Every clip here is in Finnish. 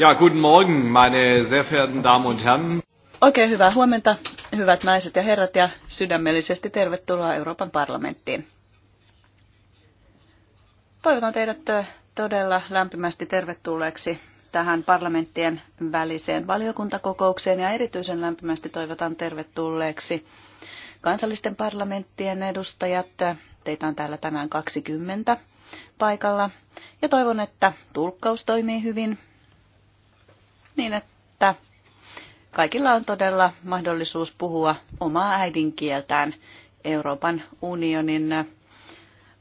Ja, guten Morgen, meine sehr verehrten Damen und Herren. Oikein hyvää huomenta, hyvät naiset ja herrat, ja sydämellisesti tervetuloa Euroopan parlamenttiin. Toivotan teidät todella lämpimästi tervetulleeksi tähän parlamenttien väliseen valiokuntakokoukseen ja erityisen lämpimästi toivotan tervetulleeksi kansallisten parlamenttien edustajat. Teitä on täällä tänään 20 paikalla ja toivon, että tulkkaus toimii hyvin niin, että kaikilla on todella mahdollisuus puhua omaa äidinkieltään. Euroopan unionin äh,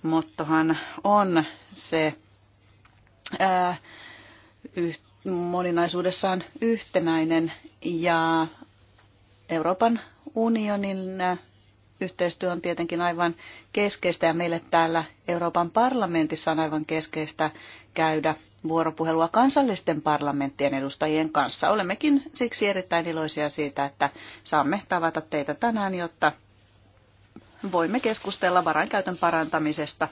mottohan on se ää, äh, yh, moninaisuudessaan yhtenäinen ja Euroopan unionin ää, äh, yhteistyö on tietenkin aivan keskeistä ja meille täällä Euroopan parlamentissa on aivan keskeistä käydä vuoropuhelua kansallisten parlamenttien edustajien kanssa. Olemmekin siksi erittäin iloisia siitä, että saamme tavata teitä tänään, jotta voimme keskustella varainkäytön parantamisesta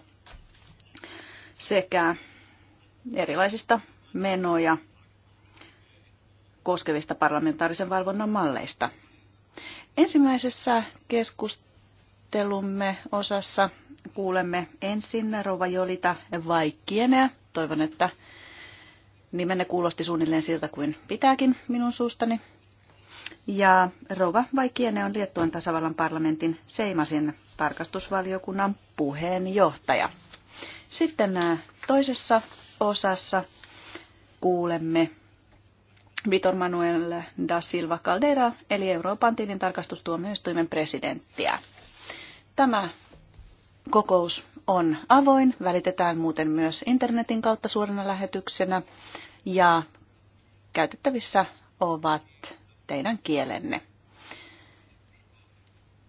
sekä erilaisista menoja koskevista parlamentaarisen valvonnan malleista. Ensimmäisessä keskustelumme osassa kuulemme ensin Rova Jolita Vaikkienä. Toivon, että Nimenne kuulosti suunnilleen siltä kuin pitääkin minun suustani. Ja Rova Vaikiene on Liettuan tasavallan parlamentin Seimasin tarkastusvaliokunnan puheenjohtaja. Sitten äh, toisessa osassa kuulemme Vitor Manuel da Silva Caldera, eli Euroopan tilintarkastustuomioistuimen presidenttiä. Tämä Kokous on avoin, välitetään muuten myös internetin kautta suorana lähetyksenä ja käytettävissä ovat teidän kielenne.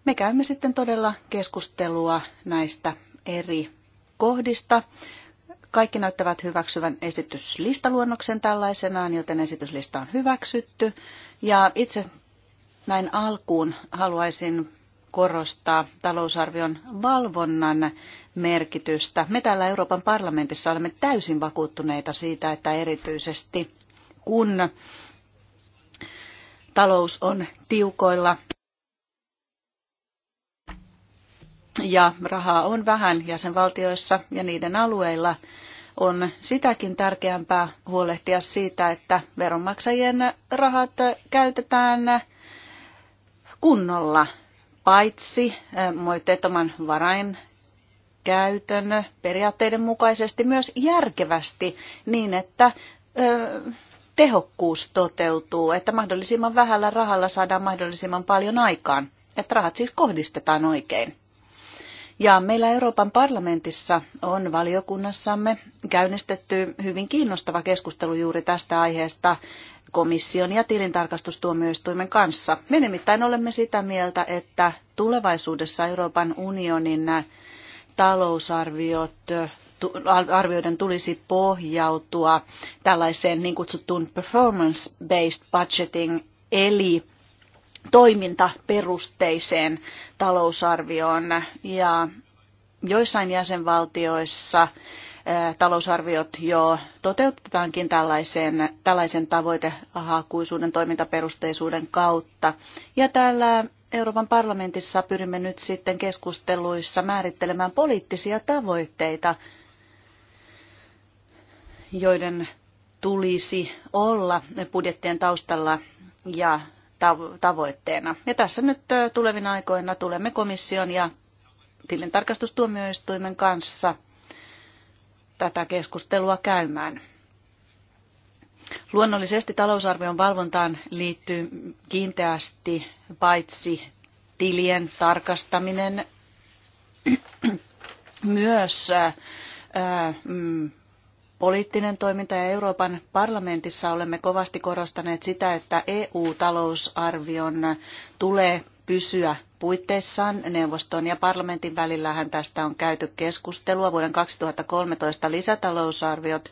Me käymme sitten todella keskustelua näistä eri kohdista. Kaikki näyttävät hyväksyvän esityslistaluonnoksen tällaisenaan, joten esityslista on hyväksytty. Ja itse näin alkuun haluaisin korostaa talousarvion valvonnan merkitystä. Me täällä Euroopan parlamentissa olemme täysin vakuuttuneita siitä, että erityisesti kun talous on tiukoilla ja rahaa on vähän jäsenvaltioissa ja niiden alueilla, on sitäkin tärkeämpää huolehtia siitä, että veronmaksajien rahat käytetään kunnolla paitsi moitteettoman varain käytön periaatteiden mukaisesti myös järkevästi niin, että ö, tehokkuus toteutuu, että mahdollisimman vähällä rahalla saadaan mahdollisimman paljon aikaan, että rahat siis kohdistetaan oikein. Ja meillä Euroopan parlamentissa on valiokunnassamme käynnistetty hyvin kiinnostava keskustelu juuri tästä aiheesta komission ja tilintarkastustuomioistuimen kanssa. Me nimittäin olemme sitä mieltä, että tulevaisuudessa Euroopan unionin talousarviot arvioiden tulisi pohjautua tällaiseen niin kutsuttuun performance-based budgeting, eli toimintaperusteiseen talousarvioon ja joissain jäsenvaltioissa talousarviot jo toteutetaankin tällaisen, tällaisen tavoitehakuisuuden toimintaperusteisuuden kautta. Ja täällä Euroopan parlamentissa pyrimme nyt sitten keskusteluissa määrittelemään poliittisia tavoitteita, joiden tulisi olla budjettien taustalla ja tavoitteena. Ja tässä nyt tulevina aikoina tulemme komission ja tilintarkastustuomioistuimen kanssa tätä keskustelua käymään. Luonnollisesti talousarvion valvontaan liittyy kiinteästi paitsi tilien tarkastaminen, myös mm, poliittinen toiminta ja Euroopan parlamentissa olemme kovasti korostaneet sitä, että EU-talousarvion tulee pysyä puitteissaan. Neuvoston ja parlamentin välillähän tästä on käyty keskustelua. Vuoden 2013 lisätalousarviot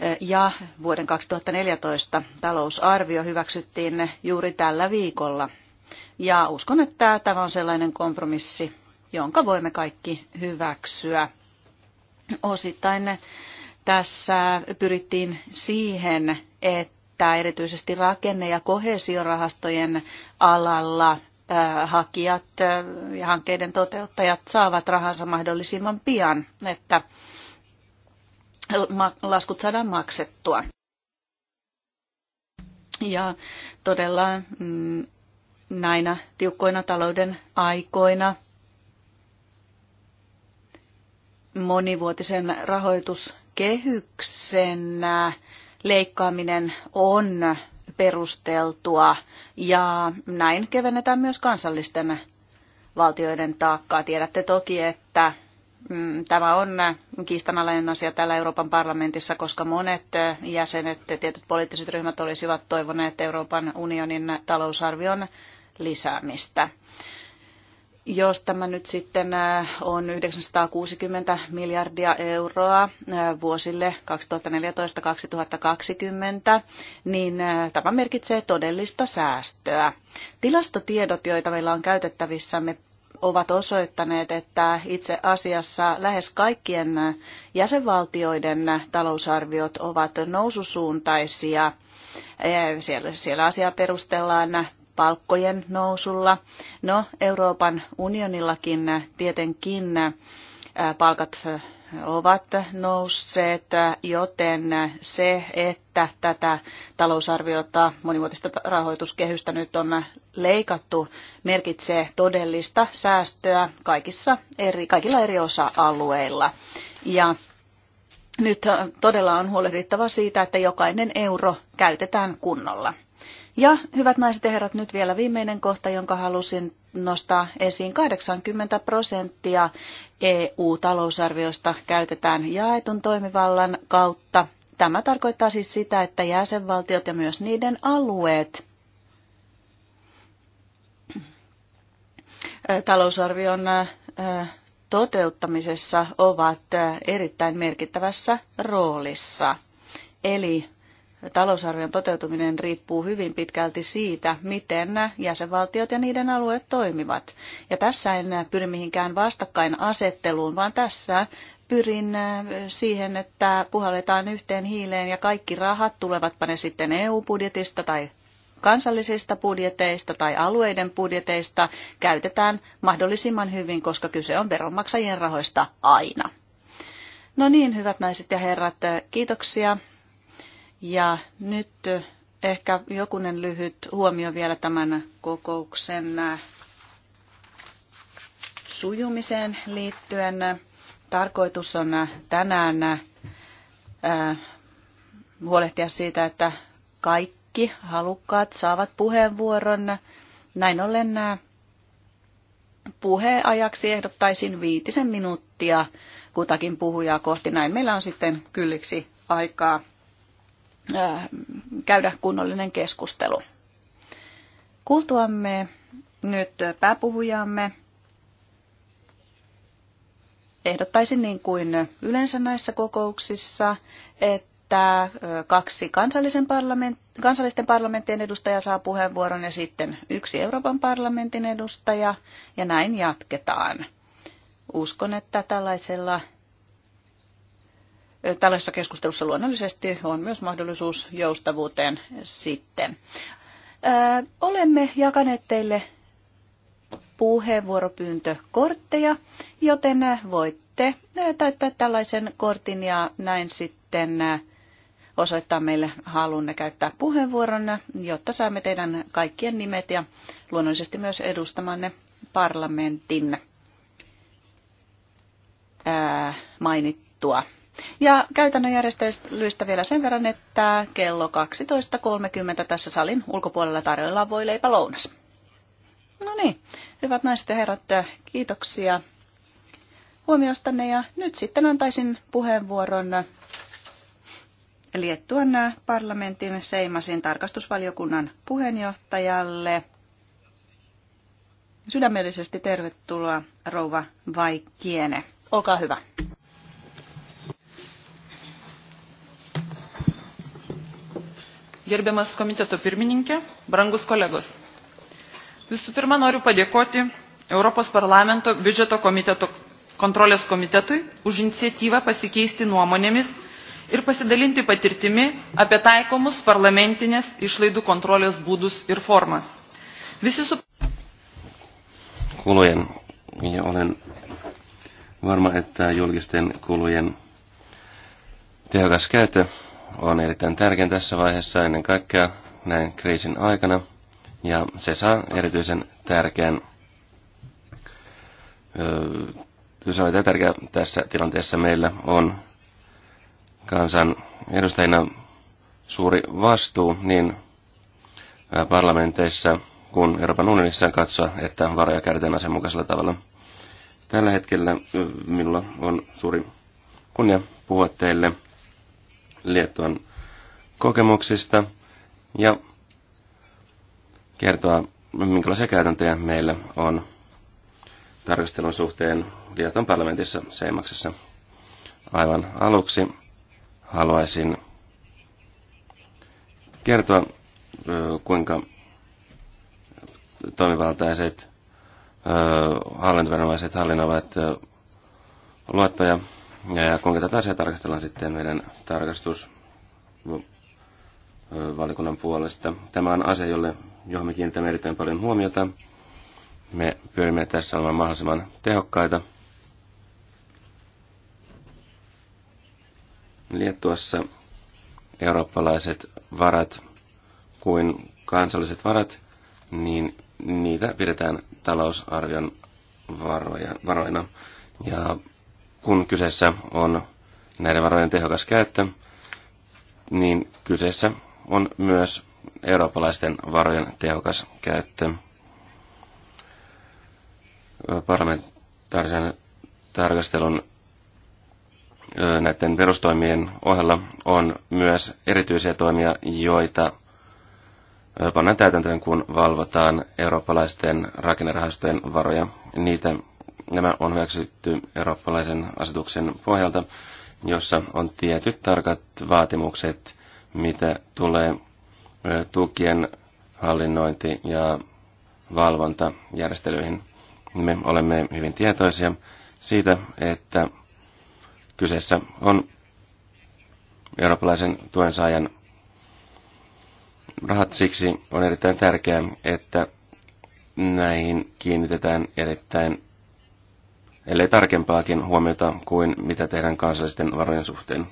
eh, ja vuoden 2014 talousarvio hyväksyttiin juuri tällä viikolla. Ja uskon, että tämä on sellainen kompromissi, jonka voimme kaikki hyväksyä. Osittain tässä pyrittiin siihen, että erityisesti rakenne- ja kohesiorahastojen alalla hakijat ja hankkeiden toteuttajat saavat rahansa mahdollisimman pian, että laskut saadaan maksettua. Ja todella mm, näinä tiukkoina talouden aikoina monivuotisen rahoitus kehyksen leikkaaminen on perusteltua ja näin kevennetään myös kansallisten valtioiden taakkaa. Tiedätte toki, että mm, Tämä on kiistanalainen asia täällä Euroopan parlamentissa, koska monet jäsenet, tietyt poliittiset ryhmät olisivat toivoneet Euroopan unionin talousarvion lisäämistä. Jos tämä nyt sitten äh, on 960 miljardia euroa äh, vuosille 2014-2020, niin äh, tämä merkitsee todellista säästöä. Tilastotiedot, joita meillä on käytettävissämme, ovat osoittaneet, että itse asiassa lähes kaikkien jäsenvaltioiden talousarviot ovat noususuuntaisia. Siellä, siellä asiaa perustellaan palkkojen nousulla. No, Euroopan unionillakin tietenkin palkat ovat nousseet, joten se, että tätä talousarviota monivuotista rahoituskehystä nyt on leikattu, merkitsee todellista säästöä kaikissa eri, kaikilla eri osa-alueilla. Ja nyt todella on huolehdittava siitä, että jokainen euro käytetään kunnolla. Ja hyvät naiset ja herrat, nyt vielä viimeinen kohta, jonka halusin nostaa esiin. 80 prosenttia EU-talousarviosta käytetään jaetun toimivallan kautta. Tämä tarkoittaa siis sitä, että jäsenvaltiot ja myös niiden alueet talousarvion toteuttamisessa ovat erittäin merkittävässä roolissa. Eli talousarvion toteutuminen riippuu hyvin pitkälti siitä, miten jäsenvaltiot ja niiden alueet toimivat. Ja tässä en pyri mihinkään vastakkainasetteluun, vaan tässä pyrin äh, siihen, että puhalletaan yhteen hiileen ja kaikki rahat, tulevatpa ne sitten EU-budjetista tai kansallisista budjeteista tai alueiden budjeteista, käytetään mahdollisimman hyvin, koska kyse on veronmaksajien rahoista aina. No niin, hyvät naiset ja herrat, kiitoksia ja nyt ehkä jokunen lyhyt huomio vielä tämän kokouksen sujumiseen liittyen. Tarkoitus on tänään äh, huolehtia siitä, että kaikki halukkaat saavat puheenvuoron. Näin ollen äh, puheajaksi ehdottaisin viitisen minuuttia kutakin puhujaa kohti. Näin meillä on sitten kylliksi aikaa käydä kunnollinen keskustelu. Kuultuamme nyt pääpuhujamme ehdottaisin niin kuin yleensä näissä kokouksissa, että kaksi kansallisen parlament, kansallisten parlamenttien edustajaa saa puheenvuoron ja sitten yksi Euroopan parlamentin edustaja ja näin jatketaan. Uskon, että tällaisella tällaisessa keskustelussa luonnollisesti on myös mahdollisuus joustavuuteen sitten. Olemme jakaneet teille puheenvuoropyyntökortteja, joten voitte täyttää tällaisen kortin ja näin sitten osoittaa meille halunne käyttää puheenvuoron, jotta saamme teidän kaikkien nimet ja luonnollisesti myös edustamanne parlamentin mainittua. Ja käytännön järjestelyistä vielä sen verran, että kello 12.30 tässä salin ulkopuolella tarjolla voi leipä lounas. No niin, hyvät naiset ja herrat, kiitoksia huomiostanne ja nyt sitten antaisin puheenvuoron Liettuan parlamentin Seimasin tarkastusvaliokunnan puheenjohtajalle. Sydämellisesti tervetuloa rouva Vaikkiene. Olkaa hyvä. gerbiamas komiteto pirmininkė, brangus kolegos. Visų pirma, noriu padėkoti Europos parlamento biudžeto komiteto kontrolės komitetui už iniciatyvą pasikeisti nuomonėmis ir pasidalinti patirtimi apie taikomus parlamentinės išlaidų kontrolės būdus ir formas. Visi su... Kulujen. Ja olen varma, että julkisten kulujen tehokas käyttö on erittäin tärkeä tässä vaiheessa ennen kaikkea näin kriisin aikana. Ja se saa erityisen tärkeän se on tärkeä tässä tilanteessa. Meillä on kansan edustajina suuri vastuu niin parlamenteissa kuin Euroopan unionissa katsoa, että varoja käytetään asianmukaisella tavalla. Tällä hetkellä minulla on suuri kunnia puhua teille Liettuan kokemuksista ja kertoa, minkälaisia käytäntöjä meillä on tarkastelun suhteen Liettuan parlamentissa Seimaksessa. Aivan aluksi haluaisin kertoa, kuinka toimivaltaiset hallintaviranomaiset hallinnoivat luottoja ja kuinka tätä asiaa tarkastellaan sitten meidän tarkastusvalikunnan puolesta. Tämä on asia, jolle, johon me kiinnitämme erittäin paljon huomiota. Me pyrimme tässä olemaan mahdollisimman tehokkaita. Liettuassa eurooppalaiset varat kuin kansalliset varat, niin niitä pidetään talousarvion varoja, varoina. Ja kun kyseessä on näiden varojen tehokas käyttö, niin kyseessä on myös eurooppalaisten varojen tehokas käyttö. Parlamentaarisen tarkastelun näiden perustoimien ohella on myös erityisiä toimia, joita pannaan täytäntöön, kun valvotaan eurooppalaisten rakennerahastojen varoja. Niitä Nämä on hyväksytty eurooppalaisen asetuksen pohjalta, jossa on tietyt tarkat vaatimukset, mitä tulee tukien hallinnointi- ja valvontajärjestelyihin. Me olemme hyvin tietoisia siitä, että kyseessä on eurooppalaisen tuen saajan rahat. Siksi on erittäin tärkeää, että näihin kiinnitetään erittäin ellei tarkempaakin huomiota kuin mitä tehdään kansallisten varojen suhteen.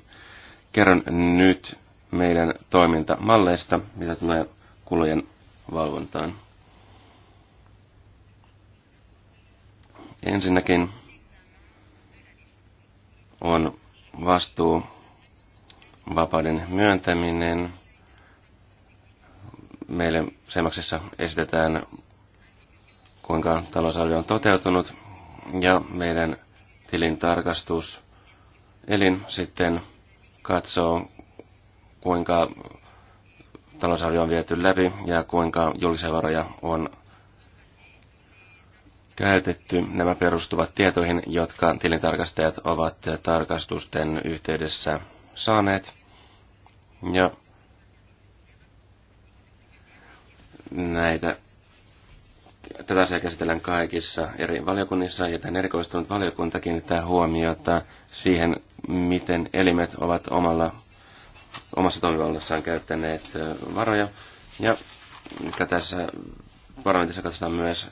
Kerron nyt meidän toimintamalleista, mitä tulee kulujen valvontaan. Ensinnäkin on vastuu vapauden myöntäminen. Meille Semaksessa esitetään, kuinka talousarvio on toteutunut ja meidän tilintarkastus elin sitten katsoo, kuinka talousarvio on viety läpi ja kuinka julkisia varoja on käytetty. Nämä perustuvat tietoihin, jotka tilintarkastajat ovat tarkastusten yhteydessä saaneet. Ja näitä tätä asiaa käsitellään kaikissa eri valiokunnissa ja tämän erikoistunut valiokunta kiinnittää huomiota siihen, miten elimet ovat omalla, omassa toimivallassaan käyttäneet varoja. Ja tässä parlamentissa katsotaan myös,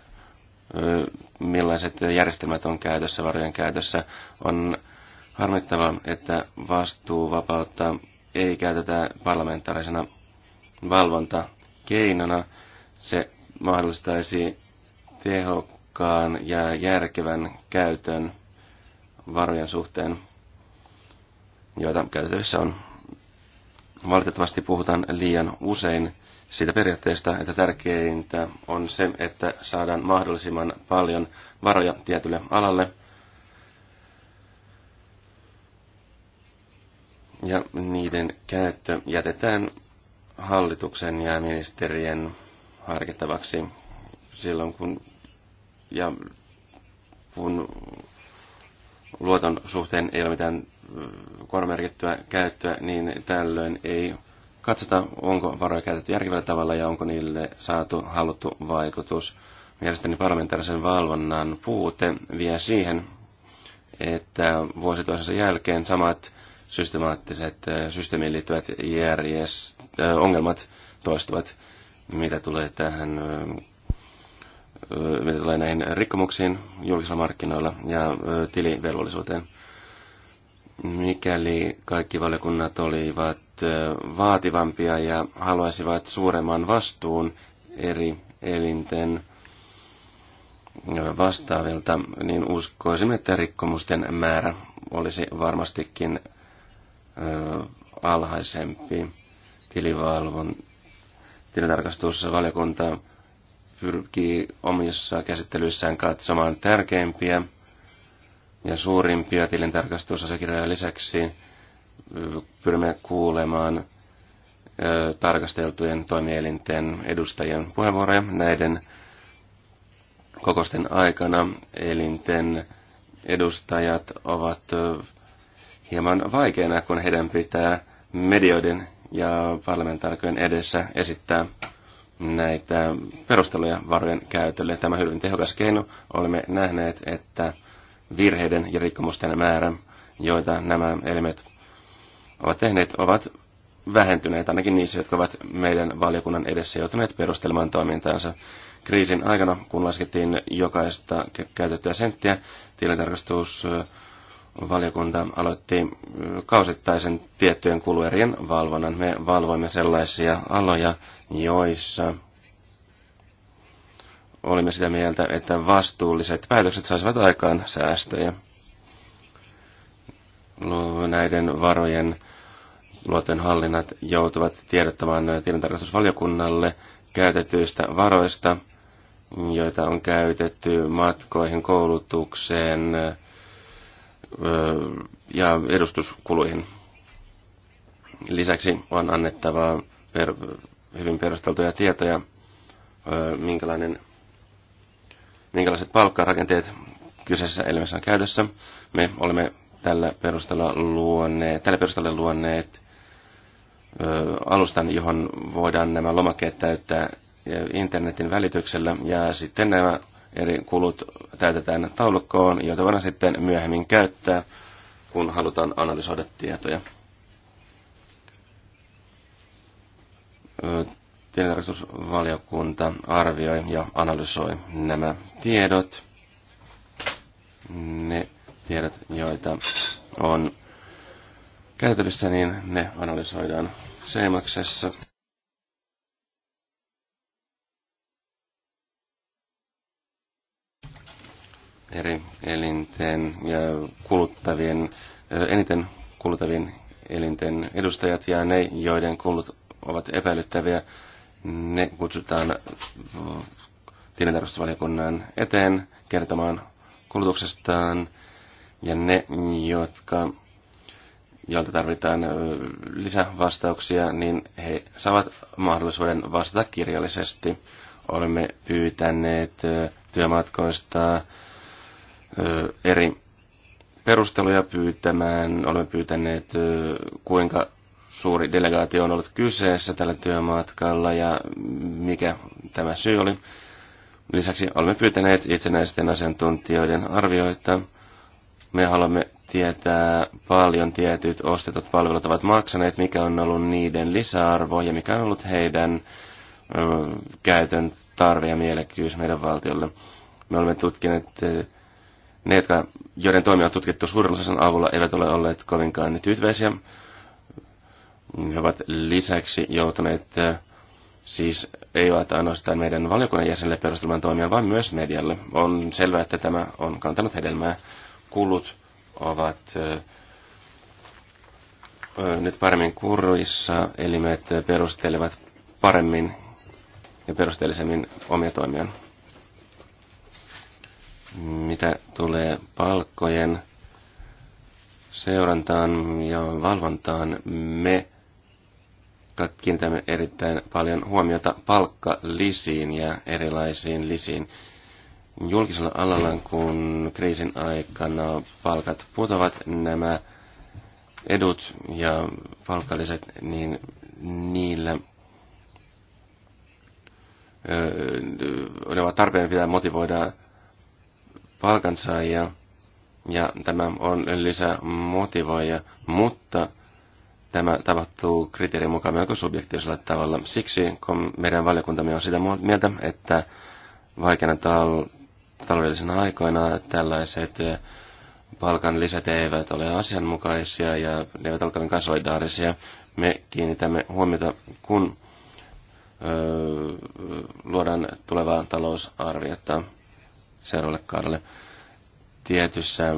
millaiset järjestelmät on käytössä, varojen käytössä. On harmittavaa, että vastuuvapautta ei käytetä parlamentaarisena valvontakeinona. Se mahdollistaisi tehokkaan ja järkevän käytön varojen suhteen, joita käytettävissä on. Valitettavasti puhutaan liian usein siitä periaatteesta, että tärkeintä on se, että saadaan mahdollisimman paljon varoja tietylle alalle. Ja niiden käyttö jätetään hallituksen ja ministerien harkittavaksi silloin, kun ja kun luoton suhteen ei ole mitään korvamerkittyä käyttöä, niin tällöin ei katsota, onko varoja käytetty järkevällä tavalla ja onko niille saatu haluttu vaikutus. Mielestäni parlamentaarisen valvonnan puute vie siihen, että vuosi toisensa jälkeen samat systemaattiset systeemiin liittyvät järjest- ongelmat toistuvat, mitä tulee tähän mitä tulee näihin rikkomuksiin julkisilla markkinoilla ja tilivelvollisuuteen. Mikäli kaikki valiokunnat olivat vaativampia ja haluaisivat suuremman vastuun eri elinten vastaavilta, niin uskoisimme, että rikkomusten määrä olisi varmastikin alhaisempi. Tilivalvon, tilitarkastusvaliokunta valiokunta pyrkii omissa käsittelyissään katsomaan tärkeimpiä ja suurimpia tilintarkastusasiakirjoja lisäksi pyrimme kuulemaan tarkasteltujen toimielinten edustajien puheenvuoroja näiden kokosten aikana elinten edustajat ovat hieman vaikeina, kun heidän pitää medioiden ja parlamentaarikojen edessä esittää näitä perusteluja varojen käytölle. Tämä hyvin tehokas keino. Olemme nähneet, että virheiden ja rikkomusten määrä, joita nämä elimet ovat tehneet, ovat vähentyneet, ainakin niissä, jotka ovat meidän valiokunnan edessä joutuneet perustelemaan toimintaansa. Kriisin aikana, kun laskettiin jokaista käytettyä senttiä, tilintarkastus valiokunta aloitti kausittaisen tiettyjen kuluerien valvonnan. Me valvoimme sellaisia aloja, joissa olimme sitä mieltä, että vastuulliset päätökset saisivat aikaan säästöjä. Näiden varojen luoten hallinnat joutuvat tiedottamaan tilintarkastusvaliokunnalle käytetyistä varoista, joita on käytetty matkoihin, koulutukseen, ja edustuskuluihin. Lisäksi on annettava per, hyvin perusteltuja tietoja, minkälainen, minkälaiset palkkarakenteet kyseisessä elämässä on käytössä. Me olemme tällä perusteella luonneet, tällä perusteella luonneet ö, alustan, johon voidaan nämä lomakkeet täyttää internetin välityksellä ja sitten nämä eri kulut täytetään taulukkoon, joita voidaan sitten myöhemmin käyttää, kun halutaan analysoida tietoja. Tilintarkastusvaliokunta arvioi ja analysoi nämä tiedot, ne tiedot, joita on käytettävissä, niin ne analysoidaan Seimaksessa. eri elinten ja kuluttavien, eniten kuluttavien elinten edustajat ja ne, joiden kulut ovat epäilyttäviä, ne kutsutaan tilintarkastusvaliokunnan eteen kertomaan kulutuksestaan ja ne, jotka joilta tarvitaan lisävastauksia, niin he saavat mahdollisuuden vastata kirjallisesti. Olemme pyytäneet työmatkoista, eri perusteluja pyytämään. Olemme pyytäneet, kuinka suuri delegaatio on ollut kyseessä tällä työmatkalla ja mikä tämä syy oli. Lisäksi olemme pyytäneet itsenäisten asiantuntijoiden arvioita. Me haluamme tietää paljon tietyt ostetut palvelut ovat maksaneet, mikä on ollut niiden lisäarvo ja mikä on ollut heidän ö, käytön tarve ja mielekkyys meidän valtiolle. Me olemme tutkineet ö, ne, jotka, joiden toimia on tutkittu osan avulla, eivät ole olleet kovinkaan tyytyväisiä. He ovat lisäksi joutuneet, äh, siis ei ole ainoastaan meidän valiokunnan jäsenille perustelman toimia, vaan myös medialle. On selvää, että tämä on kantanut hedelmää. Kulut ovat äh, äh, nyt paremmin eli me perustelevat paremmin ja perusteellisemmin omia toimiaan. Mitä tulee palkkojen seurantaan ja valvontaan, me kiinnitämme erittäin paljon huomiota palkkalisiin ja erilaisiin lisiin. Julkisella alalla, kun kriisin aikana palkat putovat, nämä edut ja palkalliset, niin niillä ne ovat tarpeen pitää motivoida palkansaajia ja tämä on lisää motivoija, mutta tämä tapahtuu kriteerin mukaan melko subjektiivisella tavalla. Siksi kun meidän valiokuntamme on sitä mieltä, että vaikeana tal- taloudellisena aikoina tällaiset eh, palkan lisät eivät ole asianmukaisia ja ne eivät ole kovinkaan solidaarisia. Me kiinnitämme huomiota, kun öö, luodaan tulevaa talousarviota seuraavalle kaudelle. Tietyssä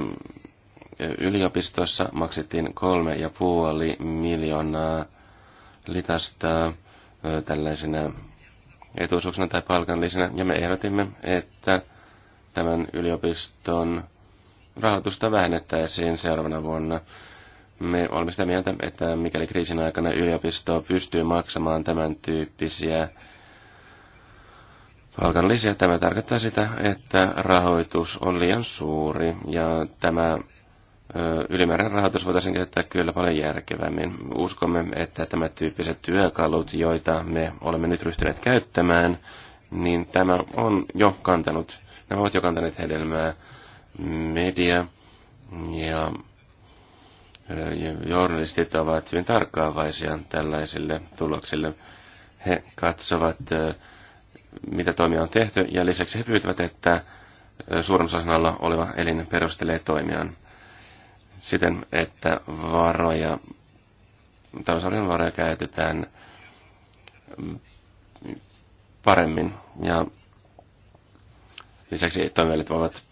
yliopistossa maksettiin kolme ja puoli miljoonaa litasta tällaisena etuisuuksena tai palkanlisena, ja me ehdotimme, että tämän yliopiston rahoitusta vähennettäisiin seuraavana vuonna. Me olemme sitä mieltä, että mikäli kriisin aikana yliopisto pystyy maksamaan tämän tyyppisiä Palkan palkanlisiä. Tämä tarkoittaa sitä, että rahoitus on liian suuri ja tämä ylimääräinen rahoitus voitaisiin käyttää kyllä paljon järkevämmin. Uskomme, että tämä tyyppiset työkalut, joita me olemme nyt ryhtyneet käyttämään, niin tämä on jo kantanut, nämä ovat jo kantaneet hedelmää media ja journalistit ovat hyvin tarkkaavaisia tällaisille tuloksille. He katsovat mitä toimia on tehty, ja lisäksi he pyytävät, että suurennusasemalla oleva elin perustelee toimiaan siten, että varoja, talousarvion varoja käytetään paremmin ja lisäksi toimijat voivat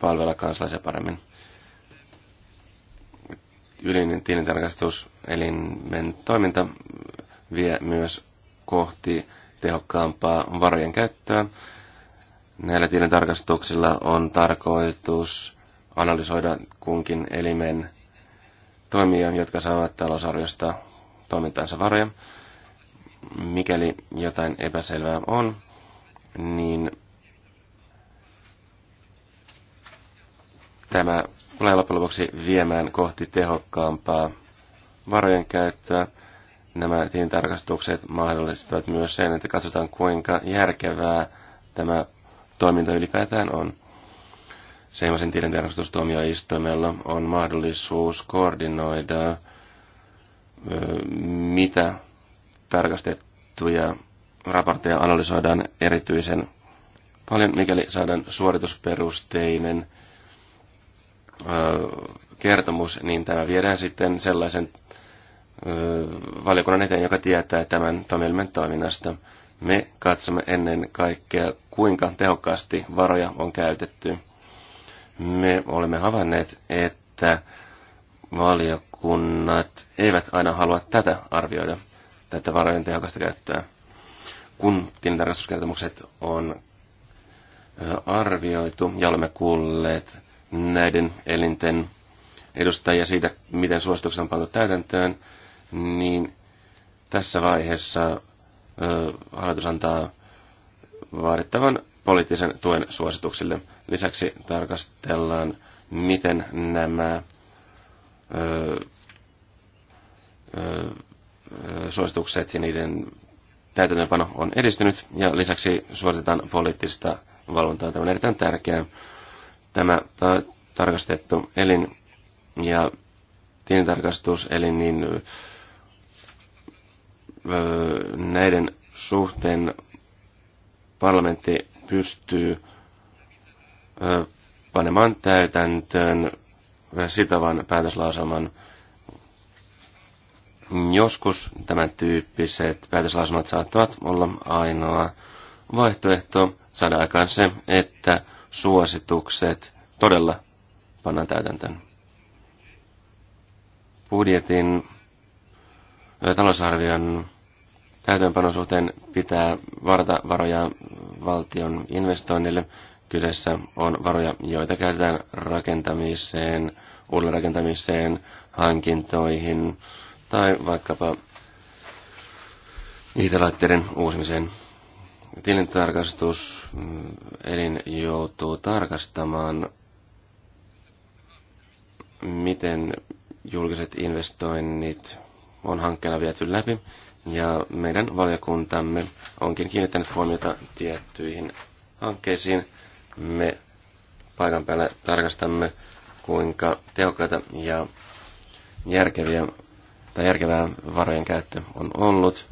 palvella kansalaisia paremmin. Ylinen tilintarkastus elimen toiminta vie myös kohti tehokkaampaa varojen käyttöä. Näillä tilintarkastuksilla on tarkoitus analysoida kunkin elimen toimia, jotka saavat talousarviosta toimintaansa varoja. Mikäli jotain epäselvää on, niin tämä tulee loppujen lopuksi viemään kohti tehokkaampaa varojen käyttöä. Nämä tilintarkastukset mahdollistavat myös sen, että katsotaan kuinka järkevää tämä toiminta ylipäätään on. Seimasen tilintarkastustuomioistuimella on mahdollisuus koordinoida, mitä tarkastettuja raportteja analysoidaan erityisen paljon, mikäli saadaan suoritusperusteinen kertomus, niin tämä viedään sitten sellaisen valiokunnan eteen, joka tietää tämän Tamilmen toiminnasta. Me katsomme ennen kaikkea, kuinka tehokkaasti varoja on käytetty. Me olemme havainneet, että valiokunnat eivät aina halua tätä arvioida, tätä varojen tehokasta käyttöä. Kun tilintarkastuskertomukset on arvioitu ja olemme kuulleet näiden elinten edustajia siitä, miten suositukset on pantu täytäntöön, niin tässä vaiheessa hallitus antaa vaadittavan poliittisen tuen suosituksille. Lisäksi tarkastellaan, miten nämä ö, ö, suositukset ja niiden täytäntöönpano on edistynyt, ja lisäksi suoritetaan poliittista valvontaa. Tämä on erittäin tärkeää. Tämä ta- tarkastettu elin ja tilintarkastuselin, niin näiden suhteen parlamentti pystyy panemaan täytäntöön sitovan päätöslauselman. Joskus tämän tyyppiset päätöslausumat saattavat olla ainoa vaihtoehto saada aikaan se, että suositukset todella pannaan täytäntöön. Budjetin talousarvion Täytäntöönpanon suhteen pitää varata varoja valtion investoinnille. Kyseessä on varoja, joita käytetään rakentamiseen, uudelleenrakentamiseen, hankintoihin tai vaikkapa IT-laitteiden uusimiseen. Tilintarkastus mm, elin joutuu tarkastamaan, miten julkiset investoinnit on hankkeena viety läpi ja meidän valiokuntamme onkin kiinnittänyt huomiota tiettyihin hankkeisiin. Me paikan päällä tarkastamme, kuinka tehokkaita ja järkeviä tai järkevää varojen käyttö on ollut,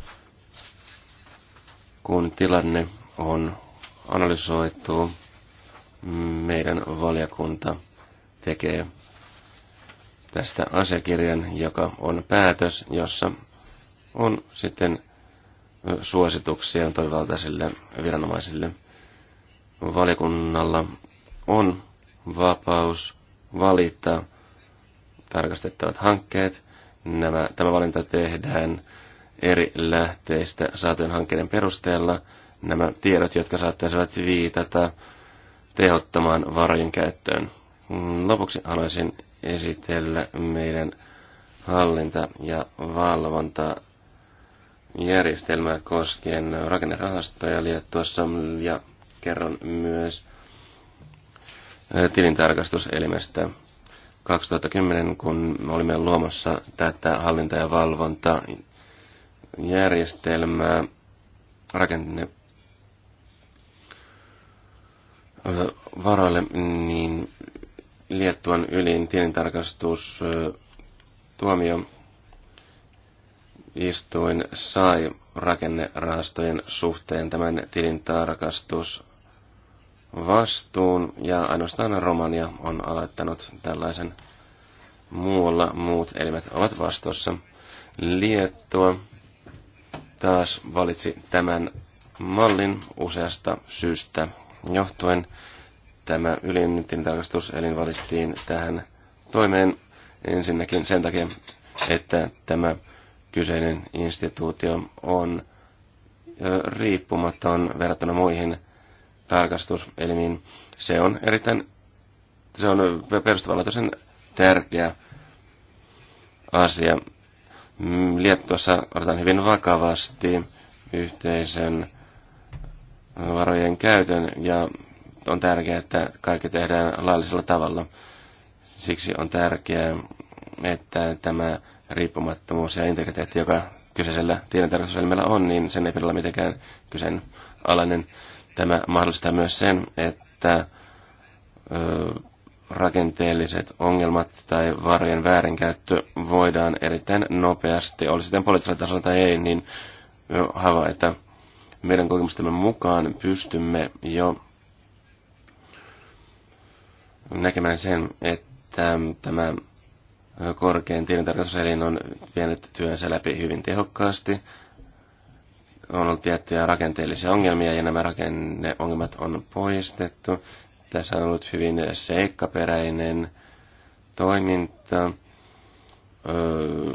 kun tilanne on analysoitu. Meidän valiokunta tekee tästä asiakirjan, joka on päätös, jossa on sitten suosituksia toivaltaisille viranomaisille. Valikunnalla on vapaus valita tarkastettavat hankkeet. Nämä, tämä valinta tehdään eri lähteistä saatujen hankkeiden perusteella. Nämä tiedot, jotka saattaisivat viitata tehottamaan varojen käyttöön. Lopuksi haluaisin esitellä meidän hallinta- ja valvonta järjestelmää koskien rakennerahastoja Liettuassa ja kerron myös tilintarkastuselimestä. 2010, kun olimme luomassa tätä hallinta- ja valvontajärjestelmää, rakenne varoille, niin Liettuan ylin tilintarkastus tuomio tuomioistuin sai rakennerahastojen suhteen tämän tilintarkastus vastuun ja ainoastaan Romania on aloittanut tällaisen muualla muut elimet ovat vastuussa. Liettua taas valitsi tämän mallin useasta syystä johtuen. Tämä ylin tilintarkastuselin valittiin tähän toimeen ensinnäkin sen takia, että tämä kyseinen instituutio on riippumaton verrattuna muihin tarkastuselimiin. Se on erittäin se on perustavanlaatuisen tärkeä asia. Mm, Liettuassa otetaan hyvin vakavasti yhteisen varojen käytön ja on tärkeää, että kaikki tehdään laillisella tavalla. Siksi on tärkeää, että tämä riippumattomuus ja integriteetti, joka kyseisellä tilintarkastuselimellä on, niin sen ei pidä olla mitenkään kyseenalainen. Tämä mahdollistaa myös sen, että ö, rakenteelliset ongelmat tai varojen väärinkäyttö voidaan erittäin nopeasti, oli sitten poliittisella tasolla tai ei, niin havaita. Meidän kokemustemme mukaan pystymme jo näkemään sen, että tämä korkein tilintarkastuselin on vienyt työnsä läpi hyvin tehokkaasti. On ollut tiettyjä rakenteellisia ongelmia ja nämä rakenneongelmat on poistettu. Tässä on ollut hyvin seikkaperäinen toiminta. Öö,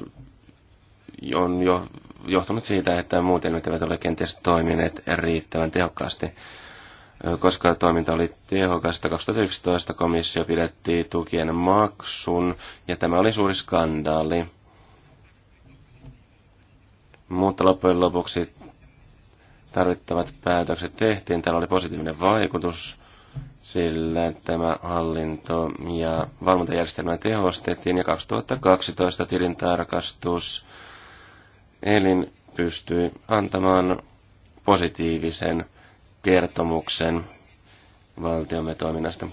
on jo johtunut siitä, että muut elimet eivät ole kenties toimineet riittävän tehokkaasti. Koska toiminta oli tehokasta, 2011 komissio pidettiin tukien maksun, ja tämä oli suuri skandaali. Mutta loppujen lopuksi tarvittavat päätökset tehtiin. Täällä oli positiivinen vaikutus, sillä tämä hallinto- ja valvontajärjestelmä tehostettiin, ja 2012 tilintarkastus elin pystyi antamaan positiivisen kertomuksen valtiomme toiminnasta 2012-2013.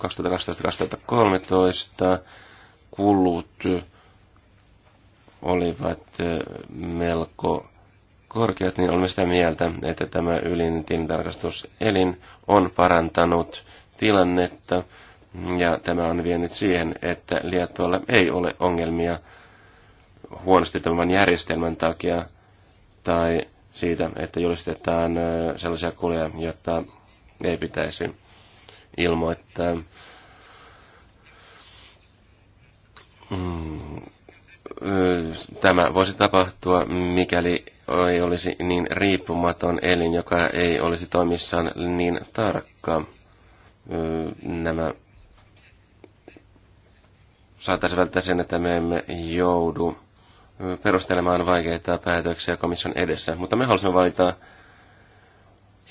Kulut olivat eh, melko korkeat, niin olemme sitä mieltä, että tämä ylin tilintarkastuselin on parantanut tilannetta, ja tämä on vienyt siihen, että Liettualla ei ole ongelmia huonosti tämän järjestelmän takia tai siitä, että julistetaan sellaisia kuleja, joita ei pitäisi ilmoittaa. Mm. Tämä voisi tapahtua, mikäli ei olisi niin riippumaton elin, joka ei olisi toimissaan niin tarkka. Nämä saattaisi välttää sen, että me emme joudu perustelemaan vaikeita päätöksiä komission edessä, mutta me halusimme valita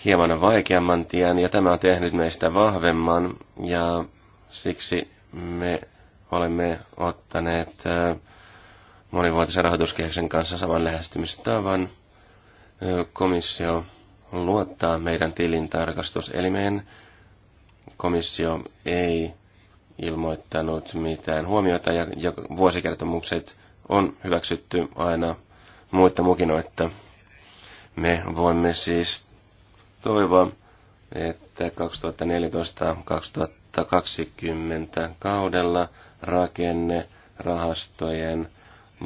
hieman vaikeamman tien, ja tämä on tehnyt meistä vahvemman, ja siksi me olemme ottaneet monivuotisen rahoituskehyksen kanssa saman lähestymistavan. Komissio luottaa meidän tilintarkastuselimeen. Komissio ei ilmoittanut mitään huomiota ja, ja vuosikertomukset on hyväksytty aina muita mukinoita. Me voimme siis toivoa, että 2014-2020 kaudella rakenne rahastojen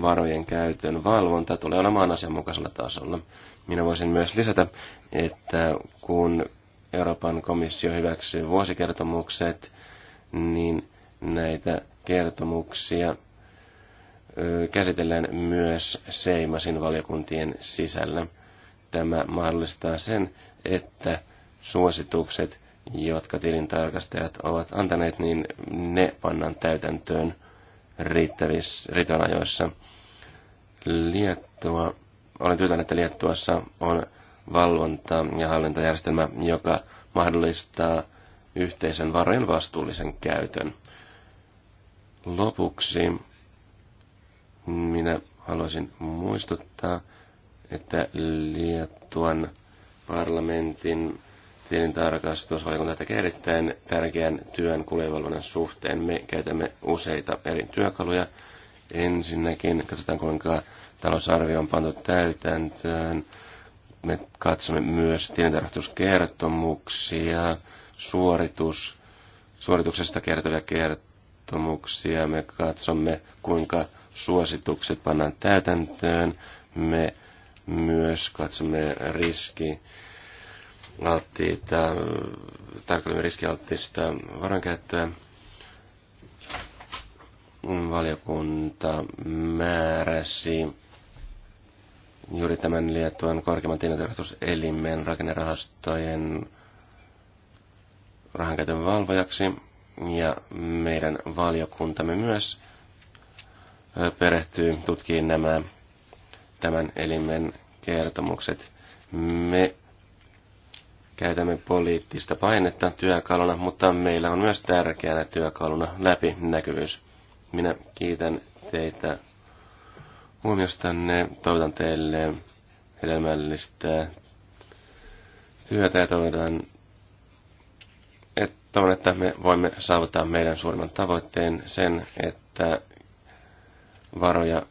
varojen käytön valvonta tulee olemaan asianmukaisella tasolla. Minä voisin myös lisätä, että kun Euroopan komissio hyväksyy vuosikertomukset, niin näitä kertomuksia käsitellään myös Seimasin valiokuntien sisällä. Tämä mahdollistaa sen, että suositukset, jotka tilintarkastajat ovat antaneet, niin ne pannaan täytäntöön riittävissä ajoissa. Liettua, olen tyytyväinen, että Liettuassa on valvonta- ja hallintajärjestelmä, joka mahdollistaa yhteisen varojen vastuullisen käytön. Lopuksi minä haluaisin muistuttaa, että Liettuan parlamentin tilintarkastusvaliokunta tekee erittäin tärkeän työn kuljevalvonnan suhteen. Me käytämme useita eri työkaluja. Ensinnäkin katsotaan, kuinka talousarvio on pantu täytäntöön. Me katsomme myös tilintarkastuskertomuksia, suoritus, suorituksesta kertovia kertomuksia. Me katsomme, kuinka suositukset pannaan täytäntöön. Me myös katsomme riski alttiita, tarkoitamme riskialttista varankäyttöä. Valiokunta määräsi juuri tämän Liettuan korkeimman tilintarkastuselimen rakennerahastojen rahankäytön valvojaksi. Ja meidän valiokuntamme myös perehtyy, tutkii nämä tämän elimen kertomukset. Me käytämme poliittista painetta työkaluna, mutta meillä on myös tärkeänä työkaluna läpinäkyvyys. Minä kiitän teitä huomiostanne, toivotan teille hedelmällistä työtä ja toivotan, että, toivon, että me voimme saavuttaa meidän suurimman tavoitteen sen, että varoja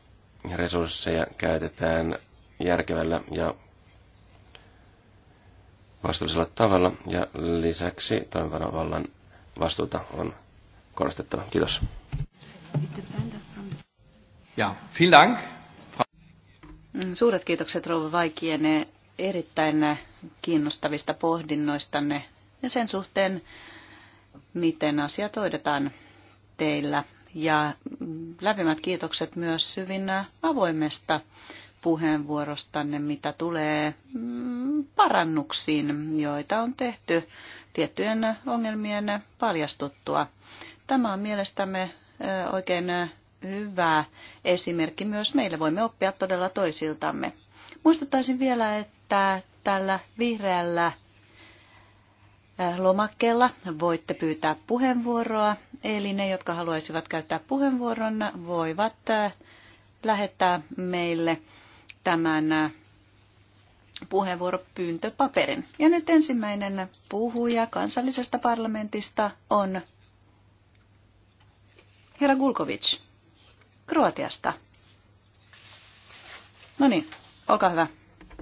ja resursseja käytetään järkevällä ja vastuullisella tavalla ja lisäksi toimivan vallan vastuuta on korostettava. Kiitos. Ja, vielen dank. Mm, suuret kiitokset Rouva Vaikiene erittäin kiinnostavista pohdinnoistanne ja sen suhteen, miten asiat hoidetaan teillä ja lämpimät kiitokset myös hyvin avoimesta puheenvuorostanne, mitä tulee mm, parannuksiin, joita on tehty tiettyjen ongelmien paljastuttua. Tämä on mielestämme oikein hyvä esimerkki myös meille. Voimme oppia todella toisiltamme. Muistuttaisin vielä, että tällä vihreällä Äh, lomakkeella voitte pyytää puheenvuoroa. Eli ne, jotka haluaisivat käyttää puheenvuoron, voivat äh, lähettää meille tämän äh, puheenvuoropyyntöpaperin. Ja nyt ensimmäinen puhuja kansallisesta parlamentista on herra Gulkovic Kroatiasta. No niin, olkaa hyvä.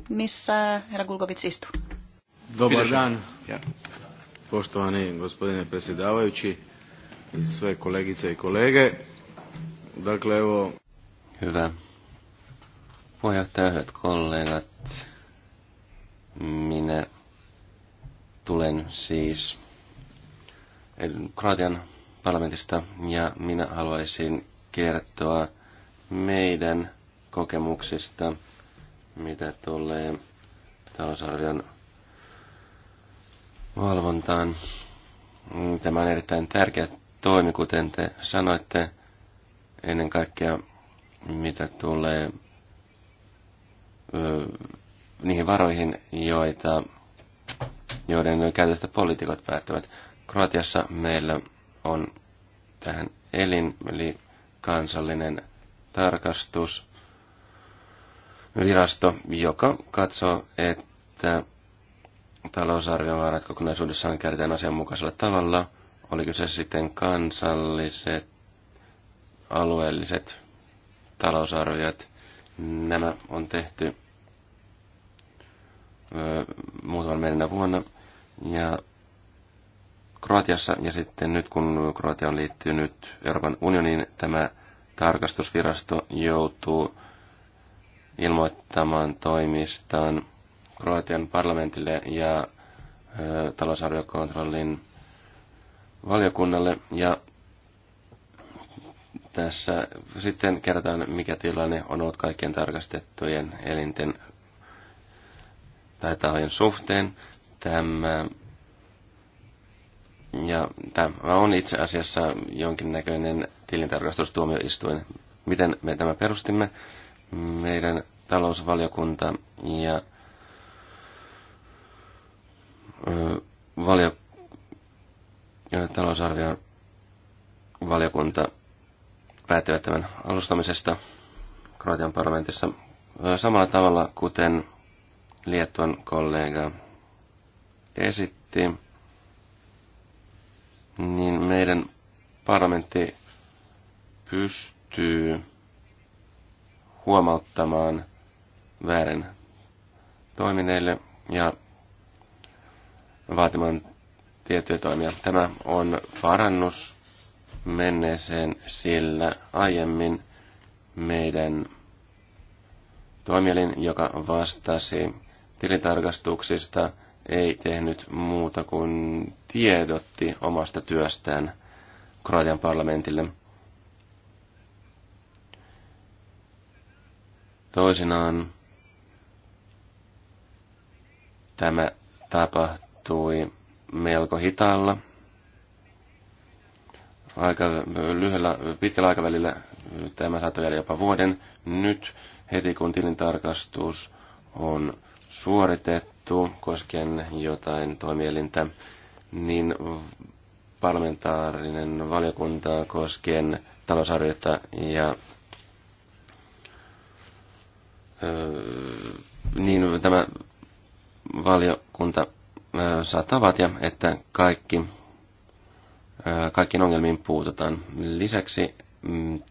Missä herra Gulkovic istuu? Dobar dan. Ja. Poštovani gospodine predsjedavajući i sve kolegice i kolege. Dakle, evo... Hyvä. Puheenjohtaja, hyvät kollegat. Minä tulen siis Kroatian parlamentista ja minä haluaisin kertoa meidän kokemuksista, mitä tulee talousarvion valvontaan. Tämä on erittäin tärkeä toimi, kuten te sanoitte, ennen kaikkea mitä tulee niihin varoihin, joita, joiden käytöstä poliitikot päättävät. Kroatiassa meillä on tähän elin, eli kansallinen tarkastusvirasto, joka katsoo, että talousarviovarat kokonaisuudessaan käytetään asianmukaisella tavalla. Oli kyse sitten kansalliset, alueelliset talousarviot. Nämä on tehty muutaman mennä vuonna. Ja Kroatiassa ja sitten nyt kun Kroatia on liittynyt Euroopan unioniin, tämä tarkastusvirasto joutuu ilmoittamaan toimistaan Kroatian parlamentille ja talousarviokontrollin valiokunnalle. Ja tässä sitten kerrotaan, mikä tilanne on ollut kaikkien tarkastettujen elinten tahojen suhteen. Tämä, ja tämä on itse asiassa jonkinnäköinen tilintarkastustuomioistuin. Miten me tämä perustimme? Meidän talousvaliokunta ja valio, talousarvion valiokunta päättivät tämän alustamisesta Kroatian parlamentissa samalla tavalla, kuten Liettuan kollega esitti, niin meidän parlamentti pystyy huomauttamaan väärin toimineille ja vaatimaan tiettyjä toimia. Tämä on parannus menneeseen, sillä aiemmin meidän toimielin, joka vastasi tilintarkastuksista, ei tehnyt muuta kuin tiedotti omasta työstään Kroatian parlamentille. Toisinaan tämä tapahtui tapahtui melko hitaalla aika lyhyellä, pitkällä aikavälillä, tämä saattaa vielä jopa vuoden. Nyt heti kun tilintarkastus on suoritettu koskien jotain toimielintä, niin parlamentaarinen valiokunta koskien talousarviota ja niin tämä saattaa ja että kaikki, kaikkiin ongelmiin puututaan. Lisäksi mm,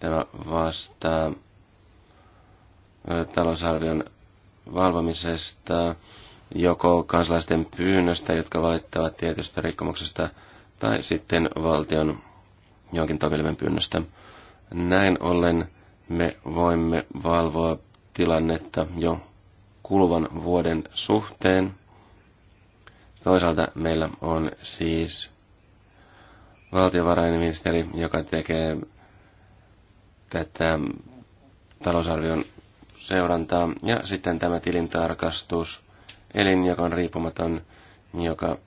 tämä vastaa talousarvion valvomisesta joko kansalaisten pyynnöstä, jotka valittavat tietystä rikkomuksesta, tai sitten valtion jonkin toimilimen pyynnöstä. Näin ollen me voimme valvoa tilannetta jo kuluvan vuoden suhteen Toisaalta meillä on siis valtiovarainministeri, joka tekee tätä talousarvion seurantaa. Ja sitten tämä tilintarkastus, elin, joka on riippumaton, joka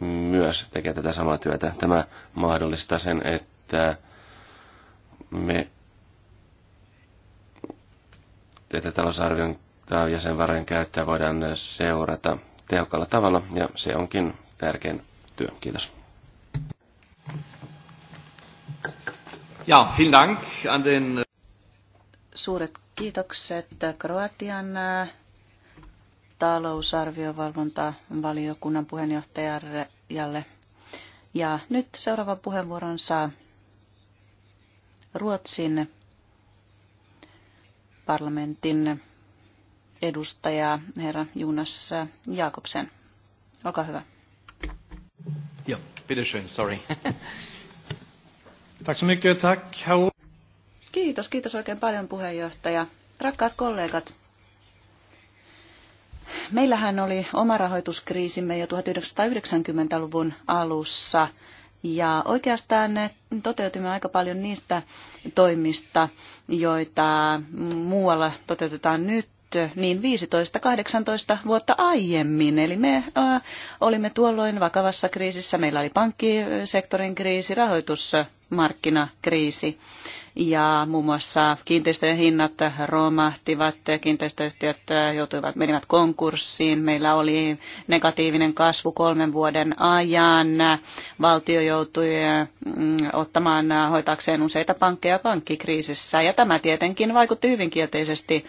myös tekee tätä samaa työtä. Tämä mahdollistaa sen, että me että talousarvion tai varojen käyttöä voidaan seurata tehokkaalla tavalla, ja se onkin tärkein työ. Kiitos. Ja, vielen Dank an den... Suuret kiitokset Kroatian äh, talousarviovalvontavaliokunnan puheenjohtajalle. Ja nyt seuraava puheenvuoron saa Ruotsin parlamentin Edustaja herra Jonas Jakobsen. Olkaa hyvä. Joo, bitteschön, sorry. tack så mycket, tack. Kiitos, kiitos oikein paljon puheenjohtaja. Rakkaat kollegat, meillähän oli oma rahoituskriisimme jo 1990-luvun alussa ja oikeastaan ne toteutimme aika paljon niistä toimista, joita muualla toteutetaan nyt niin 15-18 vuotta aiemmin. Eli me äh, olimme tuolloin vakavassa kriisissä. Meillä oli pankkisektorin kriisi, rahoitusmarkkinakriisi ja muun muassa kiinteistöjen hinnat romahtivat, kiinteistöyhtiöt äh, joutuivat, menivät konkurssiin, meillä oli negatiivinen kasvu kolmen vuoden ajan, valtio joutui mm, ottamaan äh, hoitakseen useita pankkeja pankkikriisissä ja tämä tietenkin vaikutti hyvin kielteisesti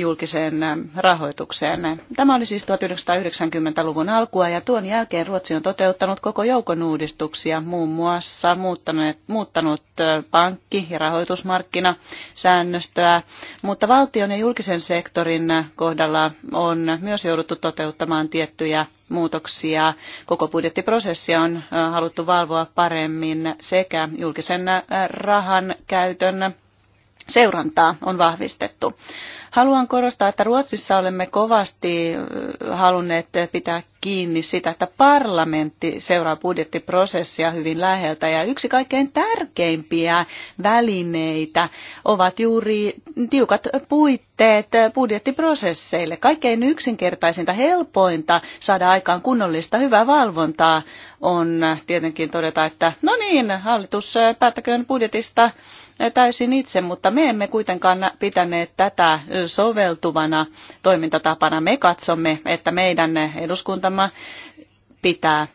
julkiseen rahoitukseen. Tämä oli siis 1990-luvun alkua ja tuon jälkeen Ruotsi on toteuttanut koko joukon uudistuksia, muun muassa muuttanut, muuttanut pankki- ja rahoitusmarkkinasäännöstöä, mutta valtion ja julkisen sektorin kohdalla on myös jouduttu toteuttamaan tiettyjä muutoksia. Koko budjettiprosessia on haluttu valvoa paremmin sekä julkisen rahan käytön seurantaa on vahvistettu. Haluan korostaa, että Ruotsissa olemme kovasti halunneet pitää kiinni sitä, että parlamentti seuraa budjettiprosessia hyvin läheltä ja yksi kaikkein tärkeimpiä välineitä ovat juuri tiukat puitteet puitteet budjettiprosesseille. Kaikkein yksinkertaisinta, helpointa saada aikaan kunnollista hyvää valvontaa on tietenkin todeta, että no niin, hallitus päättäköön budjetista täysin itse, mutta me emme kuitenkaan pitäneet tätä soveltuvana toimintatapana. Me katsomme, että meidän eduskuntamme pitää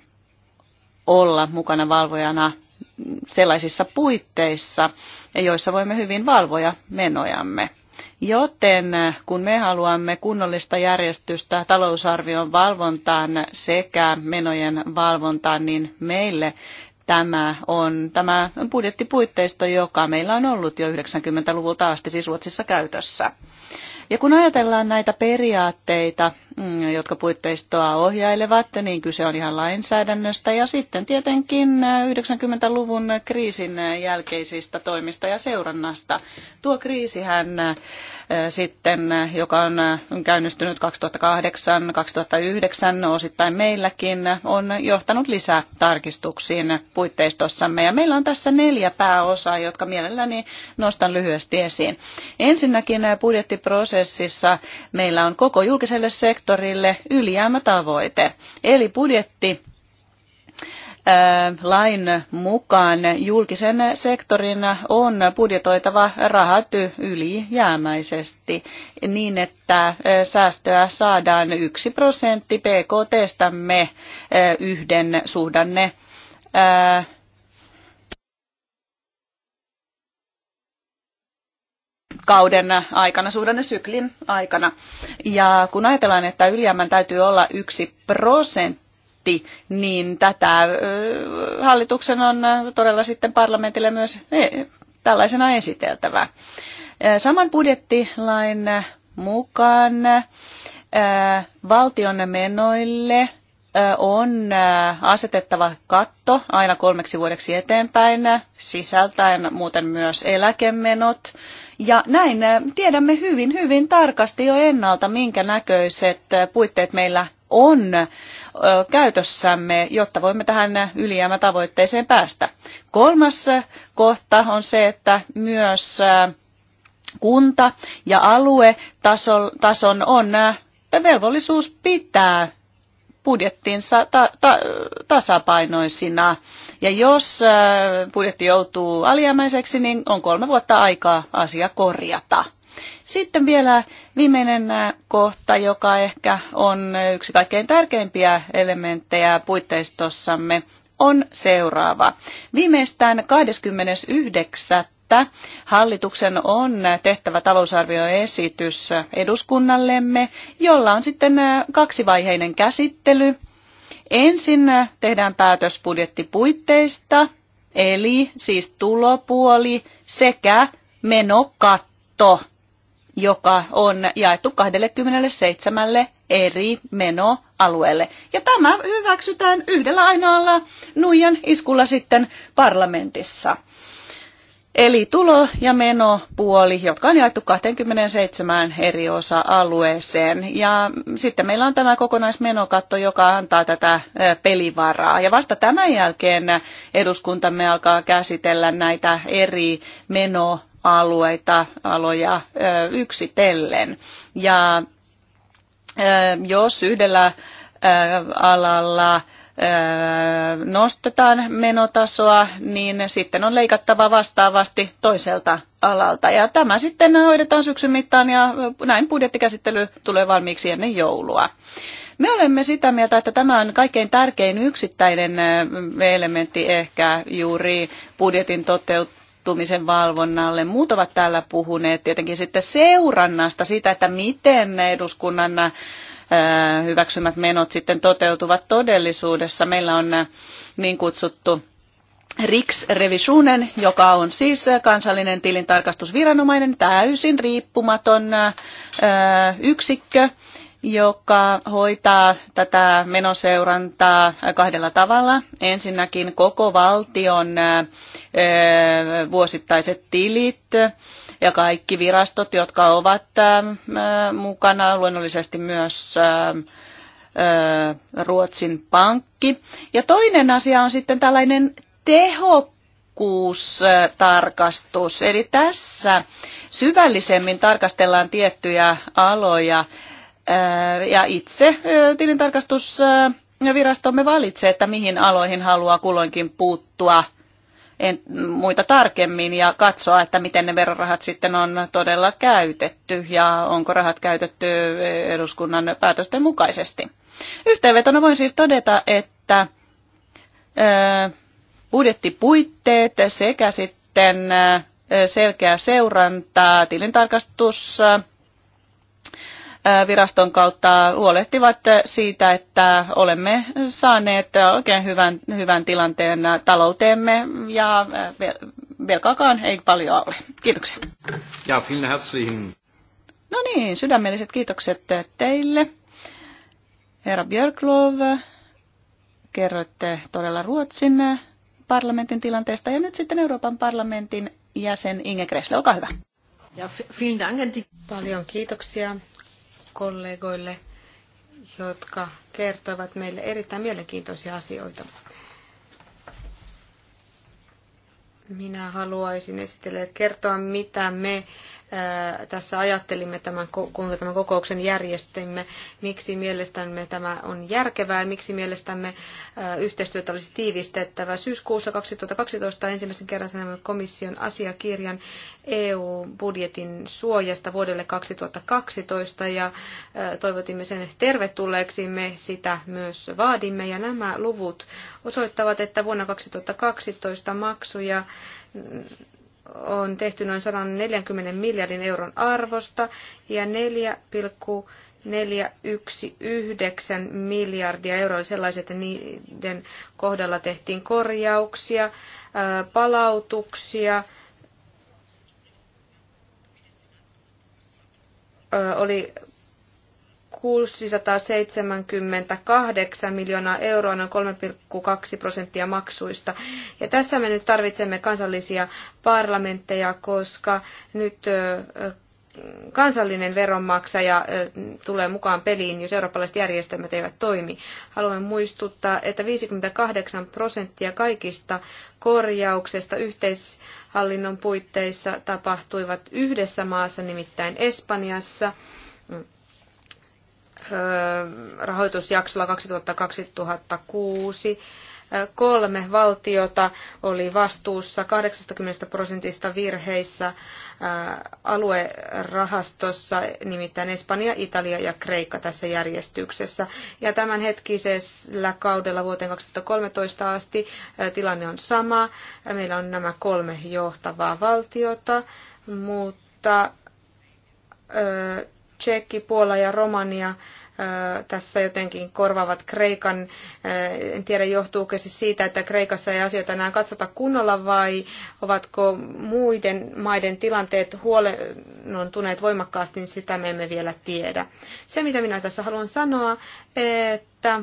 olla mukana valvojana sellaisissa puitteissa, joissa voimme hyvin valvoja menojamme. Joten äh, kun me haluamme kunnollista järjestystä talousarvion valvontaan sekä menojen valvontaan, niin meille tämä on tämä budjettipuitteisto, joka meillä on ollut jo 90-luvulta asti siis Ruotsissa käytössä. Ja kun ajatellaan näitä periaatteita, mm, jotka puitteistoa ohjailevat, niin kyse on ihan lainsäädännöstä ja sitten tietenkin 90-luvun kriisin jälkeisistä toimista ja seurannasta. Tuo kriisihän äh, sitten, joka on käynnistynyt 2008-2009 osittain meilläkin, on johtanut lisätarkistuksiin puitteistossamme. Ja meillä on tässä neljä pääosaa, jotka mielelläni nostan lyhyesti esiin. Ensinnäkin eh, budjettiprosessissa meillä on koko julkiselle sektorille ylijäämätavoite. Eli budjetti eh, lain mukaan julkisen sektorin on budjetoitava rahat ylijäämäisesti niin, että eh, säästöä saadaan yksi prosentti PKTstämme yhden suhdanne kauden aikana, syklin aikana. Ja kun ajatellaan, että ylijäämän täytyy olla yksi prosentti, niin tätä hallituksen on todella sitten parlamentille myös e, tällaisena esiteltävä. Saman budjettilain mukaan valtion menoille on asetettava katto aina kolmeksi vuodeksi eteenpäin, sisältäen muuten myös eläkemenot. Ja näin tiedämme hyvin, hyvin tarkasti jo ennalta, minkä näköiset puitteet meillä on käytössämme, jotta voimme tähän ylijäämätavoitteeseen päästä. Kolmas kohta on se, että myös kunta- ja aluetason on velvollisuus pitää budjettinsa ta- ta- tasapainoisina. Ja jos äh, budjetti joutuu alijäämäiseksi, niin on kolme vuotta aikaa asia korjata. Sitten vielä viimeinen äh, kohta, joka ehkä on äh, yksi kaikkein tärkeimpiä elementtejä puitteistossamme, on seuraava. Viimeistään 29 että hallituksen on tehtävä talousarvioesitys eduskunnallemme, jolla on sitten kaksivaiheinen käsittely. Ensin tehdään päätös budjettipuitteista, eli siis tulopuoli sekä menokatto, joka on jaettu 27 eri menoalueelle. Ja tämä hyväksytään yhdellä ainoalla nuijan iskulla sitten parlamentissa. Eli tulo- ja menopuoli, jotka on jaettu 27 eri osa-alueeseen. Ja sitten meillä on tämä kokonaismenokatto, joka antaa tätä pelivaraa. Ja vasta tämän jälkeen eduskuntamme alkaa käsitellä näitä eri menoalueita, aloja yksitellen. Ja jos yhdellä alalla nostetaan menotasoa, niin sitten on leikattava vastaavasti toiselta alalta. Ja tämä sitten hoidetaan syksyn mittaan ja näin budjettikäsittely tulee valmiiksi ennen joulua. Me olemme sitä mieltä, että tämä on kaikkein tärkein yksittäinen elementti ehkä juuri budjetin toteuttaminen valvonnalle. Muut ovat täällä puhuneet tietenkin sitten seurannasta, sitä, että miten eduskunnan hyväksymät menot sitten toteutuvat todellisuudessa. Meillä on niin kutsuttu Riksrevisionen, joka on siis kansallinen tilintarkastusviranomainen, täysin riippumaton yksikkö, joka hoitaa tätä menoseurantaa kahdella tavalla. Ensinnäkin koko valtion vuosittaiset tilit ja kaikki virastot, jotka ovat ähm, äh, mukana, luonnollisesti myös ähm, äh, Ruotsin pankki. Ja toinen asia on sitten tällainen tehokkuustarkastus. Eli tässä syvällisemmin tarkastellaan tiettyjä aloja. Äh, ja itse tilintarkastusvirastomme valitsee, että mihin aloihin haluaa kulloinkin puuttua – muita tarkemmin ja katsoa, että miten ne verorahat sitten on todella käytetty ja onko rahat käytetty eduskunnan päätösten mukaisesti. Yhteenvetona voin siis todeta, että budjettipuitteet sekä sitten selkeä seuranta, tilintarkastus, viraston kautta huolehtivat siitä, että olemme saaneet oikein hyvän, hyvän tilanteen talouteemme ja velkaakaan ei paljon ole. Kiitoksia. Ja herzlichen. No niin, sydämelliset kiitokset teille. Herra Björklov, kerroitte todella Ruotsin parlamentin tilanteesta ja nyt sitten Euroopan parlamentin jäsen Inge Kressle, olkaa hyvä. Ja vielen Paljon kiitoksia kollegoille, jotka kertoivat meille erittäin mielenkiintoisia asioita. Minä haluaisin esitellä kertoa, mitä me äh, tässä ajattelimme, tämän, kun tämän kokouksen järjestimme, miksi mielestämme tämä on järkevää ja miksi mielestämme äh, yhteistyötä olisi tiivistettävä. Syyskuussa 2012 ensimmäisen kerran sanomme komission asiakirjan EU-budjetin suojasta vuodelle 2012 ja äh, toivotimme sen tervetulleeksi. Me sitä myös vaadimme ja nämä luvut osoittavat, että vuonna 2012 maksuja on tehty noin 140 miljardin euron arvosta ja 4,419 miljardia euroa sellaiset, että niiden kohdalla tehtiin korjauksia, palautuksia, oli 678 miljoonaa euroa, noin 3,2 prosenttia maksuista. Ja tässä me nyt tarvitsemme kansallisia parlamentteja, koska nyt kansallinen veronmaksaja tulee mukaan peliin, jos eurooppalaiset järjestelmät eivät toimi. Haluan muistuttaa, että 58 prosenttia kaikista korjauksesta yhteishallinnon puitteissa tapahtuivat yhdessä maassa, nimittäin Espanjassa rahoitusjaksolla 2000-2006 kolme valtiota oli vastuussa 80 prosentista virheissä aluerahastossa, nimittäin Espanja, Italia ja Kreikka tässä järjestyksessä. Ja tämänhetkisellä kaudella vuoteen 2013 asti tilanne on sama. Meillä on nämä kolme johtavaa valtiota, mutta Tsekki, Puola ja Romania tässä jotenkin korvaavat Kreikan. En tiedä, johtuuko se siitä, että Kreikassa ei asioita enää katsota kunnolla vai ovatko muiden maiden tilanteet huolenontuneet voimakkaasti, niin sitä me emme vielä tiedä. Se, mitä minä tässä haluan sanoa, että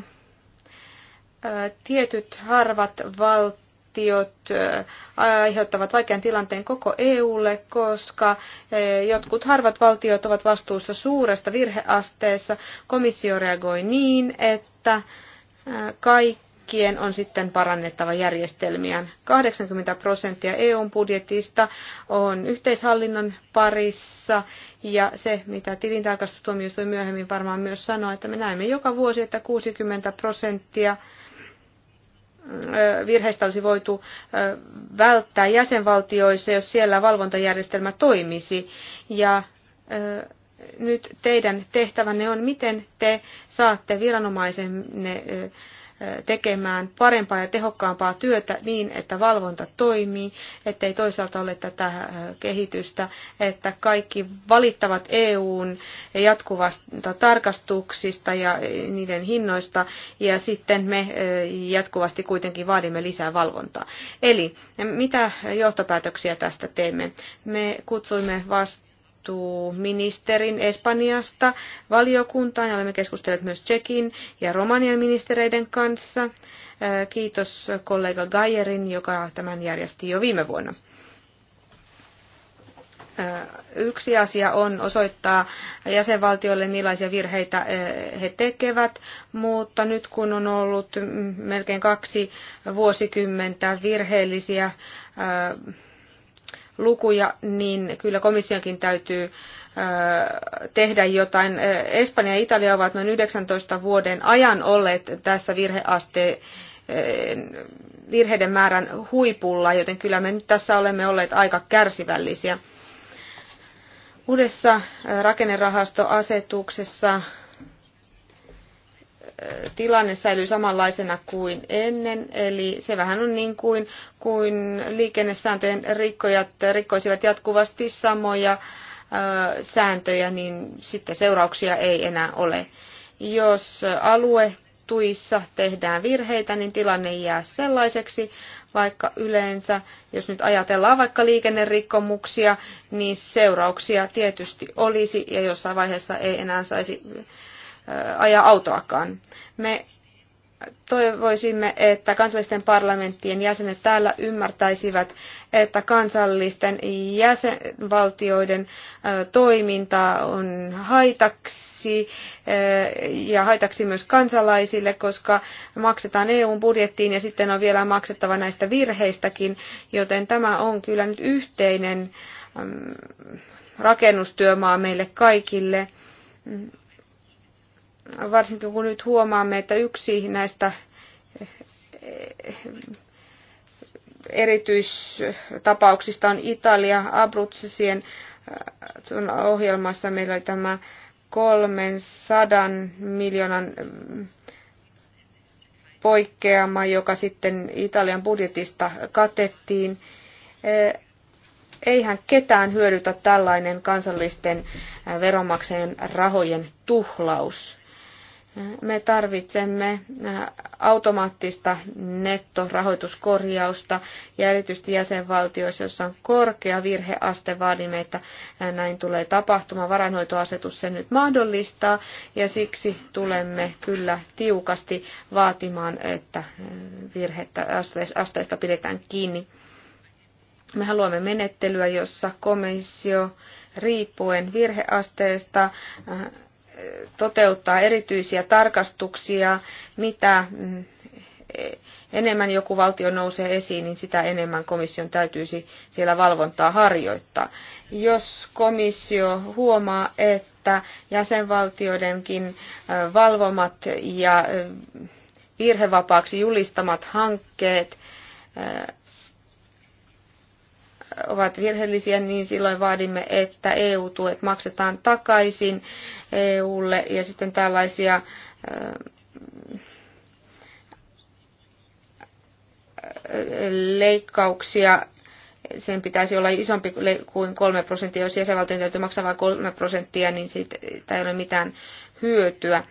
tietyt harvat valtiot, sanktiot aiheuttavat vaikean tilanteen koko EUlle, koska jotkut harvat valtiot ovat vastuussa suuresta virheasteessa. Komissio reagoi niin, että kaikkien on sitten parannettava järjestelmiään. 80 prosenttia EUn budjetista on yhteishallinnon parissa ja se, mitä tilintarkastustuomioistuin myöhemmin varmaan myös sanoo, että me näemme joka vuosi, että 60 prosenttia virheistä olisi voitu välttää jäsenvaltioissa, jos siellä valvontajärjestelmä toimisi. Ja nyt teidän tehtävänne on, miten te saatte viranomaisenne tekemään parempaa ja tehokkaampaa työtä niin, että valvonta toimii, ettei toisaalta ole tätä äh, kehitystä, että kaikki valittavat EUn jatkuvasta tarkastuksista ja niiden hinnoista, ja sitten me äh, jatkuvasti kuitenkin vaadimme lisää valvontaa. Eli mitä johtopäätöksiä tästä teemme? Me kutsuimme vasta valittu ministerin Espanjasta valiokuntaan. ja Olemme keskustelleet myös Tsekin ja Romanian ministereiden kanssa. Äh, kiitos kollega Gajerin, joka tämän järjesti jo viime vuonna. Äh, yksi asia on osoittaa jäsenvaltioille, millaisia virheitä äh, he tekevät, mutta nyt kun on ollut melkein kaksi vuosikymmentä virheellisiä lukuja, niin kyllä komissionkin täytyy tehdä jotain. Espanja ja Italia ovat noin 19 vuoden ajan olleet tässä virheasteen virheiden määrän huipulla, joten kyllä me nyt tässä olemme olleet aika kärsivällisiä. Uudessa rakennerahastoasetuksessa tilanne säilyy samanlaisena kuin ennen, eli se vähän on niin kuin, kuin liikennesääntöjen rikkojat rikkoisivat jatkuvasti samoja sääntöjä, niin sitten seurauksia ei enää ole. Jos alue tuissa tehdään virheitä, niin tilanne jää sellaiseksi, vaikka yleensä, jos nyt ajatellaan vaikka liikennerikkomuksia, niin seurauksia tietysti olisi ja jossain vaiheessa ei enää saisi ajaa autoakaan. Me toivoisimme, että kansallisten parlamenttien jäsenet täällä ymmärtäisivät, että kansallisten jäsenvaltioiden toiminta on haitaksi ja haitaksi myös kansalaisille, koska maksetaan EUn budjettiin ja sitten on vielä maksettava näistä virheistäkin, joten tämä on kyllä nyt yhteinen rakennustyömaa meille kaikille varsinkin kun nyt huomaamme, että yksi näistä eh, erityistapauksista on Italia. Abruzzien eh, ohjelmassa meillä oli tämä 300 miljoonan mm, poikkeama, joka sitten Italian budjetista katettiin. Eh, eihän ketään hyödytä tällainen kansallisten veronmaksajien rahojen tuhlaus. Me tarvitsemme automaattista nettorahoituskorjausta ja erityisesti jäsenvaltioissa, joissa on korkea virheaste, vaadimme, että näin tulee tapahtumaan. Varainhoitoasetus sen nyt mahdollistaa ja siksi tulemme kyllä tiukasti vaatimaan, että virhettä asteista pidetään kiinni. Me haluamme menettelyä, jossa komissio riippuen virheasteesta toteuttaa erityisiä tarkastuksia, mitä mm, e, enemmän joku valtio nousee esiin, niin sitä enemmän komission täytyisi siellä valvontaa harjoittaa. Jos komissio huomaa, että jäsenvaltioidenkin valvomat ja virhevapaaksi julistamat hankkeet ovat virheellisiä, niin silloin vaadimme, että EU-tuet maksetaan takaisin EUlle ja sitten tällaisia äh, leikkauksia sen pitäisi olla isompi kuin 3 prosenttia. Jos jäsenvaltio täytyy maksaa vain 3 prosenttia, niin siitä ei ole mitään hyötyä.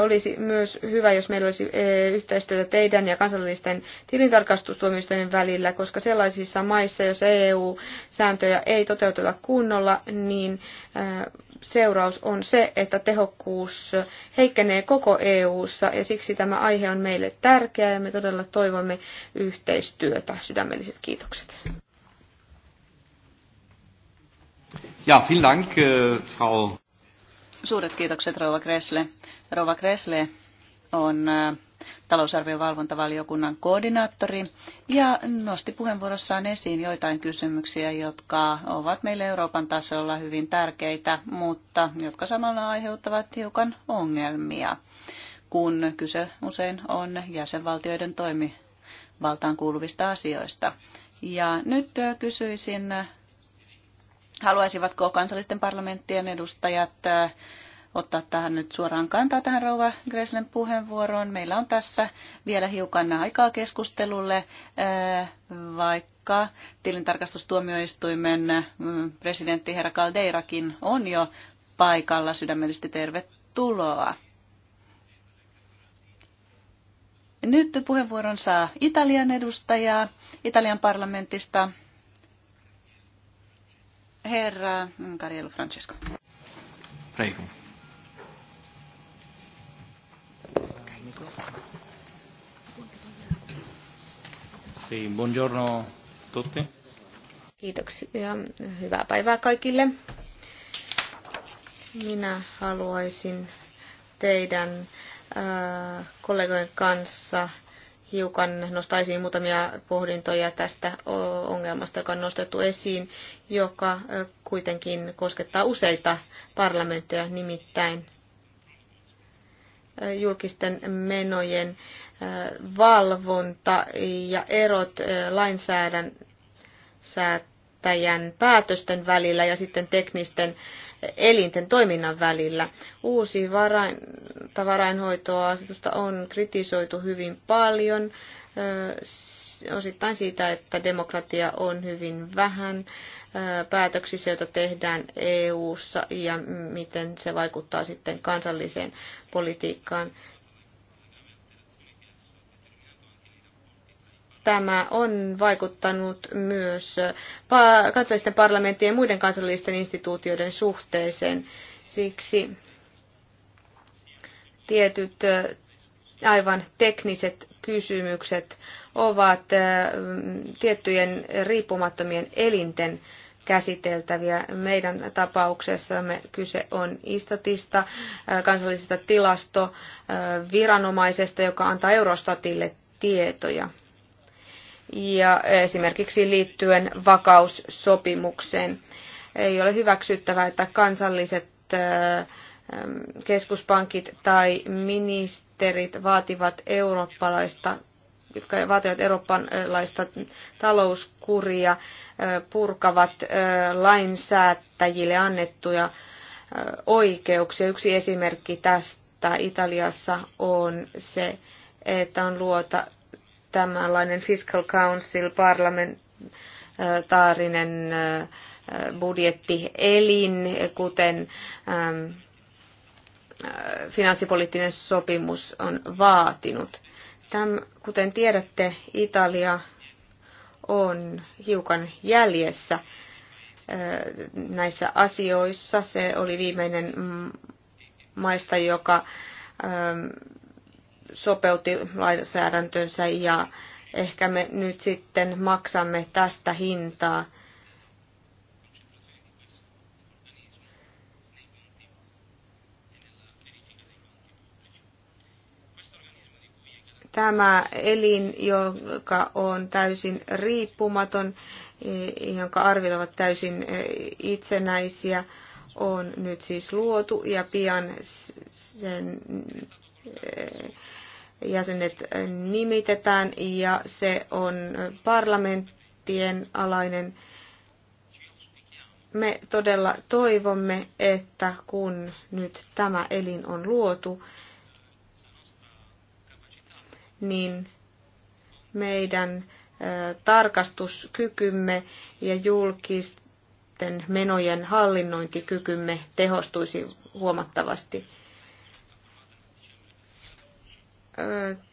Olisi myös hyvä, jos meillä olisi eh, yhteistyötä teidän ja kansallisten tilintarkastustuomioistuimen välillä, koska sellaisissa maissa, jos EU-sääntöjä ei toteuteta kunnolla, niin eh, seuraus on se, että tehokkuus heikkenee koko EU:ssa ja siksi tämä aihe on meille tärkeä ja me todella toivomme yhteistyötä. Sydämelliset kiitokset. Ja, vielen Dank, äh, Frau. Suuret kiitokset Rova Kresle. Rova Kresle on äh, talousarvion valvontavaliokunnan koordinaattori ja nosti puheenvuorossaan esiin joitain kysymyksiä, jotka ovat meille Euroopan tasolla hyvin tärkeitä, mutta jotka samalla aiheuttavat hiukan ongelmia, kun kyse usein on jäsenvaltioiden toimivaltaan kuuluvista asioista. Ja nyt äh, kysyisin Haluaisivatko kansallisten parlamenttien edustajat äh, ottaa tähän nyt suoraan kantaa tähän Rouva Greslen puheenvuoroon. Meillä on tässä vielä hiukan aikaa keskustelulle, äh, vaikka tilintarkastustuomioistuimen äh, presidentti herra Caldeirakin on jo paikalla. Sydämellisesti tervetuloa. Nyt puheenvuoron saa Italian edustaja, Italian parlamentista Herra Cariello Francesco. Prego. Sì, buongiorno tutti. Kiitoksia. Hyvää päivää kaikille. Minä haluaisin teidän äh, kollegojen kanssa hiukan nostaisin muutamia pohdintoja tästä ongelmasta, joka on nostettu esiin, joka kuitenkin koskettaa useita parlamentteja, nimittäin julkisten menojen valvonta ja erot lainsäädäntäjän päätösten välillä ja sitten teknisten elinten toiminnan välillä. Uusi varain, tavarainhoitoasetusta on kritisoitu hyvin paljon osittain siitä, että demokratia on hyvin vähän päätöksissä, joita tehdään EU-ssa ja miten se vaikuttaa sitten kansalliseen politiikkaan. tämä on vaikuttanut myös kansallisten parlamenttien ja muiden kansallisten instituutioiden suhteeseen. Siksi tietyt aivan tekniset kysymykset ovat tiettyjen riippumattomien elinten käsiteltäviä. Meidän tapauksessamme kyse on Istatista, kansallisesta tilastoviranomaisesta, joka antaa Eurostatille tietoja ja esimerkiksi liittyen vakaussopimukseen. Ei ole hyväksyttävää, että kansalliset keskuspankit tai ministerit vaativat eurooppalaista jotka vaativat eurooppalaista talouskuria, purkavat lainsäättäjille annettuja oikeuksia. Yksi esimerkki tästä Italiassa on se, että on luota tämänlainen Fiscal Council parlamentaarinen budjettielin, kuten finanssipoliittinen sopimus on vaatinut. Täm, kuten tiedätte, Italia on hiukan jäljessä näissä asioissa. Se oli viimeinen maista, joka sopeutti lainsäädäntönsä ja ehkä me nyt sitten maksamme tästä hintaa. Tämä elin, joka on täysin riippumaton, jonka arvit ovat täysin itsenäisiä, on nyt siis luotu ja pian sen jäsenet nimitetään ja se on parlamenttien alainen. Me todella toivomme, että kun nyt tämä elin on luotu, niin meidän tarkastuskykymme ja julkisten menojen hallinnointikykymme tehostuisi huomattavasti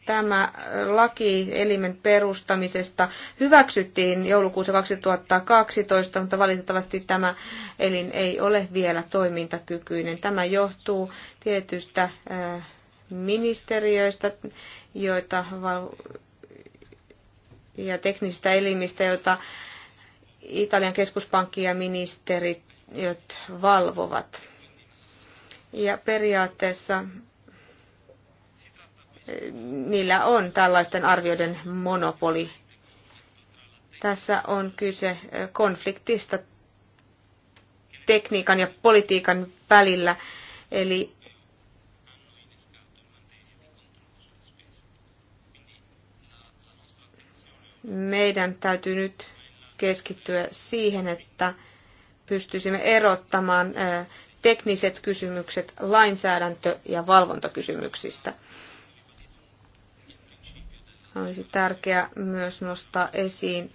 tämä laki elimen perustamisesta hyväksyttiin joulukuussa 2012, mutta valitettavasti tämä elin ei ole vielä toimintakykyinen. Tämä johtuu tietystä äh, ministeriöistä joita, ja teknisistä elimistä, joita Italian keskuspankki ja ministerit valvovat. Ja periaatteessa niillä on tällaisten arvioiden monopoli. Tässä on kyse konfliktista tekniikan ja politiikan välillä, eli meidän täytyy nyt keskittyä siihen, että pystyisimme erottamaan tekniset kysymykset lainsäädäntö- ja valvontakysymyksistä. Olisi tärkeää myös nostaa esiin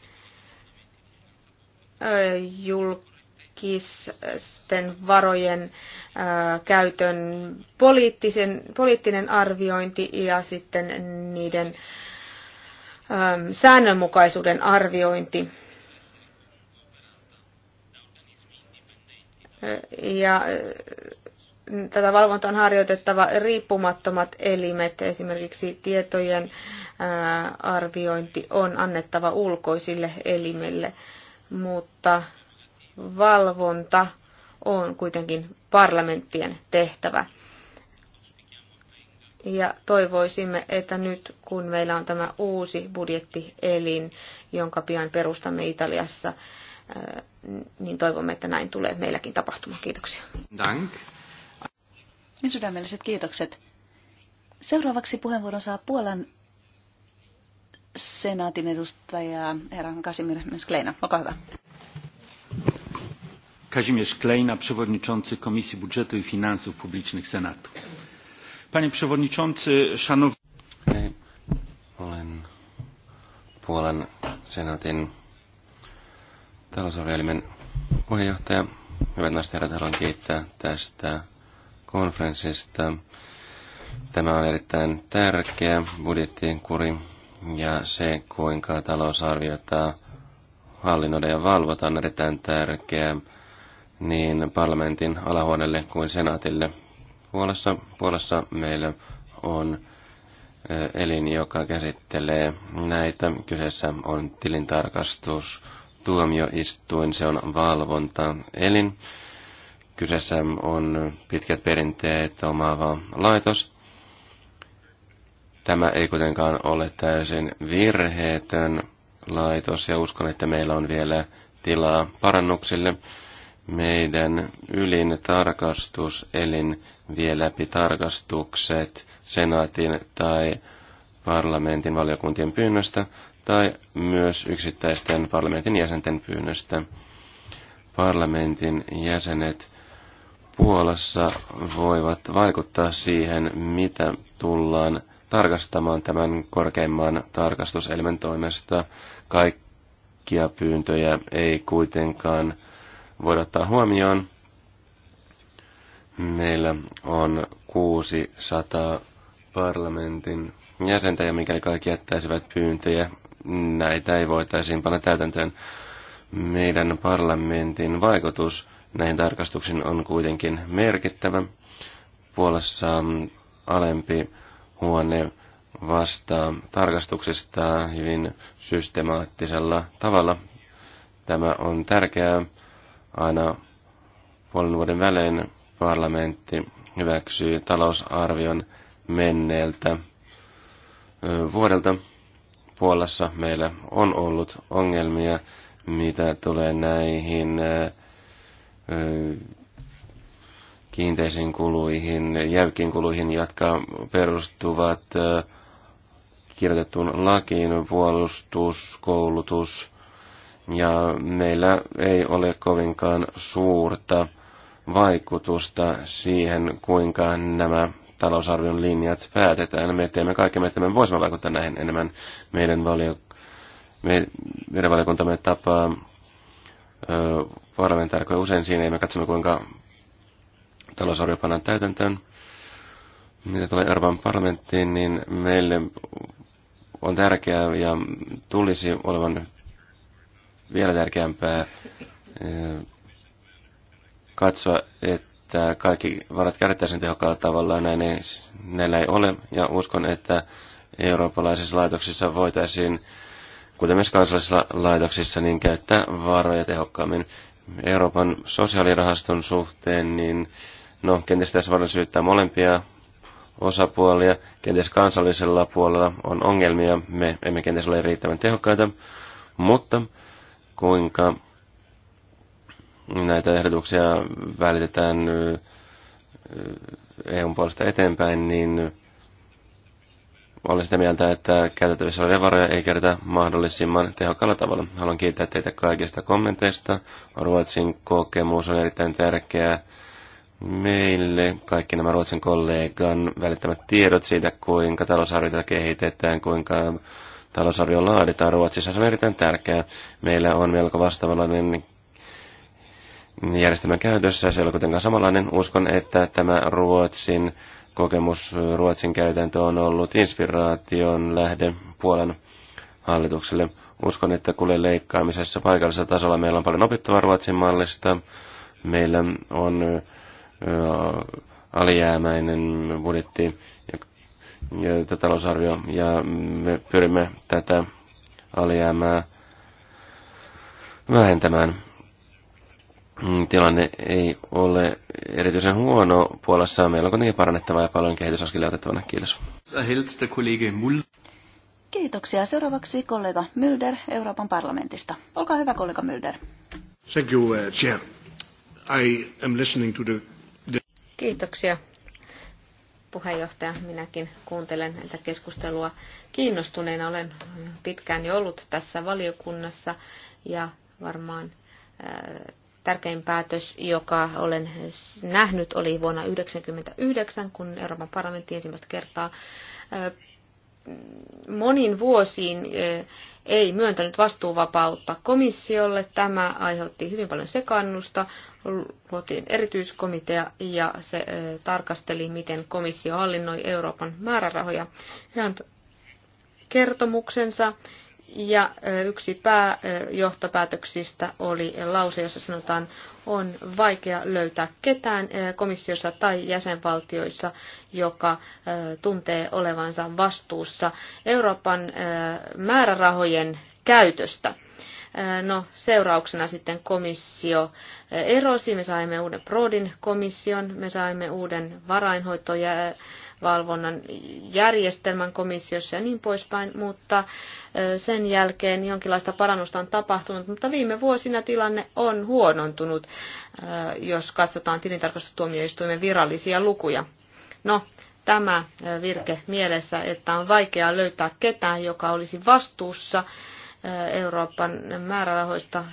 julkisten varojen käytön poliittisen, poliittinen arviointi ja sitten niiden säännönmukaisuuden arviointi. Ja tätä valvontaa on harjoitettava riippumattomat elimet, esimerkiksi tietojen arviointi on annettava ulkoisille elimille, mutta valvonta on kuitenkin parlamenttien tehtävä. Ja toivoisimme, että nyt kun meillä on tämä uusi budjettielin, jonka pian perustamme Italiassa, niin toivomme, että näin tulee meilläkin tapahtumaan. Kiitoksia. Dank. Ja niin sydämelliset kiitokset. Seuraavaksi puheenvuoron saa Puolan senaatin edustaja herra Kasimir Skleina. Olkaa hyvä. Kazimierz Klejna, przewodniczący Komisji Budżetu i Finansów Publicznych Senatu. Panie przewodniczący, szanowni... Olen Puolan senaatin talousarvioelimen puheenjohtaja. Hyvät naiset herrat, haluan kiittää tästä konferenssista. Tämä on erittäin tärkeä budjettien kuri ja se, kuinka talousarviota hallinnoida ja valvota on erittäin tärkeä niin parlamentin alahuoneelle kuin senaatille. Puolassa, Puolassa meillä on elin, joka käsittelee näitä. Kyseessä on tilintarkastus, tuomioistuin, se on valvonta, elin. Kyseessä on pitkät perinteet omaava laitos. Tämä ei kuitenkaan ole täysin virheetön laitos ja uskon, että meillä on vielä tilaa parannuksille. Meidän ylin tarkastus vie läpi tarkastukset senaatin tai parlamentin valiokuntien pyynnöstä tai myös yksittäisten parlamentin jäsenten pyynnöstä. Parlamentin jäsenet Puolassa voivat vaikuttaa siihen, mitä tullaan tarkastamaan tämän korkeimman tarkastuselimen toimesta. Kaikkia pyyntöjä ei kuitenkaan voida ottaa huomioon. Meillä on 600 parlamentin jäsentä, ja mikäli kaikki jättäisivät pyyntöjä, näitä ei voitaisiin panna täytäntöön. Meidän parlamentin vaikutus näihin tarkastuksiin on kuitenkin merkittävä. Puolassa alempi huone vastaa tarkastuksista hyvin systemaattisella tavalla. Tämä on tärkeää. Aina puolen vuoden välein parlamentti hyväksyy talousarvion menneeltä vuodelta. Puolassa meillä on ollut ongelmia, mitä tulee näihin kiinteisiin kuluihin, jäykkiin kuluihin, jotka perustuvat kirjoitettuun lakiin, puolustus, koulutus, ja meillä ei ole kovinkaan suurta vaikutusta siihen, kuinka nämä talousarvion linjat päätetään. Me teemme kaikkemme, että me voisimme vaikuttaa näihin enemmän. Meidän, valio, me, meidän valiokuntamme tapaa parlamentaarikoja usein siinä, ja me katsomme kuinka talousarvio pannaan täytäntöön. Mitä tulee Euroopan parlamenttiin, niin meille on tärkeää ja tulisi olevan vielä tärkeämpää katsoa, että kaikki varat käytettäisiin tehokkaalla tavalla. Näin ei, näillä ei ole, ja uskon, että eurooppalaisissa laitoksissa voitaisiin kuten myös kansallisissa laitoksissa, niin käyttää varoja tehokkaammin. Euroopan sosiaalirahaston suhteen, niin no, kenties tässä voidaan syyttää molempia osapuolia. Kenties kansallisella puolella on ongelmia, me emme kenties ole riittävän tehokkaita, mutta kuinka näitä ehdotuksia välitetään EUn puolesta eteenpäin, niin olen sitä mieltä, että käytettävissä olevia varoja ei käytetä mahdollisimman tehokkaalla tavalla. Haluan kiittää teitä kaikista kommenteista. Ruotsin kokemus on erittäin tärkeää meille. Kaikki nämä Ruotsin kollegan välittämät tiedot siitä, kuinka talousarvioita kehitetään, kuinka talousarvio laaditaan Ruotsissa, se on erittäin tärkeää. Meillä on melko vastaavanlainen järjestelmä käytössä, se ei ole kuitenkaan samanlainen. Uskon, että tämä Ruotsin kokemus Ruotsin käytäntö on ollut inspiraation lähde Puolan hallitukselle. Uskon, että kulen leikkaamisessa paikallisella tasolla meillä on paljon opittavaa Ruotsin mallista. Meillä on alijäämäinen budjetti ja talousarvio, ja me pyrimme tätä alijäämää vähentämään. Mm, tilanne ei ole erityisen huono Puolassa. Meillä on kuitenkin parannettavaa ja paljon kehitysaskelia otettavana. Kiitos. Kiitoksia. Seuraavaksi kollega Mylder Euroopan parlamentista. Olkaa hyvä kollega Mylder. Thank you, uh, chair. I am listening to the... Kiitoksia puheenjohtaja. Minäkin kuuntelen tätä keskustelua kiinnostuneena. Olen pitkään jo ollut tässä valiokunnassa ja varmaan äh, Tärkein päätös, joka olen nähnyt, oli vuonna 1999, kun Euroopan parlamentti ensimmäistä kertaa monin vuosiin ei myöntänyt vastuuvapautta komissiolle. Tämä aiheutti hyvin paljon sekannusta. Luotiin erityiskomitea ja se tarkasteli, miten komissio hallinnoi Euroopan määrärahoja. Hän kertomuksensa ja yksi pääjohtopäätöksistä oli lause, jossa sanotaan, on vaikea löytää ketään komissiossa tai jäsenvaltioissa, joka tuntee olevansa vastuussa Euroopan määrärahojen käytöstä. No, seurauksena sitten komissio erosi, me saimme uuden Prodin komission, me saimme uuden varainhoitoja valvonnan järjestelmän komissiossa ja niin poispäin, mutta sen jälkeen jonkinlaista parannusta on tapahtunut, mutta viime vuosina tilanne on huonontunut, jos katsotaan tilintarkastustuomioistuimen virallisia lukuja. No, tämä virke mielessä, että on vaikeaa löytää ketään, joka olisi vastuussa Euroopan määrärahoista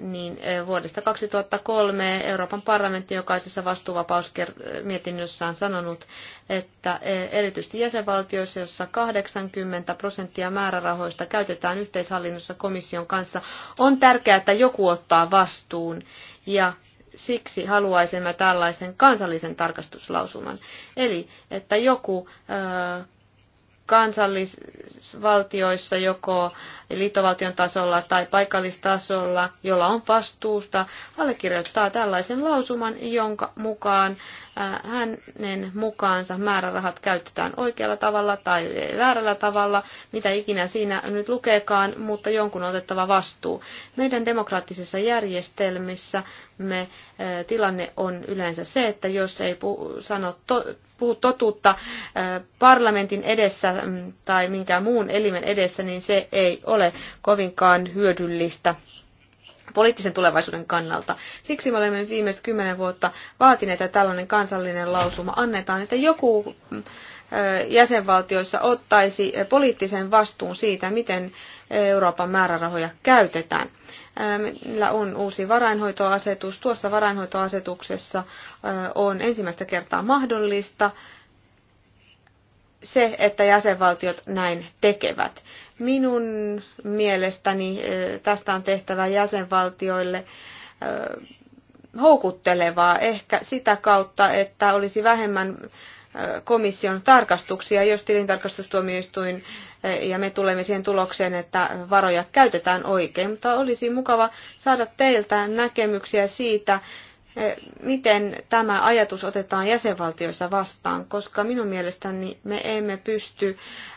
niin vuodesta 2003 Euroopan parlamentti jokaisessa vastuuvapausmietinnössä on sanonut, että erityisesti jäsenvaltioissa, jossa 80 prosenttia määrärahoista käytetään yhteishallinnossa komission kanssa, on tärkeää, että joku ottaa vastuun. Ja siksi haluaisimme tällaisen kansallisen tarkastuslausuman. Eli, että joku kansallisvaltioissa, joko liittovaltion tasolla tai paikallistasolla, jolla on vastuusta, allekirjoittaa tällaisen lausuman, jonka mukaan Äh, hänen mukaansa määrärahat käytetään oikealla tavalla tai väärällä tavalla, mitä ikinä siinä nyt lukeekaan, mutta jonkun on otettava vastuu. Meidän demokraattisissa järjestelmissä me, äh, tilanne on yleensä se, että jos ei puhu, sano to, puhu totuutta äh, parlamentin edessä mm, tai minkään muun elimen edessä, niin se ei ole kovinkaan hyödyllistä poliittisen tulevaisuuden kannalta. Siksi me olemme nyt viimeiset kymmenen vuotta vaatineet, että tällainen kansallinen lausuma annetaan, että joku mm, jäsenvaltioissa ottaisi poliittisen vastuun siitä, miten Euroopan määrärahoja käytetään. Meillä on uusi varainhoitoasetus. Tuossa varainhoitoasetuksessa on ensimmäistä kertaa mahdollista se, että jäsenvaltiot näin tekevät. Minun mielestäni eh, tästä on tehtävä jäsenvaltioille eh, houkuttelevaa ehkä sitä kautta, että olisi vähemmän eh, komission tarkastuksia, jos tilintarkastustuomioistuin ja me tulemme siihen tulokseen, että varoja käytetään oikein. Mutta olisi mukava saada teiltä näkemyksiä siitä, Eh, miten tämä ajatus otetaan jäsenvaltioissa vastaan, koska minun mielestäni me emme pysty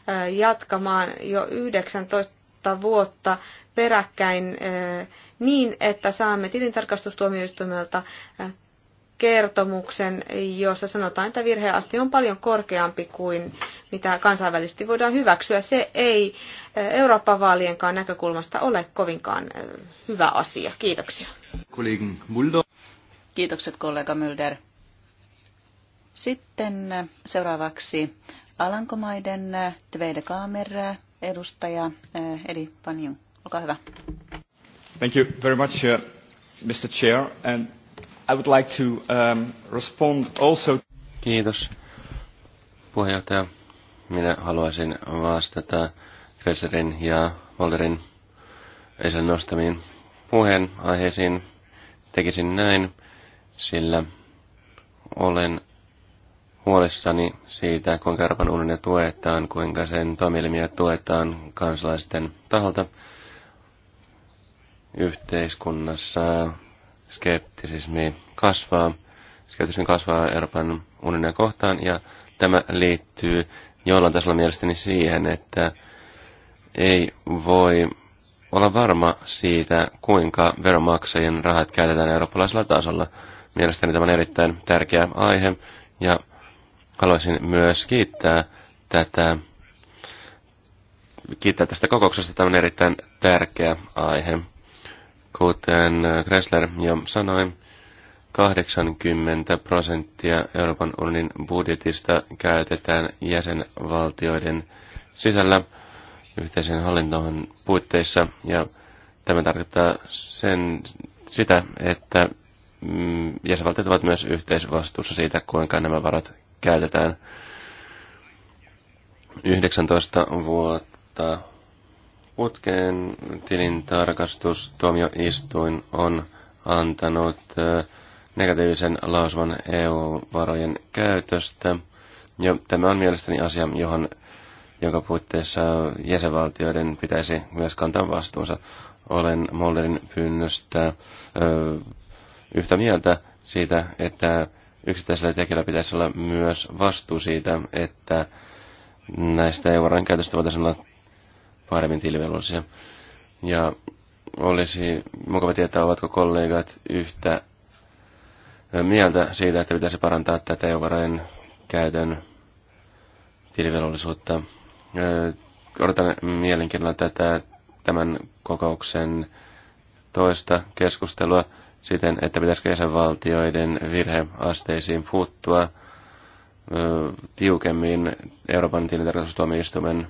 eh, jatkamaan jo 19 vuotta peräkkäin eh, niin, että saamme tilintarkastustuomioistuimelta kertomuksen, jossa sanotaan, että virheasti on paljon korkeampi kuin mitä kansainvälisesti voidaan hyväksyä. Se ei Euroopan vaalienkaan näkökulmasta ole kovinkaan hyvä asia. Kiitoksia. Kiitokset kollega Mylder. Sitten seuraavaksi Alankomaiden Tvede Kamer edustaja eh, Edi Panju. Olkaa hyvä. Thank you very much, uh, Mr. Chair. And I would like to um, respond also... Kiitos, puheenjohtaja. Minä haluaisin vastata Kresserin ja Volderin esille nostamiin puheenaiheisiin. Tekisin näin sillä olen huolissani siitä, kuinka Euroopan unionia tuetaan, kuinka sen toimielimiä tuetaan kansalaisten taholta yhteiskunnassa. Skeptisismi kasvaa, skeptisismi kasvaa Euroopan unionia kohtaan ja tämä liittyy jollain tasolla mielestäni siihen, että ei voi olla varma siitä, kuinka veromaksajien rahat käytetään eurooppalaisella tasolla. Mielestäni tämä on erittäin tärkeä aihe ja haluaisin myös kiittää tätä kiittää tästä kokouksesta. Tämä on erittäin tärkeä aihe. Kuten Kressler jo sanoi, 80 prosenttia Euroopan unionin budjetista käytetään jäsenvaltioiden sisällä yhteisen hallintoon puitteissa. Ja tämä tarkoittaa sen, sitä, että Mm, jäsenvaltiot ovat myös yhteisvastuussa siitä, kuinka nämä varat käytetään. 19 vuotta putkeen tuomioistuin on antanut negatiivisen lausuman EU-varojen käytöstä. Ja tämä on mielestäni asia, johon, jonka puitteissa jäsenvaltioiden pitäisi myös kantaa vastuunsa. Olen Mollerin pyynnöstä ö, yhtä mieltä siitä, että yksittäisellä tekijällä pitäisi olla myös vastuu siitä, että näistä eu käytöstä voitaisiin olla paremmin tilivelvollisia. Ja olisi mukava tietää, ovatko kollegat yhtä mieltä siitä, että pitäisi parantaa tätä eu käytön tilivelvollisuutta. Odotan mielenkiinnolla tätä tämän kokouksen toista keskustelua siten, että pitäisikö jäsenvaltioiden virheasteisiin puuttua tiukemmin Euroopan tilintarkastustuomioistuimen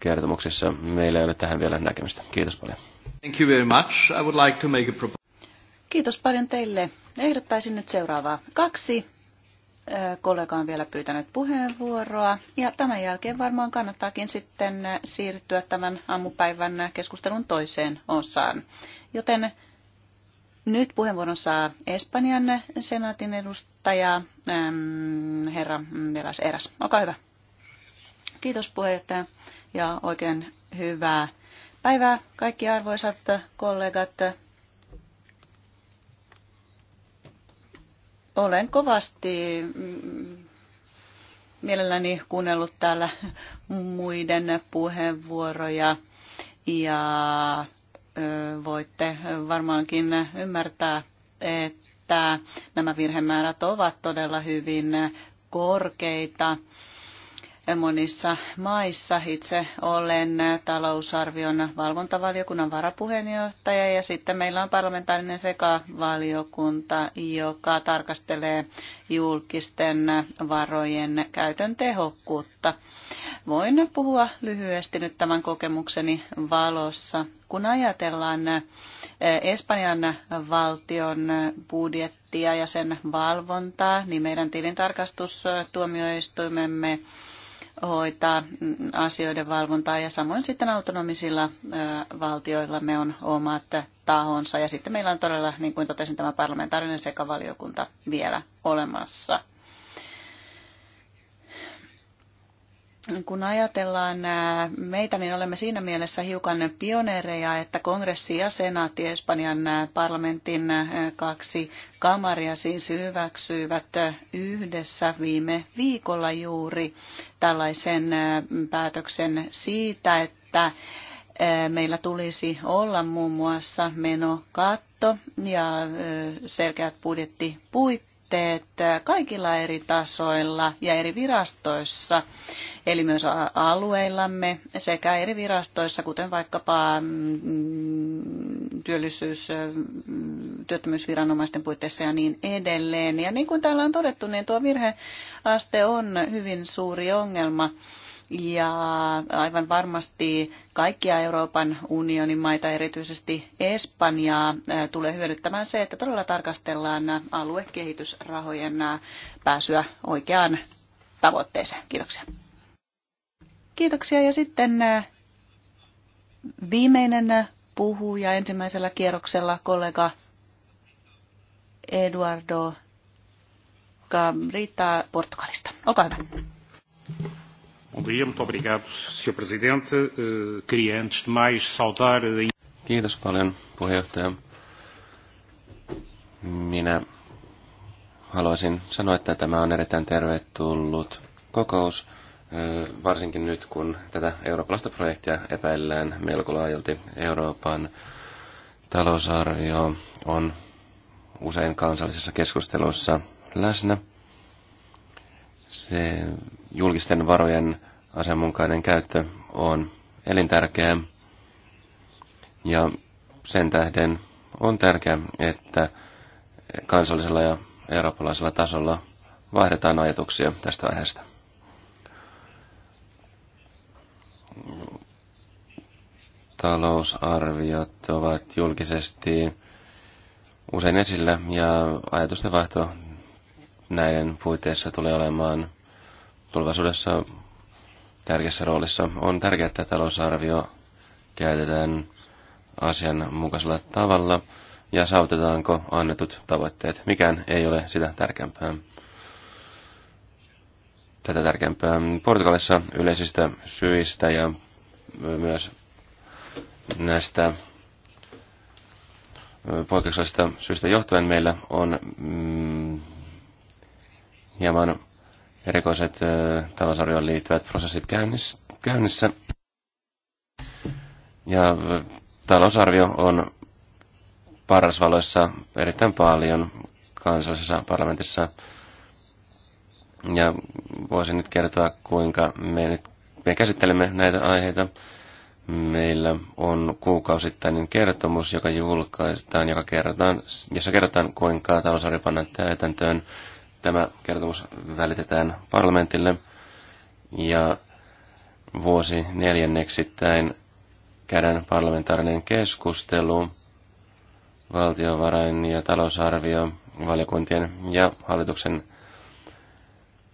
kertomuksessa. Meillä ei ole tähän vielä näkemistä. Kiitos paljon. Thank you very much. I would like to make a Kiitos paljon teille. Ehdottaisin nyt seuraavaa. Kaksi kollega on vielä pyytänyt puheenvuoroa. Ja tämän jälkeen varmaan kannattaakin sitten siirtyä tämän aamupäivän keskustelun toiseen osaan. Joten nyt puheenvuoron saa Espanjan senaatin edustaja herra Velas Eräs. Olkaa hyvä. Kiitos puheenjohtaja ja oikein hyvää päivää kaikki arvoisat kollegat. Olen kovasti mm, mielelläni kuunnellut täällä muiden puheenvuoroja ja voitte varmaankin ymmärtää, että nämä virhemäärät ovat todella hyvin korkeita monissa maissa. Itse olen talousarvion valvontavaliokunnan varapuheenjohtaja ja sitten meillä on parlamentaarinen sekavaliokunta, joka tarkastelee julkisten varojen käytön tehokkuutta. Voin puhua lyhyesti nyt tämän kokemukseni valossa. Kun ajatellaan eh, Espanjan valtion budjettia ja sen valvontaa, niin meidän tilintarkastustuomioistuimemme hoitaa asioiden valvontaa ja samoin sitten autonomisilla valtioilla me on omat tahonsa ja sitten meillä on todella, niin kuin totesin, tämä parlamentaarinen sekavaliokunta vielä olemassa. kun ajatellaan meitä, niin olemme siinä mielessä hiukan pioneereja, että kongressi ja senaatti Espanjan parlamentin kaksi kamaria siis hyväksyivät yhdessä viime viikolla juuri tällaisen päätöksen siitä, että meillä tulisi olla muun muassa menokatto ja selkeät budjettipuitteet tavoitteet kaikilla eri tasoilla ja eri virastoissa, eli myös alueillamme sekä eri virastoissa, kuten vaikkapa mm, työllisyys, työttömyysviranomaisten puitteissa ja niin edelleen. Ja niin kuin täällä on todettu, niin tuo virheaste on hyvin suuri ongelma ja aivan varmasti kaikkia Euroopan unionin maita, erityisesti Espanjaa, tulee hyödyttämään se, että todella tarkastellaan aluekehitysrahojen pääsyä oikeaan tavoitteeseen. Kiitoksia. Kiitoksia ja sitten viimeinen puhuja ensimmäisellä kierroksella kollega Eduardo Cabrita Portugalista. Olkaa hyvä. Eh, Kiitos paljon, puheenjohtaja. Minä haluaisin sanoa, että tämä on erittäin tervetullut kokous, eh, varsinkin nyt kun tätä eurooppalaista projektia epäillään melko laajalti. Euroopan talousarvio on usein kansallisessa keskustelussa läsnä. Se julkisten varojen asianmukainen käyttö on elintärkeää. Ja sen tähden on tärkeää, että kansallisella ja eurooppalaisella tasolla vaihdetaan ajatuksia tästä aiheesta. Talousarviot ovat julkisesti usein esillä ja ajatusten vaihto näiden puitteissa tulee olemaan tulevaisuudessa tärkeässä roolissa. On tärkeää, että talousarvio käytetään asianmukaisella tavalla ja saavutetaanko annetut tavoitteet. Mikään ei ole sitä tärkeämpää. Tätä tärkeämpää. Portugalissa yleisistä syistä ja myös näistä poikkeuksellisista syistä johtuen meillä on mm, hieman Erikoiset talousarvioon liittyvät prosessit käynnissä. Ja talousarvio on parasvaloissa erittäin paljon kansallisessa parlamentissa. Ja voisin nyt kertoa, kuinka me, nyt, me käsittelemme näitä aiheita. Meillä on kuukausittainen kertomus, joka julkaistaan, joka kerrotaan, jossa kerrotaan, kuinka talousarvio pannaan täytäntöön Tämä kertomus välitetään parlamentille ja vuosi neljänneksittäin käydään parlamentaarinen keskustelu valtiovarain- ja talousarvio valiokuntien ja hallituksen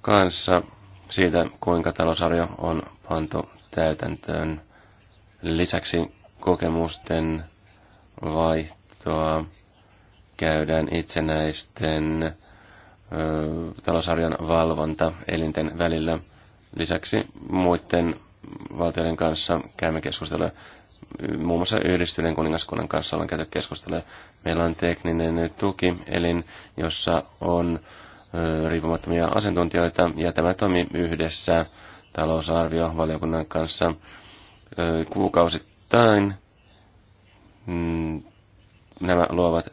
kanssa siitä, kuinka talousarvio on pantu täytäntöön. Lisäksi kokemusten vaihtoa käydään itsenäisten Talousarjan valvonta elinten välillä. Lisäksi muiden valtioiden kanssa käymme keskustelua. Muun muassa Yhdistyneen kuningaskunnan kanssa ollaan käyty keskustelua. Meillä on tekninen tuki, elin, jossa on riippumattomia asiantuntijoita, ja tämä toimii yhdessä talousarviovaliokunnan kanssa kuukausittain. Mm, nämä luovat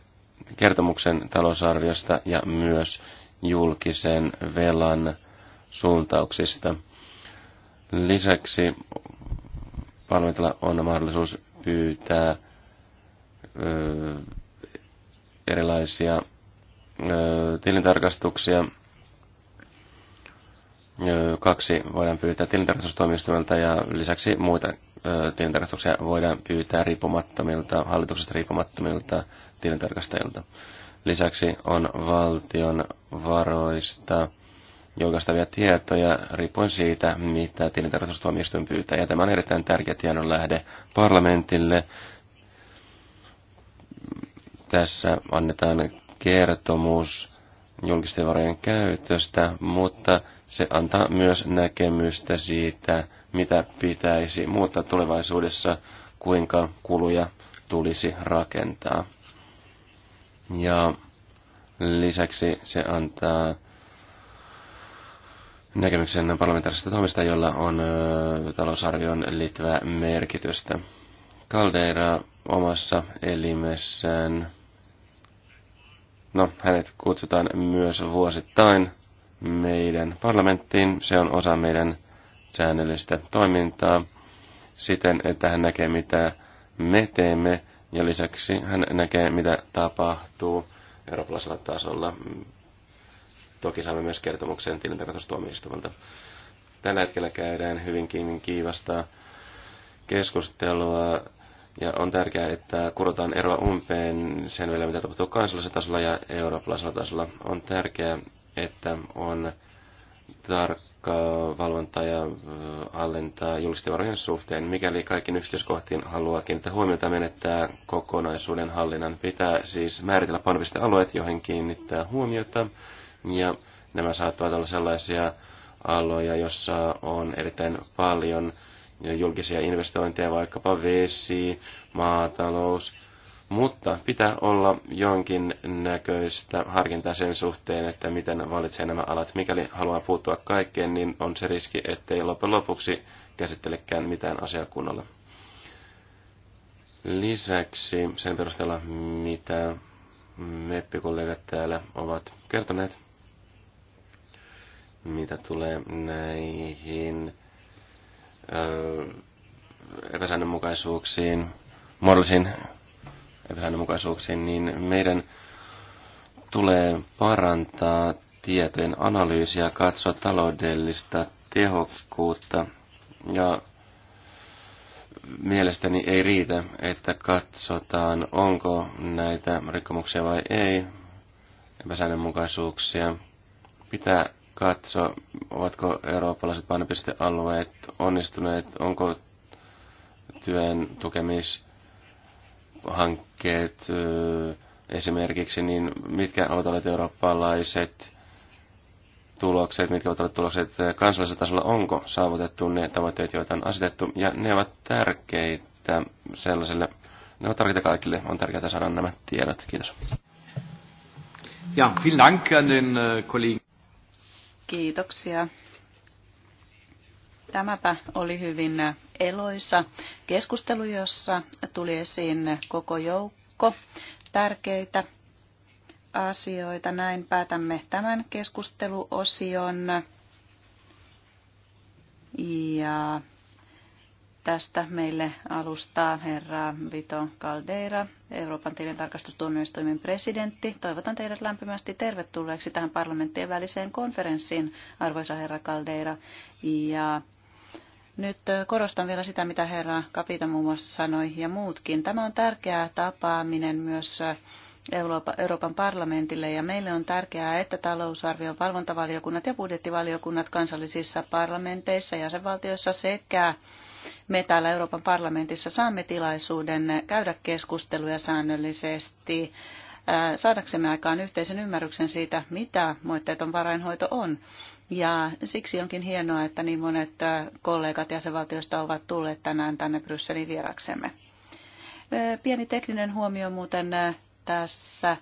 kertomuksen talousarviosta ja myös julkisen velan suuntauksista. Lisäksi parlamentilla on mahdollisuus pyytää ö, erilaisia ö, tilintarkastuksia. Ö, kaksi voidaan pyytää tilintarkastustoimistolta ja lisäksi muita ö, tilintarkastuksia voidaan pyytää riippumattomilta, hallituksesta riippumattomilta tilintarkastajilta. Lisäksi on valtion varoista julkaistavia tietoja riippuen siitä, mitä tilintarkastustuomioistuin pyytää. Ja tämä on erittäin tärkeä tiedonlähde parlamentille. Tässä annetaan kertomus julkisten varojen käytöstä, mutta se antaa myös näkemystä siitä, mitä pitäisi muuttaa tulevaisuudessa, kuinka kuluja tulisi rakentaa. Ja lisäksi se antaa näkemyksen parlamentaarisesta toimista, jolla on talousarvion liittyvää merkitystä. kaldeira omassa elimessään, no hänet kutsutaan myös vuosittain meidän parlamenttiin. Se on osa meidän säännöllistä toimintaa siten, että hän näkee mitä me teemme ja lisäksi hän näkee, mitä tapahtuu eurooppalaisella tasolla. Toki saamme myös kertomuksen tilintarkastustuomioistuimelta. Tällä hetkellä käydään hyvinkin kiivasta keskustelua ja on tärkeää, että kurotaan eroa umpeen sen vielä, mitä tapahtuu kansallisella tasolla ja eurooppalaisella tasolla. On tärkeää, että on tarkkaa valvontaa ja allentaa julkisten varojen suhteen. Mikäli kaikin yksityiskohtiin haluakin, että huomiota, menettää kokonaisuuden hallinnan. Pitää siis määritellä painopistealueet, joihin kiinnittää huomiota. Ja nämä saattavat olla sellaisia aloja, jossa on erittäin paljon julkisia investointeja, vaikkapa vesi, maatalous, mutta pitää olla jonkin näköistä harkintaa sen suhteen, että miten valitsee nämä alat. Mikäli haluaa puuttua kaikkeen, niin on se riski, ettei loppujen lopuksi käsittelekään mitään asiakunnalla. Lisäksi sen perusteella, mitä meppikollegat täällä ovat kertoneet, mitä tulee näihin öö, epäsäännönmukaisuuksiin, muodollisiin epäsäännönmukaisuuksiin, niin meidän tulee parantaa tietojen analyysiä, katsoa taloudellista tehokkuutta ja mielestäni ei riitä, että katsotaan, onko näitä rikkomuksia vai ei, epäsäännönmukaisuuksia. Pitää katsoa, ovatko eurooppalaiset painopistealueet onnistuneet, onko työn tukemis hankkeet esimerkiksi, niin mitkä ovat olleet eurooppalaiset tulokset, mitkä ovat olleet tulokset kansallisella tasolla, onko saavutettu ne tavoitteet, joita on asetettu, ja ne ovat tärkeitä sellaiselle, ne ovat tärkeitä kaikille, on tärkeää saada nämä tiedot. Kiitos. Ja, vielen Dank an den äh, Kollegen. Kiitoksia Tämäpä oli hyvin eloisa keskustelu, jossa tuli esiin koko joukko tärkeitä asioita. Näin päätämme tämän keskusteluosion. Ja tästä meille alustaa herra Vito Caldeira, Euroopan tilintarkastustuomioistuimen presidentti. Toivotan teidät lämpimästi tervetulleeksi tähän parlamenttien väliseen konferenssiin, arvoisa herra Caldeira. Ja nyt korostan vielä sitä, mitä herra Kapita muun muassa sanoi ja muutkin. Tämä on tärkeä tapaaminen myös Euroopan parlamentille ja meille on tärkeää, että talousarvion valvontavaliokunnat ja budjettivaliokunnat kansallisissa parlamenteissa ja jäsenvaltioissa sekä me täällä Euroopan parlamentissa saamme tilaisuuden käydä keskusteluja säännöllisesti saadaksemme aikaan yhteisen ymmärryksen siitä, mitä moitteeton varainhoito on. Ja siksi onkin hienoa, että niin monet äh, kollegat jäsenvaltioista ovat tulleet tänään tänne Brysselin vieraksemme. Pieni tekninen huomio muuten äh, tässä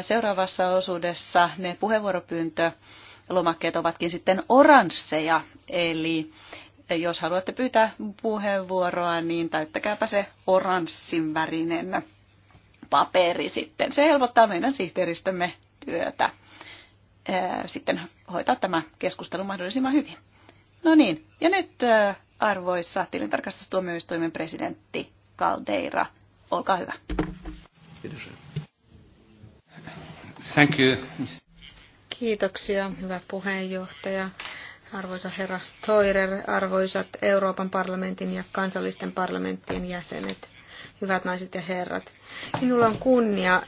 seuraavassa osuudessa ne puheenvuoropyyntölomakkeet ovatkin sitten oransseja, eli jos haluatte pyytää puheenvuoroa, niin täyttäkääpä se oranssin värinen paperi sitten. Se helpottaa meidän sihteeristömme työtä sitten hoitaa tämä keskustelu mahdollisimman hyvin. No niin, ja nyt arvoissa tilintarkastustuomioistuimen presidentti Caldeira, olkaa hyvä. Kiitos. Thank you. Kiitoksia, hyvä puheenjohtaja. Arvoisa herra Toirer, arvoisat Euroopan parlamentin ja kansallisten parlamenttien jäsenet, hyvät naiset ja herrat. Minulla on kunnia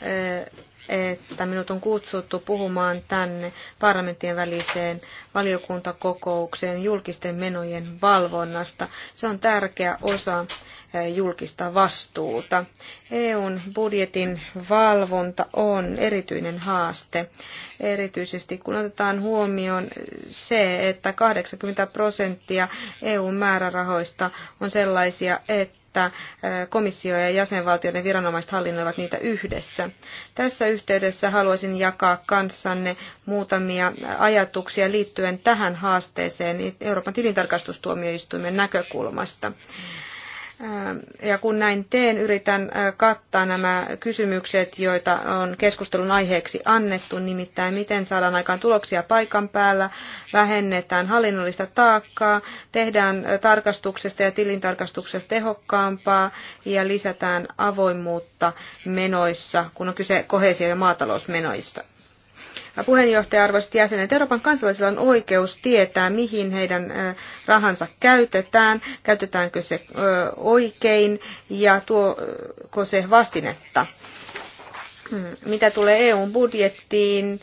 että minut on kutsuttu puhumaan tänne parlamenttien väliseen valiokuntakokoukseen julkisten menojen valvonnasta. Se on tärkeä osa eh, julkista vastuuta. EUn budjetin valvonta on erityinen haaste, erityisesti kun otetaan huomioon se, että 80 prosenttia EUn määrärahoista on sellaisia, että että komissio ja jäsenvaltioiden viranomaiset hallinnoivat niitä yhdessä. Tässä yhteydessä haluaisin jakaa kanssanne muutamia ajatuksia liittyen tähän haasteeseen Euroopan tilintarkastustuomioistuimen näkökulmasta. Ja kun näin teen, yritän kattaa nämä kysymykset, joita on keskustelun aiheeksi annettu, nimittäin miten saadaan aikaan tuloksia paikan päällä, vähennetään hallinnollista taakkaa, tehdään tarkastuksesta ja tilintarkastuksesta tehokkaampaa ja lisätään avoimuutta menoissa, kun on kyse kohesio- ja maatalousmenoista puheenjohtaja, arvoisat jäsenet, Euroopan kansalaisilla on oikeus tietää, mihin heidän rahansa käytetään, käytetäänkö se oikein ja tuoko se vastinetta. Hmm. Mitä tulee EUn budjettiin,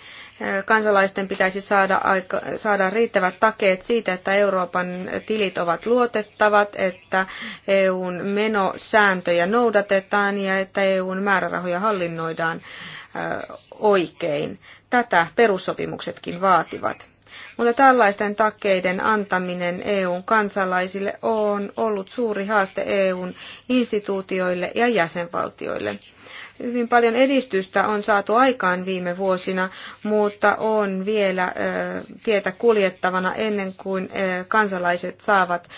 kansalaisten pitäisi saada, aika, saada riittävät takeet siitä, että Euroopan tilit ovat luotettavat, että EUn menosääntöjä noudatetaan ja että EUn määrärahoja hallinnoidaan oikein. Tätä perussopimuksetkin vaativat. Mutta tällaisten takkeiden antaminen EUn kansalaisille on ollut suuri haaste EUn instituutioille ja jäsenvaltioille. Hyvin paljon edistystä on saatu aikaan viime vuosina, mutta on vielä tietä kuljettavana ennen kuin kansalaiset saavat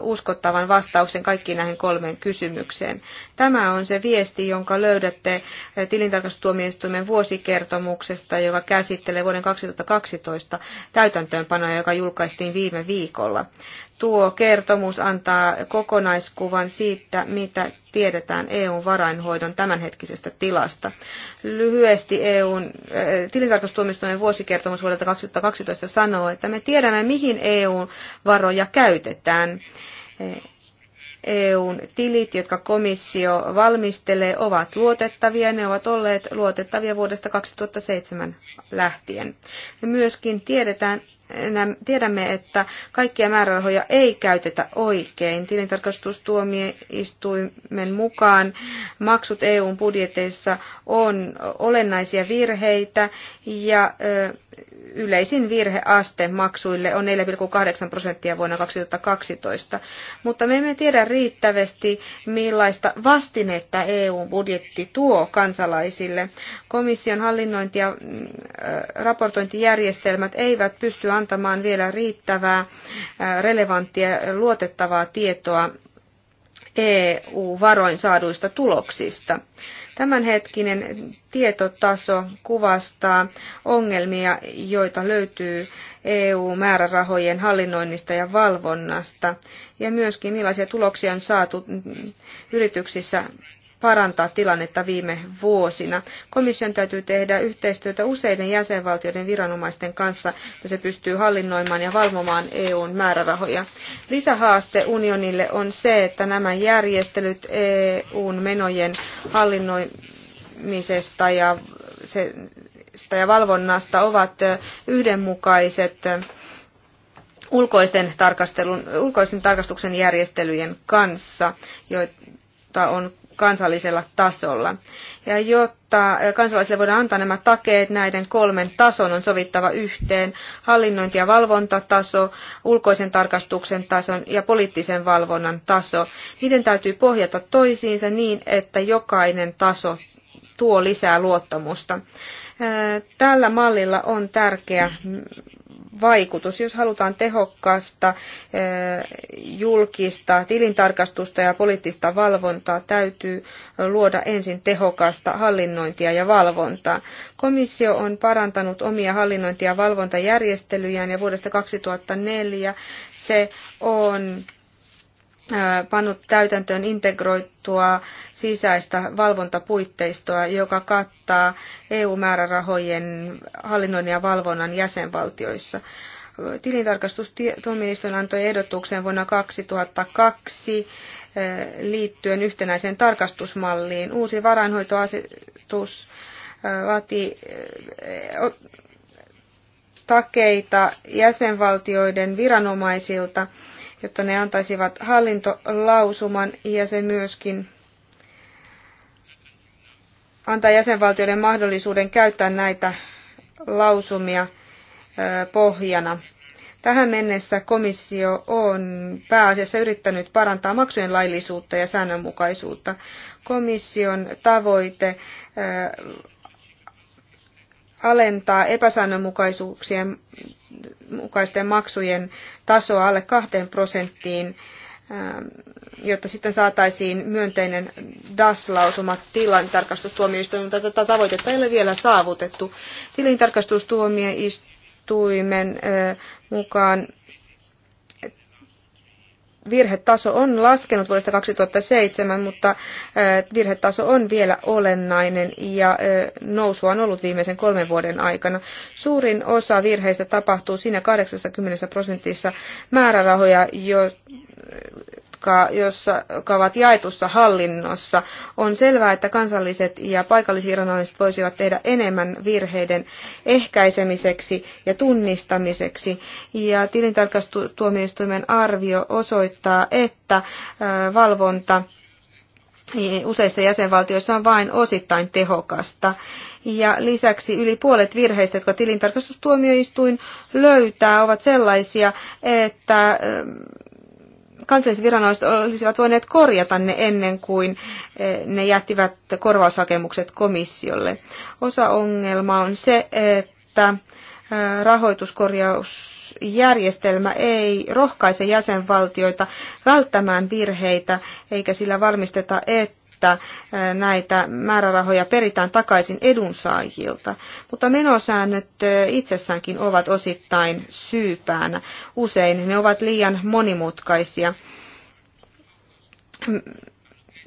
uskottavan vastauksen kaikkiin näihin kolmeen kysymykseen. Tämä on se viesti, jonka löydätte tilintarkastustuomioistuimen vuosikertomuksesta, joka käsittelee vuoden 2012 täytäntöönpanoa, joka julkaistiin viime viikolla tuo kertomus antaa kokonaiskuvan siitä, mitä tiedetään EUn varainhoidon tämänhetkisestä tilasta. Lyhyesti EUn eh, tilintarkastustuomioistuimen vuosikertomus vuodelta 2012 sanoo, että me tiedämme, mihin EUn varoja käytetään. EUn eh, e tilit, jotka komissio valmistelee, ovat luotettavia. Ne ovat olleet luotettavia vuodesta 2007 lähtien. Me myöskin tiedetään, tiedämme, että kaikkia määrärahoja ei käytetä oikein. Tilintarkastustuomioistuimen mukaan maksut EUn budjeteissa on olennaisia virheitä ja yleisin virheaste maksuille on 4,8 prosenttia vuonna 2012. Mutta me emme tiedä riittävästi, millaista vastinetta EUn budjetti tuo kansalaisille. Komission hallinnointi- ja mm, raportointijärjestelmät eivät pysty antamaan vielä riittävää, relevanttia, luotettavaa tietoa EU-varoin saaduista tuloksista. Tämänhetkinen tietotaso kuvastaa ongelmia, joita löytyy EU-määrärahojen hallinnoinnista ja valvonnasta, ja myöskin millaisia tuloksia on saatu yrityksissä parantaa tilannetta viime vuosina. Komission täytyy tehdä yhteistyötä useiden jäsenvaltioiden viranomaisten kanssa, että se pystyy hallinnoimaan ja valvomaan EUn määrärahoja. Lisähaaste unionille on se, että nämä järjestelyt EUn menojen hallinnoimisesta ja, se, ja valvonnasta ovat yhdenmukaiset ulkoisten, tarkastelun, ulkoisten tarkastuksen järjestelyjen kanssa, joita on kansallisella tasolla. Ja jotta kansalaisille voidaan antaa nämä takeet, näiden kolmen tason on sovittava yhteen hallinnointi- ja valvontataso, ulkoisen tarkastuksen tason ja poliittisen valvonnan taso. Niiden täytyy pohjata toisiinsa niin, että jokainen taso tuo lisää luottamusta. Tällä mallilla on tärkeä vaikutus. Jos halutaan tehokkaasta julkista tilintarkastusta ja poliittista valvontaa, täytyy luoda ensin tehokasta hallinnointia ja valvontaa. Komissio on parantanut omia hallinnointia ja valvontajärjestelyjään ja vuodesta 2004 se on pannut täytäntöön integroitua sisäistä valvontapuitteistoa, joka kattaa EU-määrärahojen hallinnoinnin ja valvonnan jäsenvaltioissa. Tilintarkastustuomioistuin antoi ehdotuksen vuonna 2002 liittyen yhtenäiseen tarkastusmalliin. Uusi varainhoitoasetus vaati takeita jäsenvaltioiden viranomaisilta jotta ne antaisivat hallintolausuman ja se myöskin antaa jäsenvaltioiden mahdollisuuden käyttää näitä lausumia pohjana. Tähän mennessä komissio on pääasiassa yrittänyt parantaa maksujen laillisuutta ja säännönmukaisuutta. Komission tavoite alentaa epäsäännönmukaisuuksien mukaisten maksujen tasoa alle kahteen prosenttiin, ähm, jotta sitten saataisiin myönteinen DAS-lausuma tilintarkastustuomioistuimelta. Tätä tavoitetta ei ole vielä saavutettu. Tilintarkastustuomioistuimen äh, mukaan virhetaso on laskenut vuodesta 2007, mutta äh, virhetaso on vielä olennainen ja äh, nousua on ollut viimeisen kolmen vuoden aikana. Suurin osa virheistä tapahtuu siinä 80 prosentissa määrärahoja, jo jotka, jossa, jotka ovat jaetussa hallinnossa. On selvää, että kansalliset ja paikallisviranomaiset voisivat tehdä enemmän virheiden ehkäisemiseksi ja tunnistamiseksi. Ja tilintarkastustuomioistuimen arvio osoittaa, että valvonta useissa jäsenvaltioissa on vain osittain tehokasta. Ja lisäksi yli puolet virheistä, jotka tilintarkastustuomioistuin löytää, ovat sellaisia, että kansalliset viranomaiset olisivat voineet korjata ne ennen kuin eh, ne jättivät korvaushakemukset komissiolle. Osa ongelmaa on se, että eh, rahoituskorjausjärjestelmä ei rohkaise jäsenvaltioita välttämään virheitä, eikä sillä varmisteta, että että näitä määrärahoja peritään takaisin edunsaajilta. Mutta menosäännöt itsessäänkin ovat osittain syypäänä. Usein ne ovat liian monimutkaisia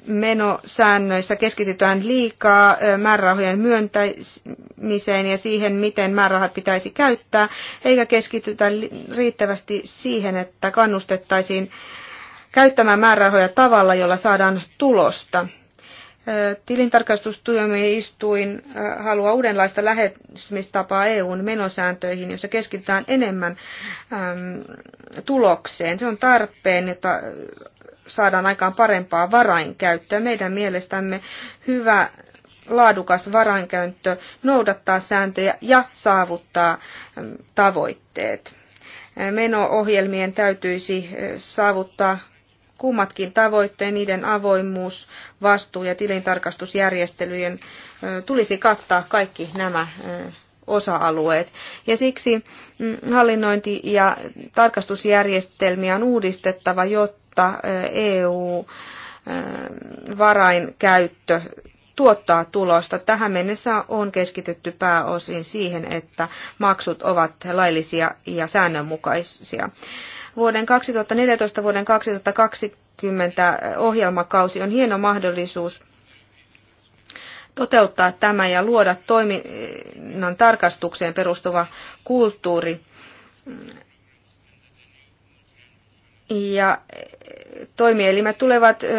menosäännöissä keskitytään liikaa määrärahojen myöntämiseen ja siihen, miten määrärahat pitäisi käyttää, eikä keskitytä riittävästi siihen, että kannustettaisiin käyttämään määrärahoja tavalla, jolla saadaan tulosta. Tilintarkastustuomioistuin äh, äh, haluaa uudenlaista lähestymistapaa EUn menosääntöihin, jossa keskitytään enemmän tulokseen. Se on tarpeen, jotta saadaan aikaan parempaa varainkäyttöä. Meidän mielestämme hyvä laadukas varainkäyttö noudattaa sääntöjä ja saavuttaa tavoitteet. Meno-ohjelmien täytyisi äh, saavuttaa kummatkin tavoitteen, niiden avoimuus, vastuu ja tilintarkastusjärjestelyjen tulisi kattaa kaikki nämä osa-alueet. Ja siksi mm, hallinnointi- ja tarkastusjärjestelmiä on uudistettava, jotta EU-varainkäyttö tuottaa tulosta. Tähän mennessä on keskitytty pääosin siihen, että maksut ovat laillisia ja säännönmukaisia vuoden 2014 vuoden 2020 ohjelmakausi on hieno mahdollisuus toteuttaa tämä ja luoda toiminnan tarkastukseen perustuva kulttuuri ja e, toimielimet tulevat ö, e,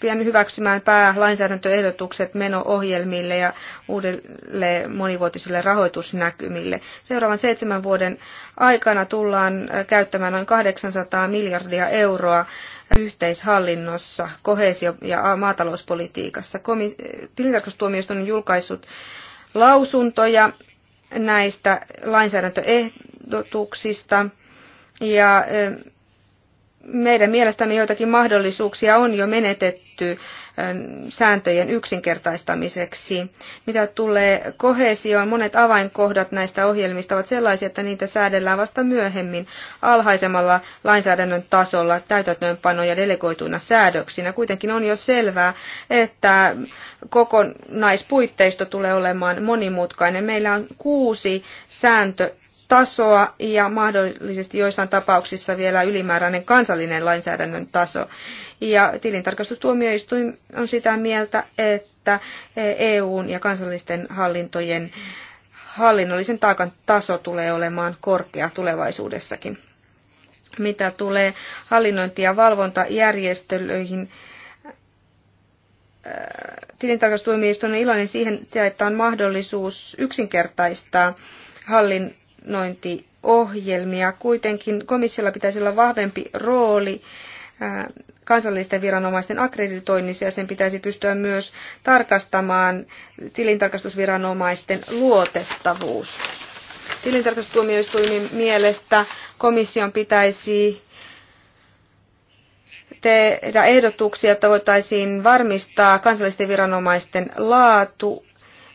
pian hyväksymään päälainsäädäntöehdotukset meno-ohjelmille ja uudelle monivuotisille rahoitusnäkymille. Seuraavan seitsemän vuoden aikana tullaan e, käyttämään noin 800 miljardia euroa yhteishallinnossa, kohesio- ja maatalouspolitiikassa. Komi- tilintarkastustuomioistuin on julkaissut lausuntoja näistä lainsäädäntöehdotuksista ja ö, meidän mielestämme joitakin mahdollisuuksia on jo menetetty sääntöjen yksinkertaistamiseksi. Mitä tulee kohesioon, monet avainkohdat näistä ohjelmista ovat sellaisia, että niitä säädellään vasta myöhemmin alhaisemmalla lainsäädännön tasolla täytäntöönpano- ja delegoituina säädöksinä. Kuitenkin on jo selvää, että kokonaispuitteisto tulee olemaan monimutkainen. Meillä on kuusi sääntö tasoa ja mahdollisesti joissain tapauksissa vielä ylimääräinen kansallinen lainsäädännön taso. Ja tilintarkastustuomioistuin on sitä mieltä, että EUn ja kansallisten hallintojen hallinnollisen taakan taso tulee olemaan korkea tulevaisuudessakin. Mitä tulee hallinnointi- ja valvontajärjestelyihin, tilintarkastustuomioistuin on iloinen siihen, että on mahdollisuus yksinkertaistaa hallin koordinointiohjelmia. Kuitenkin komissiolla pitäisi olla vahvempi rooli kansallisten viranomaisten akkreditoinnissa ja sen pitäisi pystyä myös tarkastamaan tilintarkastusviranomaisten luotettavuus. Tilintarkastustuomioistuimen mielestä komission pitäisi tehdä ehdotuksia, että voitaisiin varmistaa kansallisten viranomaisten laatu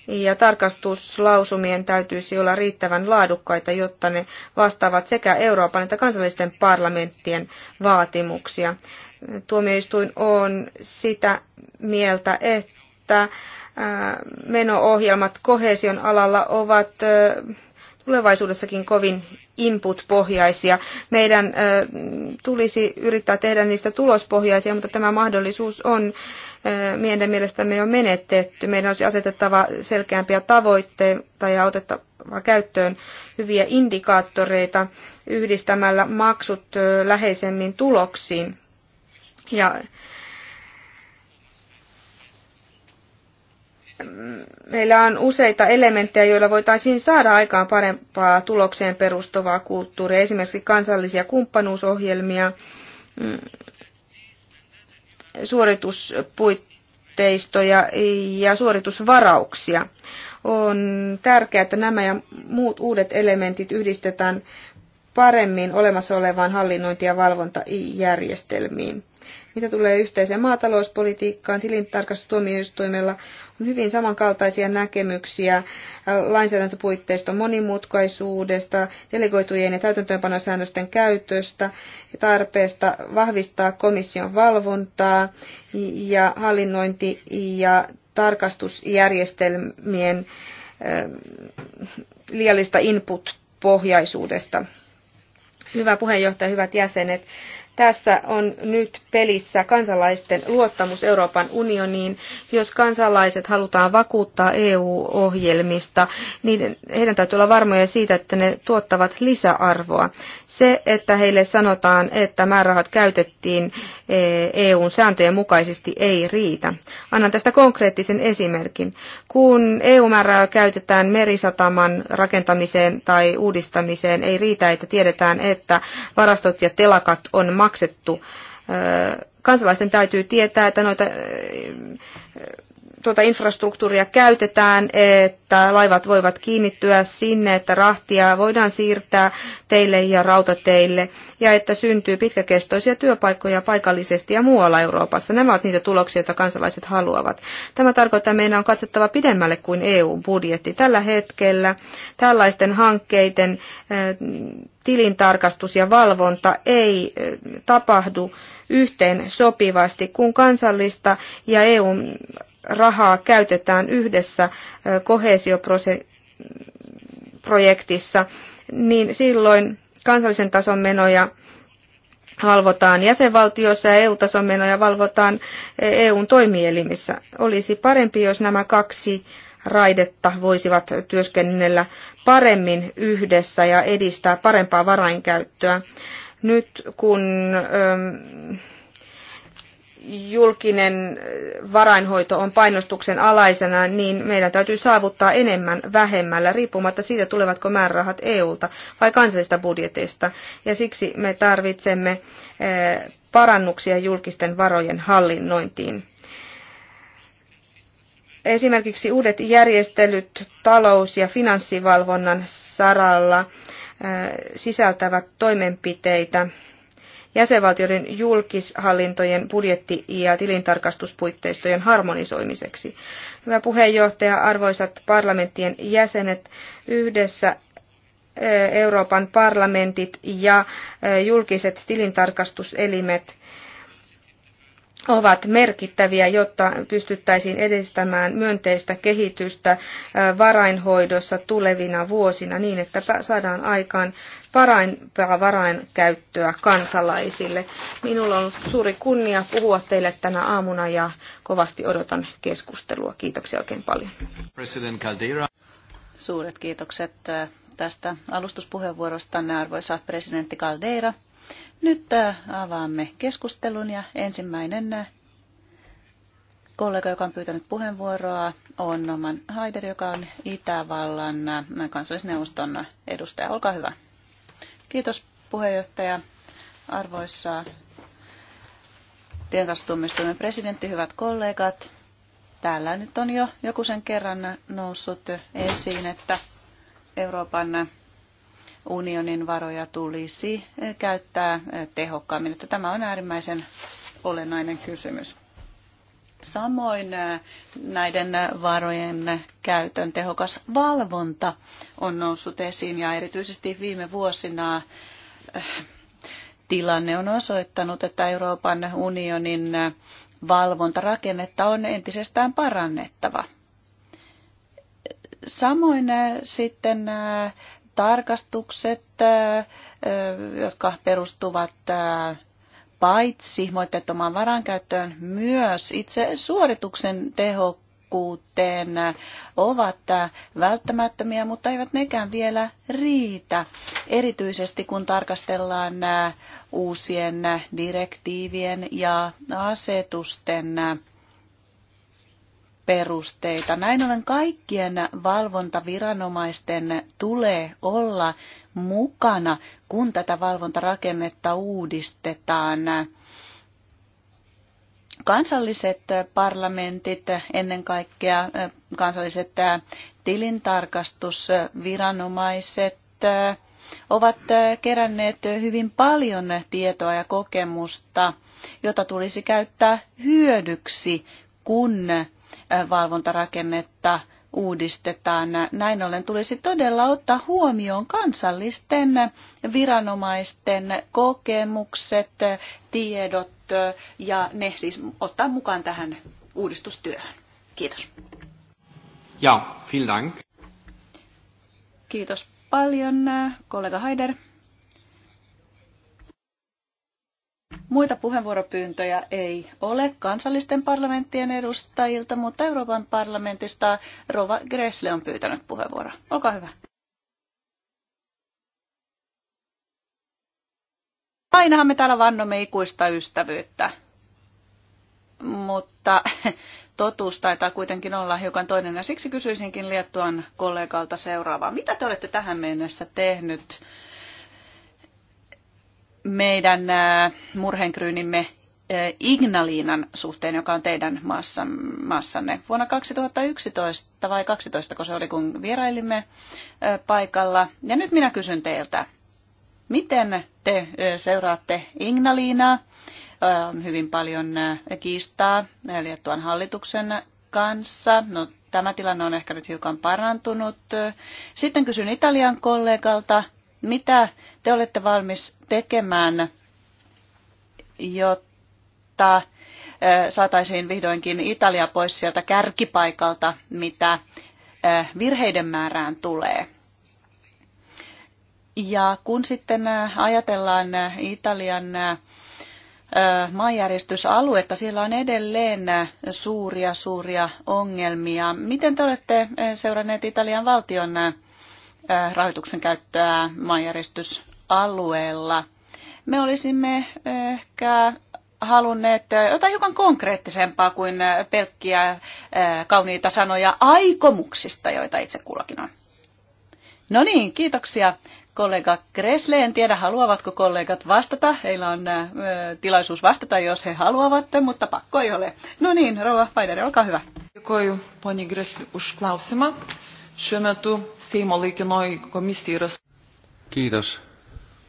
ja tarkastuslausumien täytyisi olla riittävän laadukkaita, jotta ne vastaavat sekä Euroopan että kansallisten parlamenttien vaatimuksia. Tuomioistuin on sitä mieltä, että äh, menoohjelmat kohesion alalla ovat äh, tulevaisuudessakin kovin input-pohjaisia. Meidän äh, tulisi yrittää tehdä niistä tulospohjaisia, mutta tämä mahdollisuus on meidän mielestämme jo menetetty. Meidän olisi asetettava selkeämpiä tavoitteita ja otettava käyttöön hyviä indikaattoreita yhdistämällä maksut läheisemmin tuloksiin. Ja mm, meillä on useita elementtejä, joilla voitaisiin saada aikaan parempaa tulokseen perustuvaa kulttuuria, esimerkiksi kansallisia kumppanuusohjelmia, mm, suorituspuitteistoja ja suoritusvarauksia. On tärkeää, että nämä ja muut uudet elementit yhdistetään paremmin olemassa olevaan hallinnointi- ja valvontajärjestelmiin. Mitä tulee yhteiseen maatalouspolitiikkaan, tilintarkastustuomioistuimella on hyvin samankaltaisia näkemyksiä lainsäädäntöpuitteiston monimutkaisuudesta, delegoitujen ja täytäntöönpanosäännösten käytöstä ja tarpeesta vahvistaa komission valvontaa ja hallinnointi- ja tarkastusjärjestelmien liiallista input-pohjaisuudesta. Hyvä puheenjohtaja, hyvät jäsenet. Tässä on nyt pelissä kansalaisten luottamus Euroopan unioniin. Jos kansalaiset halutaan vakuuttaa EU-ohjelmista, niin heidän täytyy olla varmoja siitä, että ne tuottavat lisäarvoa. Se, että heille sanotaan, että määrärahat käytettiin EUn e sääntöjen mukaisesti, ei riitä. Annan tästä konkreettisen esimerkin. Kun EU-määrää käytetään merisataman rakentamiseen tai uudistamiseen, ei riitä, että tiedetään, että varastot ja telakat on maksettu. Kansalaisten täytyy tietää, että noita tuota infrastruktuuria käytetään, että laivat voivat kiinnittyä sinne, että rahtia voidaan siirtää teille ja rautateille ja että syntyy pitkäkestoisia työpaikkoja paikallisesti ja muualla Euroopassa. Nämä ovat niitä tuloksia, joita kansalaiset haluavat. Tämä tarkoittaa, että meidän on katsottava pidemmälle kuin EU-budjetti. Tällä hetkellä tällaisten hankkeiden eh, tilintarkastus ja valvonta ei eh, tapahdu yhteen sopivasti, kun kansallista ja EUn rahaa käytetään yhdessä kohesioprojektissa, niin silloin kansallisen tason menoja valvotaan jäsenvaltioissa ja EU-tason menoja valvotaan EUn toimielimissä. Olisi parempi, jos nämä kaksi raidetta voisivat työskennellä paremmin yhdessä ja edistää parempaa varainkäyttöä. Nyt kun julkinen äh, varainhoito on painostuksen alaisena, niin meidän täytyy saavuttaa enemmän vähemmällä, riippumatta siitä, tulevatko määrärahat EUlta vai kansallisista budjeteista. Ja siksi me tarvitsemme äh, parannuksia julkisten varojen hallinnointiin. Esimerkiksi uudet järjestelyt talous- ja finanssivalvonnan saralla äh, sisältävät toimenpiteitä, jäsenvaltioiden julkishallintojen budjetti- ja tilintarkastuspuitteistojen harmonisoimiseksi. Hyvä puheenjohtaja, arvoisat parlamenttien jäsenet, yhdessä eh, Euroopan parlamentit ja eh, julkiset tilintarkastuselimet – ovat merkittäviä, jotta pystyttäisiin edistämään myönteistä kehitystä varainhoidossa tulevina vuosina niin, että saadaan aikaan parempaa varainkäyttöä kansalaisille. Minulla on ollut suuri kunnia puhua teille tänä aamuna ja kovasti odotan keskustelua. Kiitoksia oikein paljon. President Caldera. Suuret kiitokset tästä alustuspuheenvuorostanne, arvoisa presidentti Caldeira. Nyt äh, avaamme keskustelun ja ensimmäinen äh, kollega, joka on pyytänyt puheenvuoroa, on Norman Haider, joka on Itävallan äh, kansallisneuvoston edustaja. Olkaa hyvä. Kiitos puheenjohtaja. Arvoissa tientastuomioistuimen presidentti, hyvät kollegat. Täällä nyt on jo joku sen kerran noussut esiin, että Euroopan unionin varoja tulisi käyttää tehokkaammin. Että tämä on äärimmäisen olennainen kysymys. Samoin äh, näiden varojen käytön tehokas valvonta on noussut esiin ja erityisesti viime vuosina äh, tilanne on osoittanut, että Euroopan unionin äh, valvontarakennetta on entisestään parannettava. Samoin sitten tarkastukset, jotka perustuvat paitsi moitteettomaan varankäyttöön, myös itse suorituksen tehokkuuteen ovat välttämättömiä, mutta eivät nekään vielä riitä. Erityisesti kun tarkastellaan uusien direktiivien ja asetusten perusteita. Näin ollen kaikkien valvontaviranomaisten tulee olla mukana, kun tätä valvontarakennetta uudistetaan. Kansalliset parlamentit, ennen kaikkea kansalliset tilintarkastusviranomaiset, ovat keränneet hyvin paljon tietoa ja kokemusta, jota tulisi käyttää hyödyksi, kun valvontarakennetta uudistetaan. Näin ollen tulisi todella ottaa huomioon kansallisten viranomaisten kokemukset, tiedot ja ne siis ottaa mukaan tähän uudistustyöhön. Kiitos. Ja, vielen Dank. Kiitos paljon, kollega Haider. Muita puheenvuoropyyntöjä ei ole kansallisten parlamenttien edustajilta, mutta Euroopan parlamentista Rova Gressle on pyytänyt puheenvuoroa. Olkaa hyvä. Ainahan me täällä vannomme ikuista ystävyyttä, mutta totuus taitaa kuitenkin olla hiukan toinen. Ja siksi kysyisinkin Liettuan kollegalta seuraavaa. Mitä te olette tähän mennessä tehnyt? meidän äh, murheenkryynimme äh, Ignaliinan suhteen, joka on teidän maassa, maassanne. Vuonna 2011 vai 2012, kun se oli, kun vierailimme äh, paikalla. Ja nyt minä kysyn teiltä, miten te seuraatte Ignaliinaa? On hyvin paljon kiistaa Liettuan hallituksen kanssa. No, tämä tilanne on ehkä nyt hiukan parantunut. Sitten kysyn Italian kollegalta, mitä te olette valmis tekemään, jotta saataisiin vihdoinkin Italia pois sieltä kärkipaikalta, mitä virheiden määrään tulee? Ja kun sitten ajatellaan Italian maanjäristysaluetta, siellä on edelleen suuria, suuria ongelmia. Miten te olette seuranneet Italian valtion Äh, rahoituksen käyttöä maanjäristysalueella. Me olisimme ehkä halunneet äh, jotain hiukan konkreettisempaa kuin äh, pelkkiä kauniita sanoja aikomuksista, joita itse kullakin on. No niin, kiitoksia kollega Kresle. En tiedä, haluavatko kollegat vastata. Heillä on tilaisuus vastata, jos he haluavat, mutta pakko ei ole. No niin, rouva Paideri, olkaa hyvä. Kiitos, poni Grešli, už klausimą. Šiuo metu Seimo laikinoji komisija yra... Kiitos,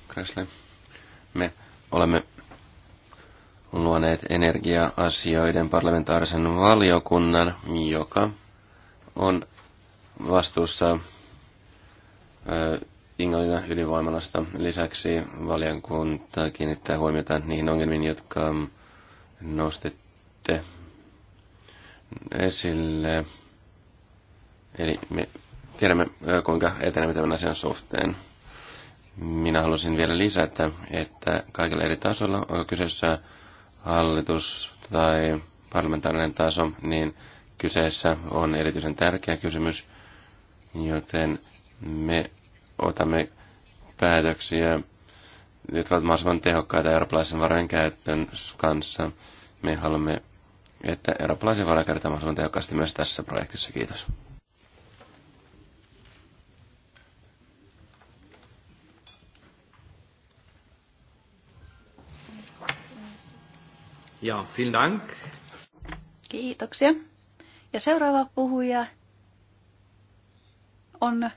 Kresle. Me olemme luoneet energia-asioiden parlamentaarisen valiokunnan, joka on vastuussa Ingalina ydinvoimalasta. Lisäksi valiokunta kiinnittää huomiota niihin ongelmiin, jotka nostette esille Eli me tiedämme, kuinka etenemme tämän asian suhteen. Minä halusin vielä lisätä, että kaikilla eri tasolla, onko kyseessä hallitus tai parlamentaarinen taso, niin kyseessä on erityisen tärkeä kysymys, joten me otamme päätöksiä, jotka ovat mahdollisimman tehokkaita eurooppalaisen varojen käytön kanssa. Me haluamme, että eurooppalaisen varoja käytetään mahdollisimman tehokkaasti myös tässä projektissa. Kiitos. Ja, vielen dank. Kiitoksia. Ja seuraava puhuja on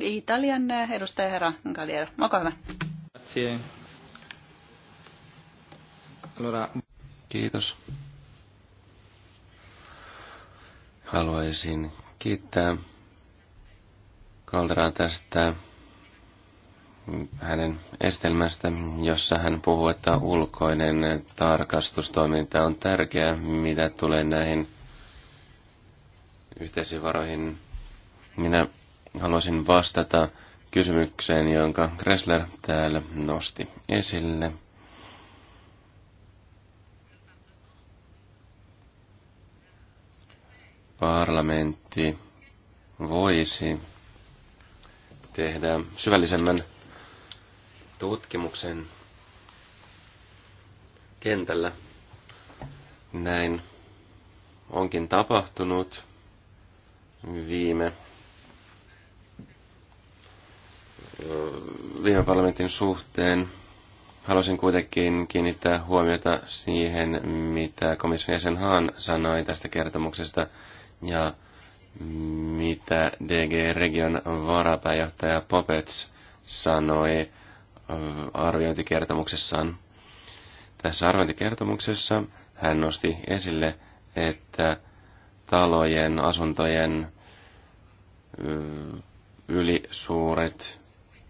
Italian edustaja herra Galliero. Olkaa hyvä. Kiitos. Haluaisin kiittää Kalderaa tästä hänen estelmästä, jossa hän puhuu, että ulkoinen tarkastustoiminta on tärkeää, mitä tulee näihin yhteisiin varoihin. Minä haluaisin vastata kysymykseen, jonka Kressler täällä nosti esille. Parlamentti voisi tehdä syvällisemmän tutkimuksen kentällä. Näin onkin tapahtunut viime viime parlamentin suhteen. Haluaisin kuitenkin kiinnittää huomiota siihen, mitä komission jäsen Haan sanoi tästä kertomuksesta ja mitä DG Region varapääjohtaja Popets sanoi Äh, arviointikertomuksessaan. Tässä arviointikertomuksessa hän nosti esille, että talojen, asuntojen äh, ylisuuret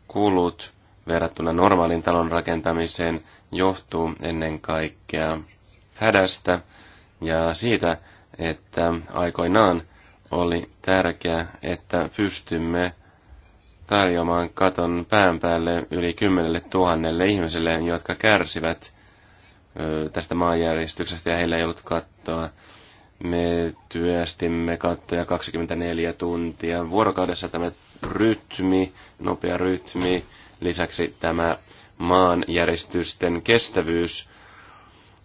kulut verrattuna normaalin talon rakentamiseen johtuu ennen kaikkea hädästä ja siitä, että aikoinaan oli tärkeää, että pystymme tarjoamaan katon pään päälle yli kymmenelle tuhannelle ihmiselle, jotka kärsivät tästä maanjäristyksestä ja heillä ei ollut kattoa. Me työstimme kattoja 24 tuntia vuorokaudessa tämä rytmi, nopea rytmi, lisäksi tämä maanjäristysten kestävyys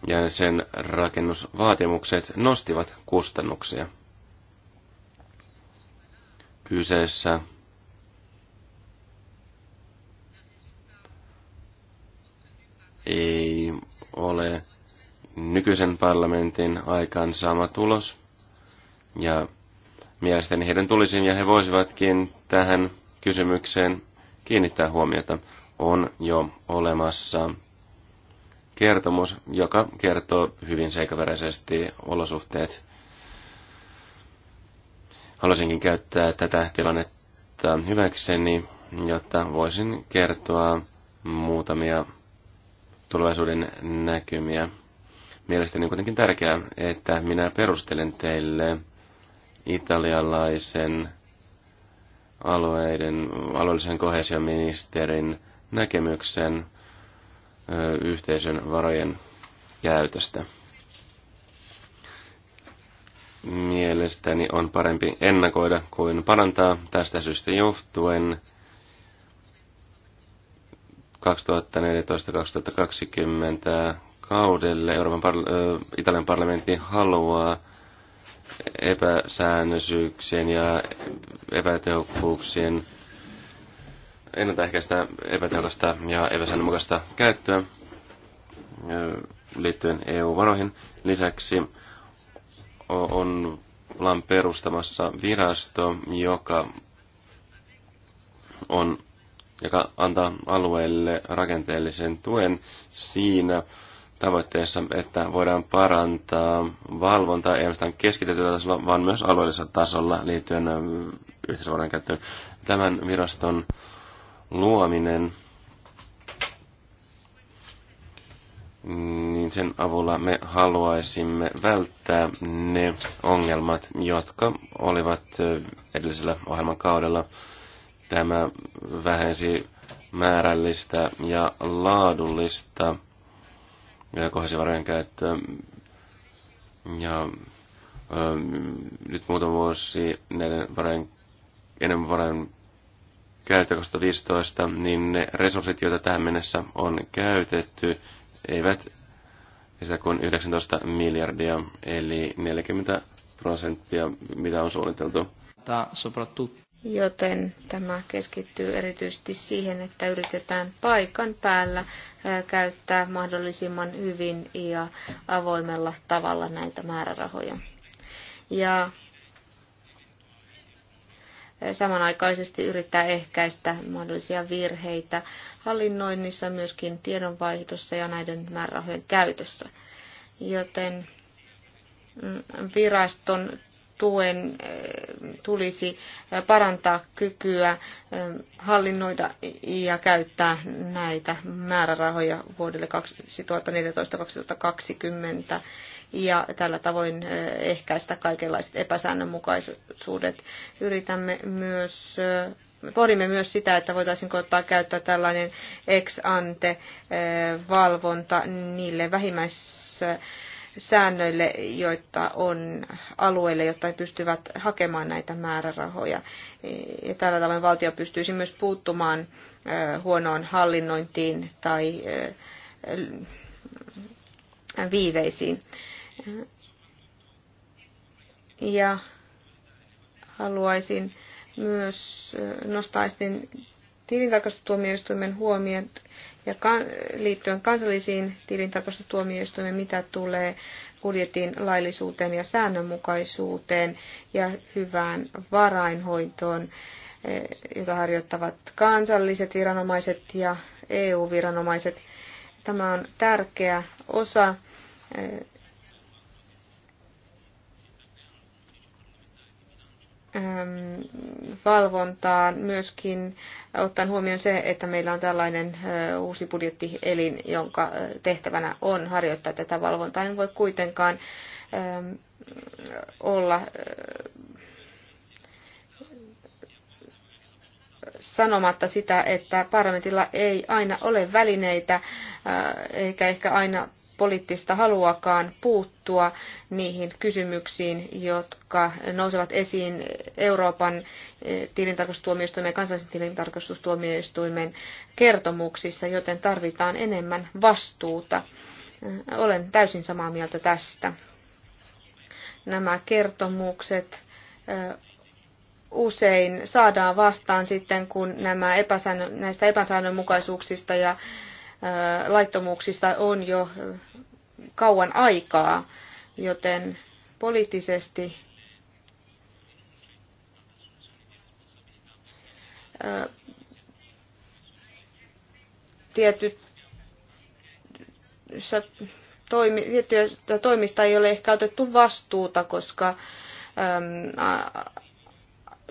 ja sen rakennusvaatimukset nostivat kustannuksia. Kyseessä ei ole nykyisen parlamentin sama tulos. Ja mielestäni heidän tulisi ja he voisivatkin tähän kysymykseen kiinnittää huomiota. On jo olemassa kertomus, joka kertoo hyvin seikaveräisesti olosuhteet. Haluaisinkin käyttää tätä tilannetta hyväkseni, jotta voisin kertoa muutamia tulevaisuuden näkymiä. Mielestäni on kuitenkin tärkeää, että minä perustelen teille italialaisen alueiden, alueellisen kohesioministerin näkemyksen ö, yhteisön varojen käytöstä. Mielestäni on parempi ennakoida kuin parantaa tästä syystä johtuen – 2014-2020 kaudelle Euroopan parla- Italian parlamentti haluaa epäsäännöisyyksien ja epätehokkuuksien ennaltaehkäistä epätehokasta ja epäsäännönmukaista käyttöä liittyen EU-varoihin. Lisäksi on ollaan perustamassa virasto, joka on joka antaa alueelle rakenteellisen tuen siinä tavoitteessa, että voidaan parantaa valvontaa ei ainoastaan keskitetyllä tasolla, vaan myös alueellisella tasolla liittyen äh, yhteisvarojen käyttöön. Tämän viraston luominen, niin sen avulla me haluaisimme välttää ne ongelmat, jotka olivat äh, edellisellä ohjelman kaudella Tämä vähensi määrällistä ja laadullista kohesivarojen käyttöä. Ja ö, nyt muutama vuosi näiden varojen, enemmän varojen käyttö 2015, niin ne resurssit, joita tähän mennessä on käytetty, eivät sitä kuin 19 miljardia, eli 40 prosenttia, mitä on suunniteltu. Soprattutto joten tämä keskittyy erityisesti siihen, että yritetään paikan päällä käyttää mahdollisimman hyvin ja avoimella tavalla näitä määrärahoja. Ja samanaikaisesti yrittää ehkäistä mahdollisia virheitä hallinnoinnissa, myöskin tiedonvaihdossa ja näiden määrärahojen käytössä. Joten mm, viraston tuen eh, tulisi eh, parantaa kykyä eh, hallinnoida ja käyttää näitä määrärahoja vuodelle 2014-2020 ja tällä tavoin ehkäistä kaikenlaiset epäsäännönmukaisuudet. Yritämme myös Pohdimme myös sitä, että voitaisiin ottaa käyttää tällainen ex ante valvonta niille vähimmäisille säännöille, joita on alueille, jotta he pystyvät hakemaan näitä määrärahoja. Ja tällä tavoin valtio pystyisi myös puuttumaan huonoon hallinnointiin tai viiveisiin. Ja haluaisin myös nostaa tilintarkastustuomioistuimen huomiot ja liittyen kansallisiin tilintarkastustuomioistuimiin, mitä tulee budjetin laillisuuteen ja säännönmukaisuuteen ja hyvään varainhoitoon, eh, jota harjoittavat kansalliset viranomaiset ja EU-viranomaiset. Tämä on tärkeä osa eh, Ähm, valvontaan myöskin ottaen huomioon se, että meillä on tällainen uusi budjettielin, jonka tehtävänä on harjoittaa tätä valvontaa. En voi kuitenkaan ähm, olla sanomatta sitä, että parlamentilla ei aina ole välineitä eikä ehkä aina poliittista haluakaan puuttua niihin kysymyksiin, jotka nousevat esiin Euroopan eh, tilintarkastustuomioistuimen ja kansallisen tilintarkastustuomioistuimen kertomuksissa, joten tarvitaan enemmän vastuuta. Eh, olen täysin samaa mieltä tästä. Nämä kertomukset eh, usein saadaan vastaan sitten, kun nämä epäsäännö, näistä epäsäännönmukaisuuksista ja laittomuuksista on jo kauan aikaa, joten poliittisesti tietyt tietyistä toimista ei ole ehkä otettu vastuuta, koska,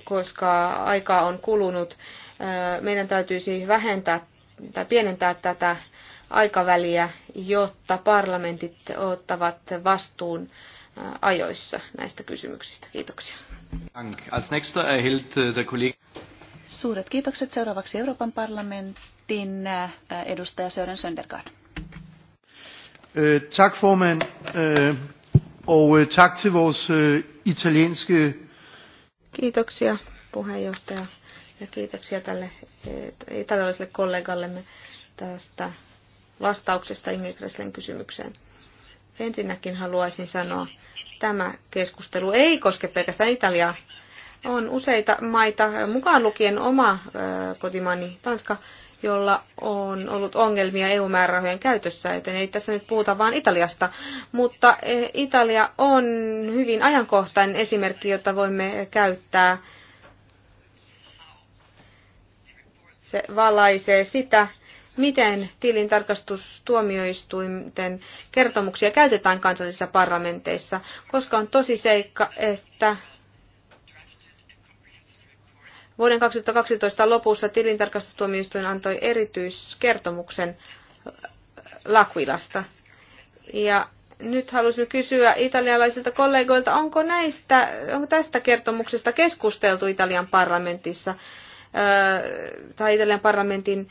koska aikaa on kulunut. Meidän täytyisi vähentää tai pienentää tätä aikaväliä, jotta parlamentit ottavat vastuun ajoissa näistä kysymyksistä. Kiitoksia. Äh, Suuret kiitokset seuraavaksi Euroopan parlamentin edustaja Sören Söndergaard. Äh, tak formand, äh, og øh, tak til vores øh, italienske... Kiitoksia puheenjohtaja ja kiitoksia tälle italialaiselle kollegallemme tästä vastauksesta Ingrid kysymykseen. Ensinnäkin haluaisin sanoa, tämä keskustelu ei koske pelkästään Italiaa. On useita maita, mukaan lukien oma kotimaani Tanska, jolla on ollut ongelmia EU-määrärahojen käytössä, joten ei tässä nyt puhuta vain Italiasta. Mutta e, Italia on hyvin ajankohtainen esimerkki, jota voimme käyttää se valaisee sitä, miten tilintarkastustuomioistuinten kertomuksia käytetään kansallisissa parlamenteissa, koska on tosi seikka, että vuoden 2012 lopussa tilintarkastustuomioistuin antoi erityiskertomuksen Lakuilasta. Ja nyt haluaisin kysyä italialaisilta kollegoilta, onko, näistä, onko tästä kertomuksesta keskusteltu Italian parlamentissa? tai Italian parlamentin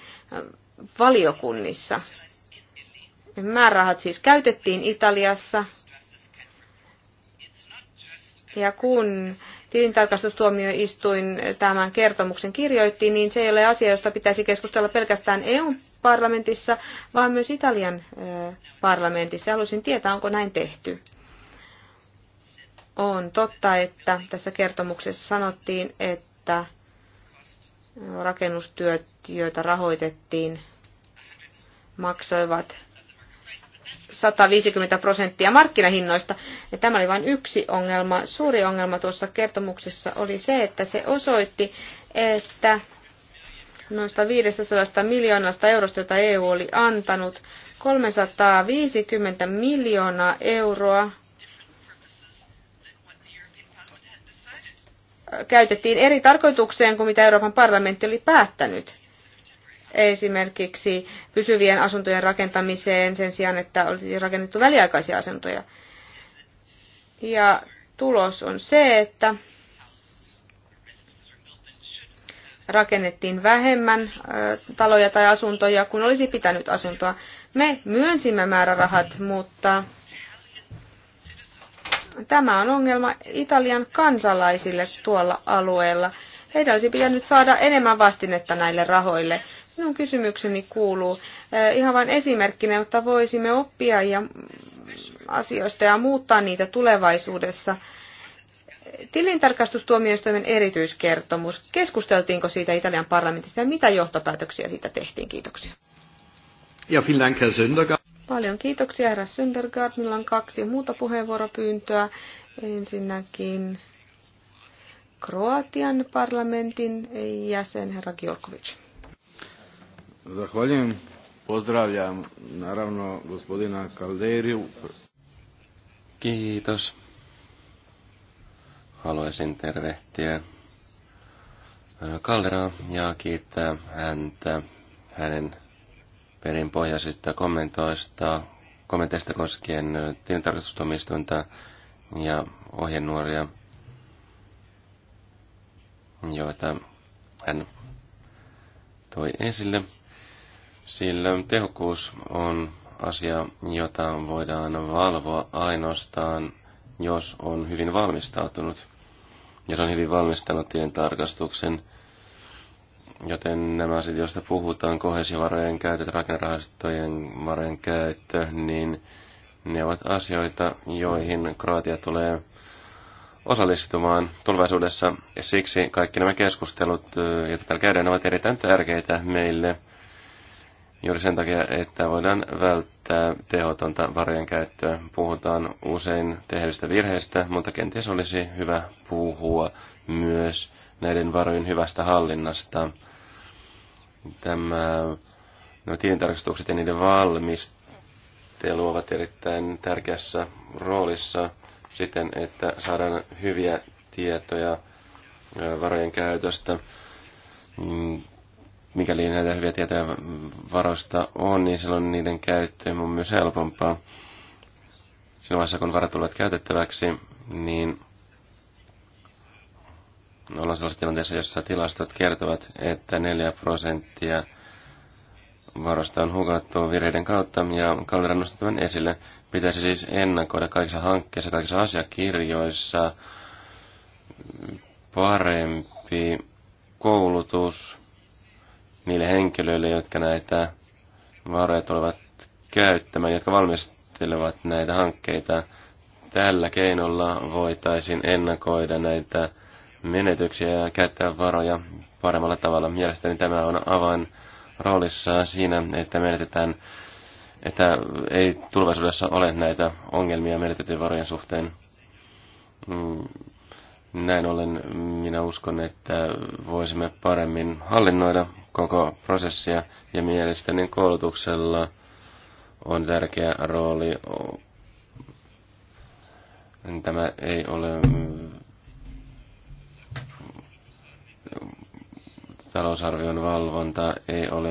valiokunnissa. Määrärahat siis käytettiin Italiassa. Ja kun tilintarkastustuomioistuin tämän kertomuksen kirjoitti, niin se ei ole asia, josta pitäisi keskustella pelkästään EU-parlamentissa, vaan myös Italian parlamentissa. Haluaisin tietää, onko näin tehty. On totta, että tässä kertomuksessa sanottiin, että rakennustyöt, joita rahoitettiin, maksoivat 150 prosenttia markkinahinnoista. Ja tämä oli vain yksi ongelma. Suuri ongelma tuossa kertomuksessa oli se, että se osoitti, että noista 500 miljoonasta eurosta, jota EU oli antanut, 350 miljoonaa euroa käytettiin eri tarkoitukseen kuin mitä Euroopan parlamentti oli päättänyt. Esimerkiksi pysyvien asuntojen rakentamiseen sen sijaan, että olisi rakennettu väliaikaisia asuntoja. Ja tulos on se, että rakennettiin vähemmän taloja tai asuntoja kuin olisi pitänyt asuntoa. Me myönsimme määrärahat, mutta Tämä on ongelma Italian kansalaisille tuolla alueella. Heidän olisi pitänyt saada enemmän vastinetta näille rahoille. Sinun kysymykseni kuuluu eh, ihan vain esimerkkinä, jotta voisimme oppia ja asioista ja muuttaa niitä tulevaisuudessa. Tilintarkastustuomioistuimen erityiskertomus. Keskusteltiinko siitä Italian parlamentista ja mitä johtopäätöksiä siitä tehtiin? Kiitoksia. Ja Dank, Herr Paljon kiitoksia, herra Söndergaard. Minulla on kaksi muuta puheenvuoropyyntöä. Ensinnäkin Kroatian parlamentin jäsen, herra Gjorkovic. Zahvaljujem. Pozdravljam naravno gospodina Kalderiu. Kiitos. Haluaisin tervehtiä äh, Kalderaa ja kiittää häntä hänen perinpohjaisista kommentoista, kommenteista koskien tilintarkastustoimistonta ja ohjenuoria, joita hän toi esille, sillä tehokkuus on asia, jota voidaan valvoa ainoastaan, jos on hyvin valmistautunut. Jos on hyvin valmistanut tilintarkastuksen tarkastuksen, Joten nämä asiat, joista puhutaan, kohesivarojen käytöt, rakennerahastojen varojen käyttö, niin ne ovat asioita, joihin Kroatia tulee osallistumaan tulevaisuudessa. Siksi kaikki nämä keskustelut, joita täällä käydään, ovat erittäin tärkeitä meille juuri sen takia, että voidaan välttää tehotonta varojen käyttöä. Puhutaan usein tehdyistä virheistä, mutta kenties olisi hyvä puhua myös näiden varojen hyvästä hallinnasta Tämä, no, tilintarkastukset ja niiden valmistelu ovat erittäin tärkeässä roolissa siten, että saadaan hyviä tietoja varojen käytöstä. Mm, mikäli näitä hyviä tietoja varoista on, niin silloin niiden käyttö on myös helpompaa. Siinä vaiheessa, kun varat tulevat käytettäväksi, niin ollaan sellaisessa tilanteessa, jossa tilastot kertovat, että 4 prosenttia varasta on hukattu virheiden kautta, ja Kaldera nosti tämän esille. Pitäisi siis ennakoida kaikissa hankkeissa, kaikissa asiakirjoissa parempi koulutus niille henkilöille, jotka näitä varoja tulevat käyttämään, jotka valmistelevat näitä hankkeita. Tällä keinolla voitaisiin ennakoida näitä menetyksiä ja käyttää varoja paremmalla tavalla. Mielestäni tämä on avain roolissa siinä, että menetetään, että ei tulevaisuudessa ole näitä ongelmia menetettyjen varojen suhteen. Mm, näin ollen minä uskon, että voisimme paremmin hallinnoida koko prosessia ja mielestäni koulutuksella on tärkeä rooli. Tämä ei ole talousarvion valvonta ei ole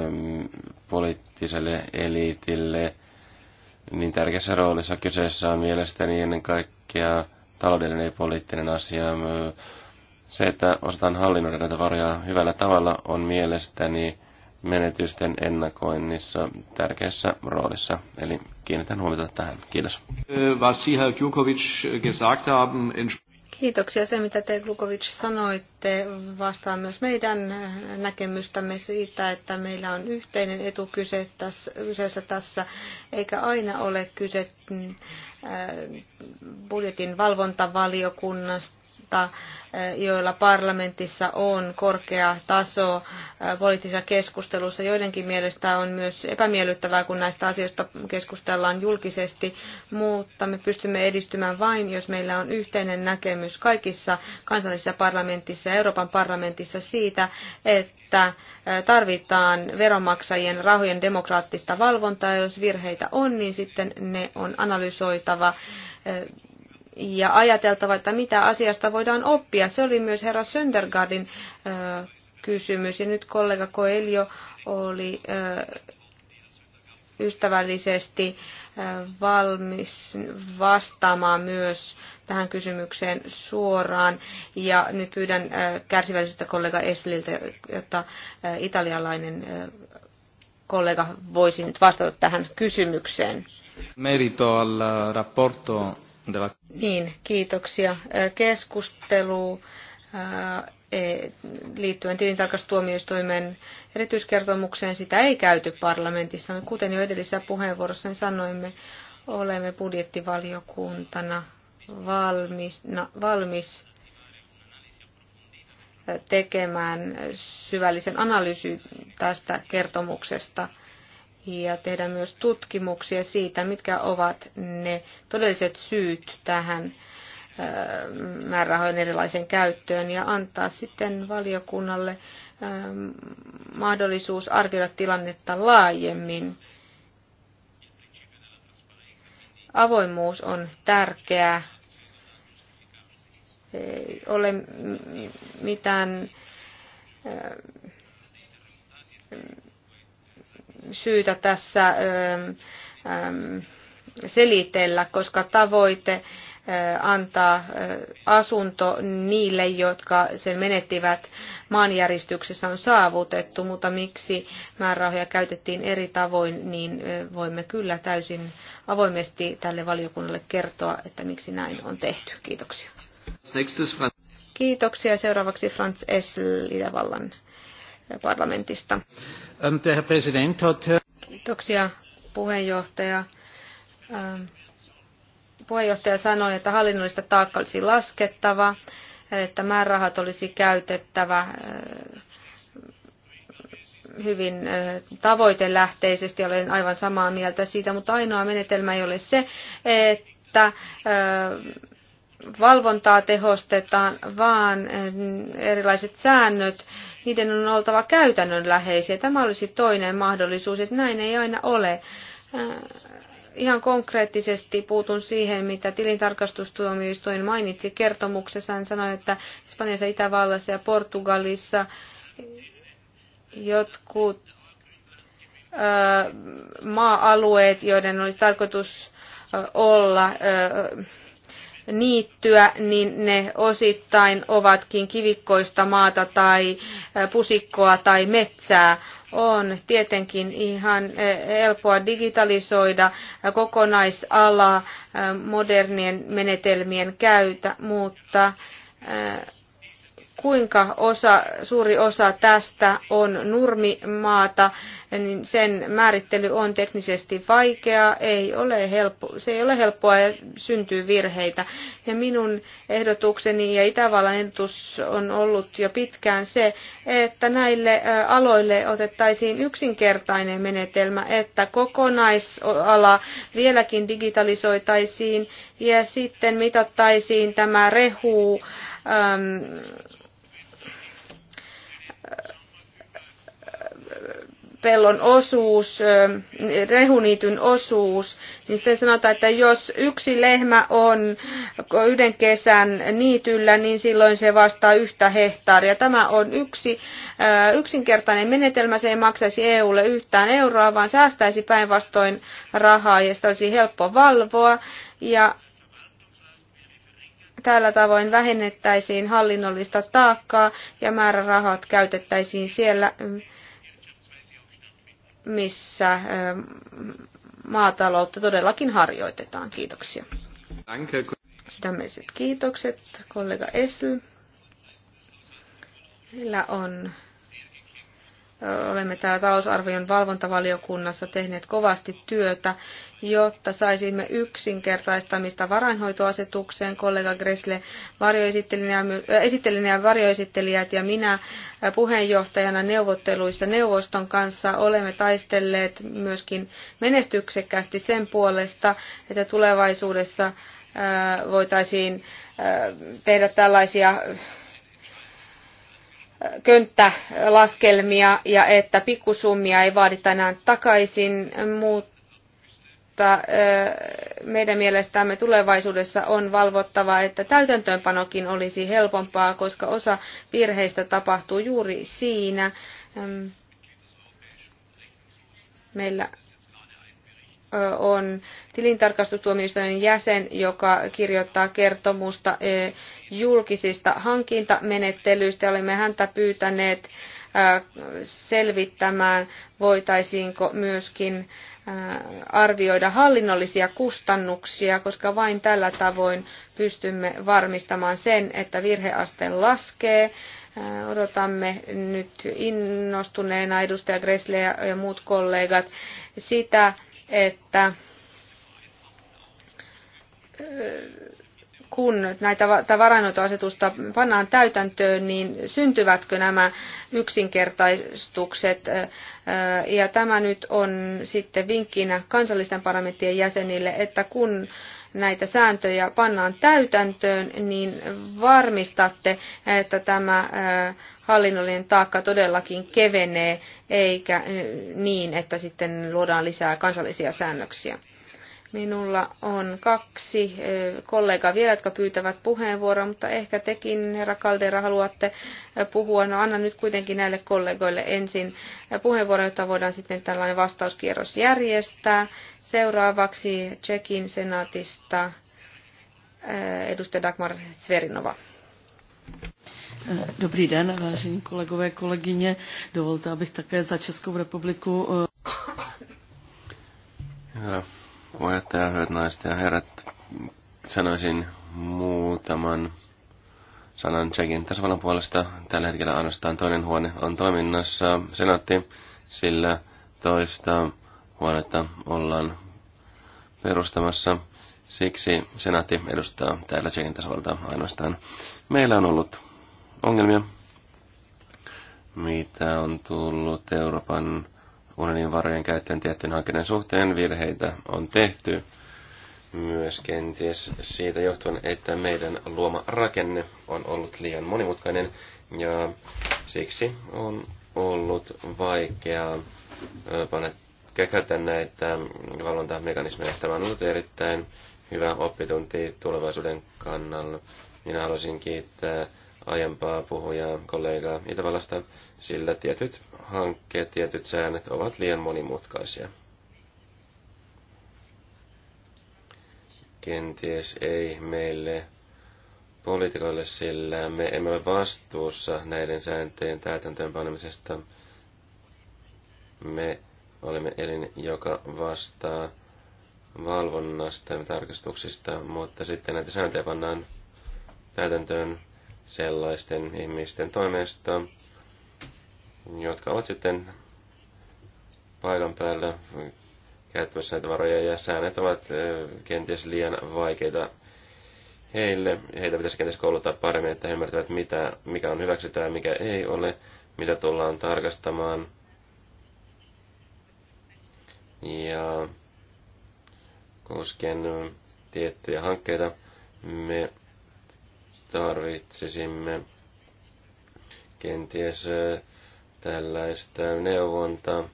poliittiselle eliitille niin tärkeässä roolissa. Kyseessä on mielestäni ennen kaikkea taloudellinen ja poliittinen asia. Se, että osataan hallinnoida näitä varoja hyvällä tavalla, on mielestäni menetysten ennakoinnissa tärkeässä roolissa. Eli kiinnitän huomiota tähän. Kiitos. Äh, was Sie, Herr Djukovic, äh, gesagt haben, Kiitoksia. Se, mitä te Glukovic sanoitte, vastaa myös meidän näkemystämme siitä, että meillä on yhteinen etu kyse tässä, kyseessä tässä, eikä aina ole kyse mm, budjetin valvontavaliokunnasta valta, eh, joilla parlamentissa on korkea taso eh, poliittisessa keskustelussa. Joidenkin mielestä on myös epämiellyttävää, kun näistä asioista keskustellaan julkisesti, mutta me pystymme edistymään vain, jos meillä on yhteinen näkemys kaikissa kansallisissa parlamentissa ja Euroopan parlamentissa siitä, että eh, tarvitaan veronmaksajien rahojen demokraattista valvontaa. Jos virheitä on, niin sitten ne on analysoitava ja ajateltava, että mitä asiasta voidaan oppia. Se oli myös herra Söndergaardin kysymys. Ja nyt kollega Koelio oli ystävällisesti valmis vastaamaan myös tähän kysymykseen suoraan. Ja nyt pyydän kärsivällisyyttä kollega Esliltä, jotta italialainen kollega voisi nyt vastata tähän kysymykseen. Merito al rapporto niin, kiitoksia. Keskustelu e, liittyen tilintarkastustuomioistuimen erityiskertomukseen, sitä ei käyty parlamentissa. Me kuten jo edellisessä puheenvuorossa sanoimme, olemme budjettivaliokuntana valmis, na, valmis tekemään syvällisen analyysin tästä kertomuksesta – ja tehdä myös tutkimuksia siitä, mitkä ovat ne todelliset syyt tähän määrärahojen erilaiseen käyttöön ja antaa sitten valiokunnalle mahdollisuus arvioida tilannetta laajemmin. Avoimuus on tärkeää. Ei ole mitään syytä tässä selitellä, koska tavoite antaa asunto niille, jotka sen menettivät maanjäristyksessä on saavutettu, mutta miksi määrärahoja käytettiin eri tavoin, niin voimme kyllä täysin avoimesti tälle valiokunnalle kertoa, että miksi näin on tehty. Kiitoksia. Kiitoksia. Seuraavaksi Franz Essel Itävallan parlamentista. Ähm, der Präsident Kiitoksia puheenjohtaja. Ähm, puheenjohtaja sanoi, että hallinnollista taakka olisi laskettava, että määrärahat olisi käytettävä äh, hyvin äh, tavoitelähteisesti, olen aivan samaa mieltä siitä, mutta ainoa menetelmä ei ole se, että että äh, valvontaa tehostetaan, vaan eh, erilaiset säännöt, niiden on oltava käytännönläheisiä. Tämä olisi toinen mahdollisuus, että näin ei aina ole. Eh, ihan konkreettisesti puutun siihen, mitä tilintarkastustuomioistuin mainitsi kertomuksessa. Hän sanoi, että Espanjassa, Itävallassa ja Portugalissa jotkut eh, maa-alueet, joiden olisi tarkoitus olla niittyä, niin ne osittain ovatkin kivikkoista maata tai eh, pusikkoa tai metsää. On tietenkin ihan eh, helppoa digitalisoida eh, kokonaisala modernien menetelmien käytä, mutta kuinka osa, suuri osa tästä on nurmimaata, niin sen määrittely on teknisesti vaikeaa, ei ole helppo, se ei ole helppoa ja syntyy virheitä. Ja minun ehdotukseni ja Itävallan ehdotus on ollut jo pitkään se, että näille aloille otettaisiin yksinkertainen menetelmä, että kokonaisala vieläkin digitalisoitaisiin ja sitten mitattaisiin tämä rehu äm, pellon osuus, rehuniityn osuus, niin sitten sanotaan, että jos yksi lehmä on yhden kesän niityllä, niin silloin se vastaa yhtä hehtaaria. Tämä on yksi yksinkertainen menetelmä, se ei maksaisi EUlle yhtään euroa, vaan säästäisi päinvastoin rahaa ja sitä olisi helppo valvoa. Ja tällä tavoin vähennettäisiin hallinnollista taakkaa ja määrärahat käytettäisiin siellä, missä maataloutta todellakin harjoitetaan. Kiitoksia. Sydämelliset kiitokset, kollega Esl. Meillä on Olemme täällä talousarvion valvontavaliokunnassa tehneet kovasti työtä, jotta saisimme yksinkertaistamista varainhoitoasetukseen. Kollega Gressle esittelijä ja varjoesittelijät ja minä puheenjohtajana neuvotteluissa neuvoston kanssa olemme taistelleet myöskin menestyksekkäästi sen puolesta, että tulevaisuudessa voitaisiin tehdä tällaisia könttälaskelmia ja että pikkusummia ei vaadita enää takaisin, mutta meidän mielestämme tulevaisuudessa on valvottava, että täytäntöönpanokin olisi helpompaa, koska osa virheistä tapahtuu juuri siinä. Meillä on tilintarkastustuomioistuimen jäsen, joka kirjoittaa kertomusta, julkisista hankintamenettelyistä. Olemme häntä pyytäneet selvittämään, voitaisiinko myöskin arvioida hallinnollisia kustannuksia, koska vain tällä tavoin pystymme varmistamaan sen, että virheaste laskee. Odotamme nyt innostuneena edustaja Gressle ja muut kollegat sitä, että kun näitä varainhoitoasetusta pannaan täytäntöön, niin syntyvätkö nämä yksinkertaistukset? Ja tämä nyt on sitten vinkkinä kansallisten parlamenttien jäsenille, että kun näitä sääntöjä pannaan täytäntöön, niin varmistatte, että tämä hallinnollinen taakka todellakin kevenee, eikä niin, että sitten luodaan lisää kansallisia säännöksiä. Minulla on kaksi kollegaa vielä, jotka pyytävät puheenvuoroa, mutta ehkä tekin, herra Kaldera, haluatte puhua. No annan nyt kuitenkin näille kollegoille ensin puheenvuoron, jota voidaan sitten tällainen vastauskierros järjestää. Seuraavaksi Tsekin senaatista edustaja Dagmar Sverinova. Dobrý den, vážení kolegové, kolegyně. Dovolte, abych také za Českou republiku. Pojat ja hyvät naiset ja herrat, sanoisin muutaman sanan Tsekin tasavallan puolesta. Tällä hetkellä ainoastaan toinen huone on toiminnassa, senaatti, sillä toista huonetta ollaan perustamassa. Siksi senaatti edustaa täällä Tsekin tasavaltaa ainoastaan. Meillä on ollut ongelmia, mitä on tullut Euroopan unionin varojen käyttöön tiettyjen hankkeiden suhteen. Virheitä on tehty myös kenties siitä johtuen, että meidän luoma rakenne on ollut liian monimutkainen ja siksi on ollut vaikeaa panna käyttää näitä valvontamekanismeja. Tämä on ollut erittäin hyvä oppitunti tulevaisuuden kannalla. Minä haluaisin kiittää aiempaa puhujaa, kollegaa Itävallasta, sillä tietyt hankkeet, tietyt säännöt ovat liian monimutkaisia. Kenties ei meille poliitikoille, sillä me emme ole vastuussa näiden sääntöjen täytäntöönpanemisesta. Me olemme elin, joka vastaa valvonnasta ja tarkastuksista, mutta sitten näitä sääntöjä pannaan täytäntöön sellaisten ihmisten toimesta, jotka ovat sitten paikan päällä käyttämässä näitä varoja ja säännöt ovat kenties liian vaikeita heille. Heitä pitäisi kenties kouluttaa paremmin, että he ymmärtävät, mitä, mikä on hyväksytään ja mikä ei ole, mitä tullaan tarkastamaan. Ja koskien tiettyjä hankkeita me tarvitsisimme kenties tällaista neuvontaa,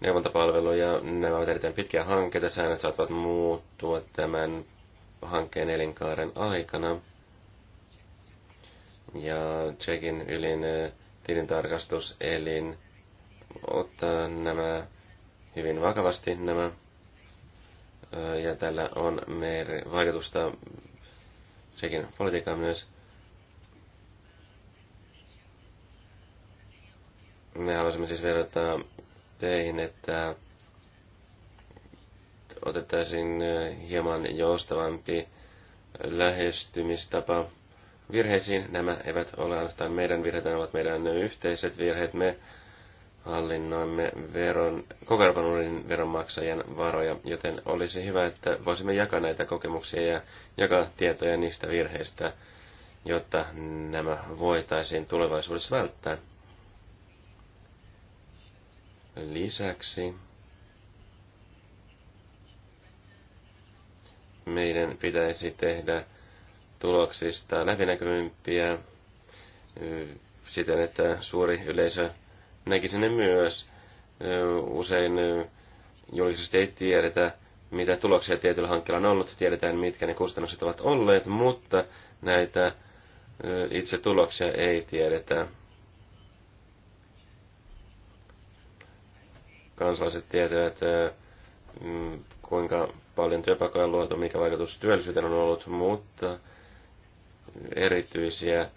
neuvontapalveluja. Nämä ovat erittäin pitkiä hankkeita, säännöt saattavat muuttua tämän hankkeen elinkaaren aikana. Ja Tsekin ylin tilintarkastuselin ottaa nämä hyvin vakavasti nämä ja tällä on mer- vaikutusta sekin politiikka myös. Me haluaisimme siis verrata teihin, että otettaisiin äh, hieman joustavampi lähestymistapa virheisiin. Nämä eivät ole ainoastaan meidän virheitä, ne ovat meidän yhteiset virheet. Me hallinnoimme veron, koko Euroopan unionin veronmaksajan varoja, joten olisi hyvä, että voisimme jakaa näitä kokemuksia ja jakaa tietoja niistä virheistä, jotta nämä voitaisiin tulevaisuudessa välttää. Lisäksi meidän pitäisi tehdä tuloksista läpinäkyvimpiä siten, että suuri yleisö näkisin ne myös. Usein julkisesti ei tiedetä, mitä tuloksia tietyllä hankkeella on ollut, tiedetään mitkä ne kustannukset ovat olleet, mutta näitä itse tuloksia ei tiedetä. Kansalaiset tietävät, mm, kuinka paljon työpaikkoja on luotu, mikä vaikutus työllisyyteen on ollut, mutta erityisiä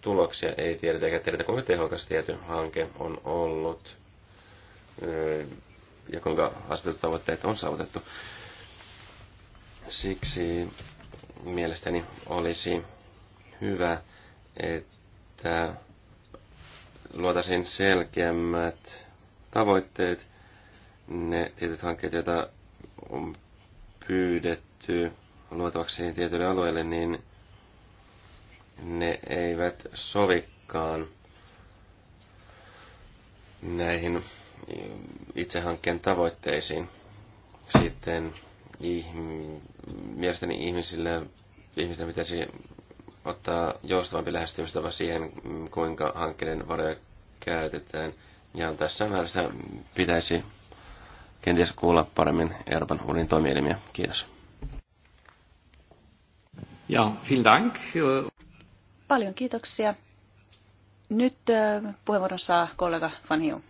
tuloksia ei tiedetä eikä tiedetä, kuinka tehokas tietyn hanke on ollut ja kuinka asetetut tavoitteet on saavutettu. Siksi mielestäni olisi hyvä, että luotaisiin selkeämmät tavoitteet, ne tietyt hankkeet, joita on pyydetty luotavaksi tietylle alueelle, niin ne eivät sovikaan näihin itsehankkeen tavoitteisiin. Sitten ihm, mielestäni ihmisille ihmisten pitäisi ottaa joustavampi lähestymistapa siihen, kuinka hankkeiden varoja käytetään. Ja tässä määrässä pitäisi kenties kuulla paremmin Euroopan unionin toimielimiä. Kiitos. Ja, vielen Dank. Paljon kiitoksia. Nyt puheenvuoron saa kollega Van Hiu.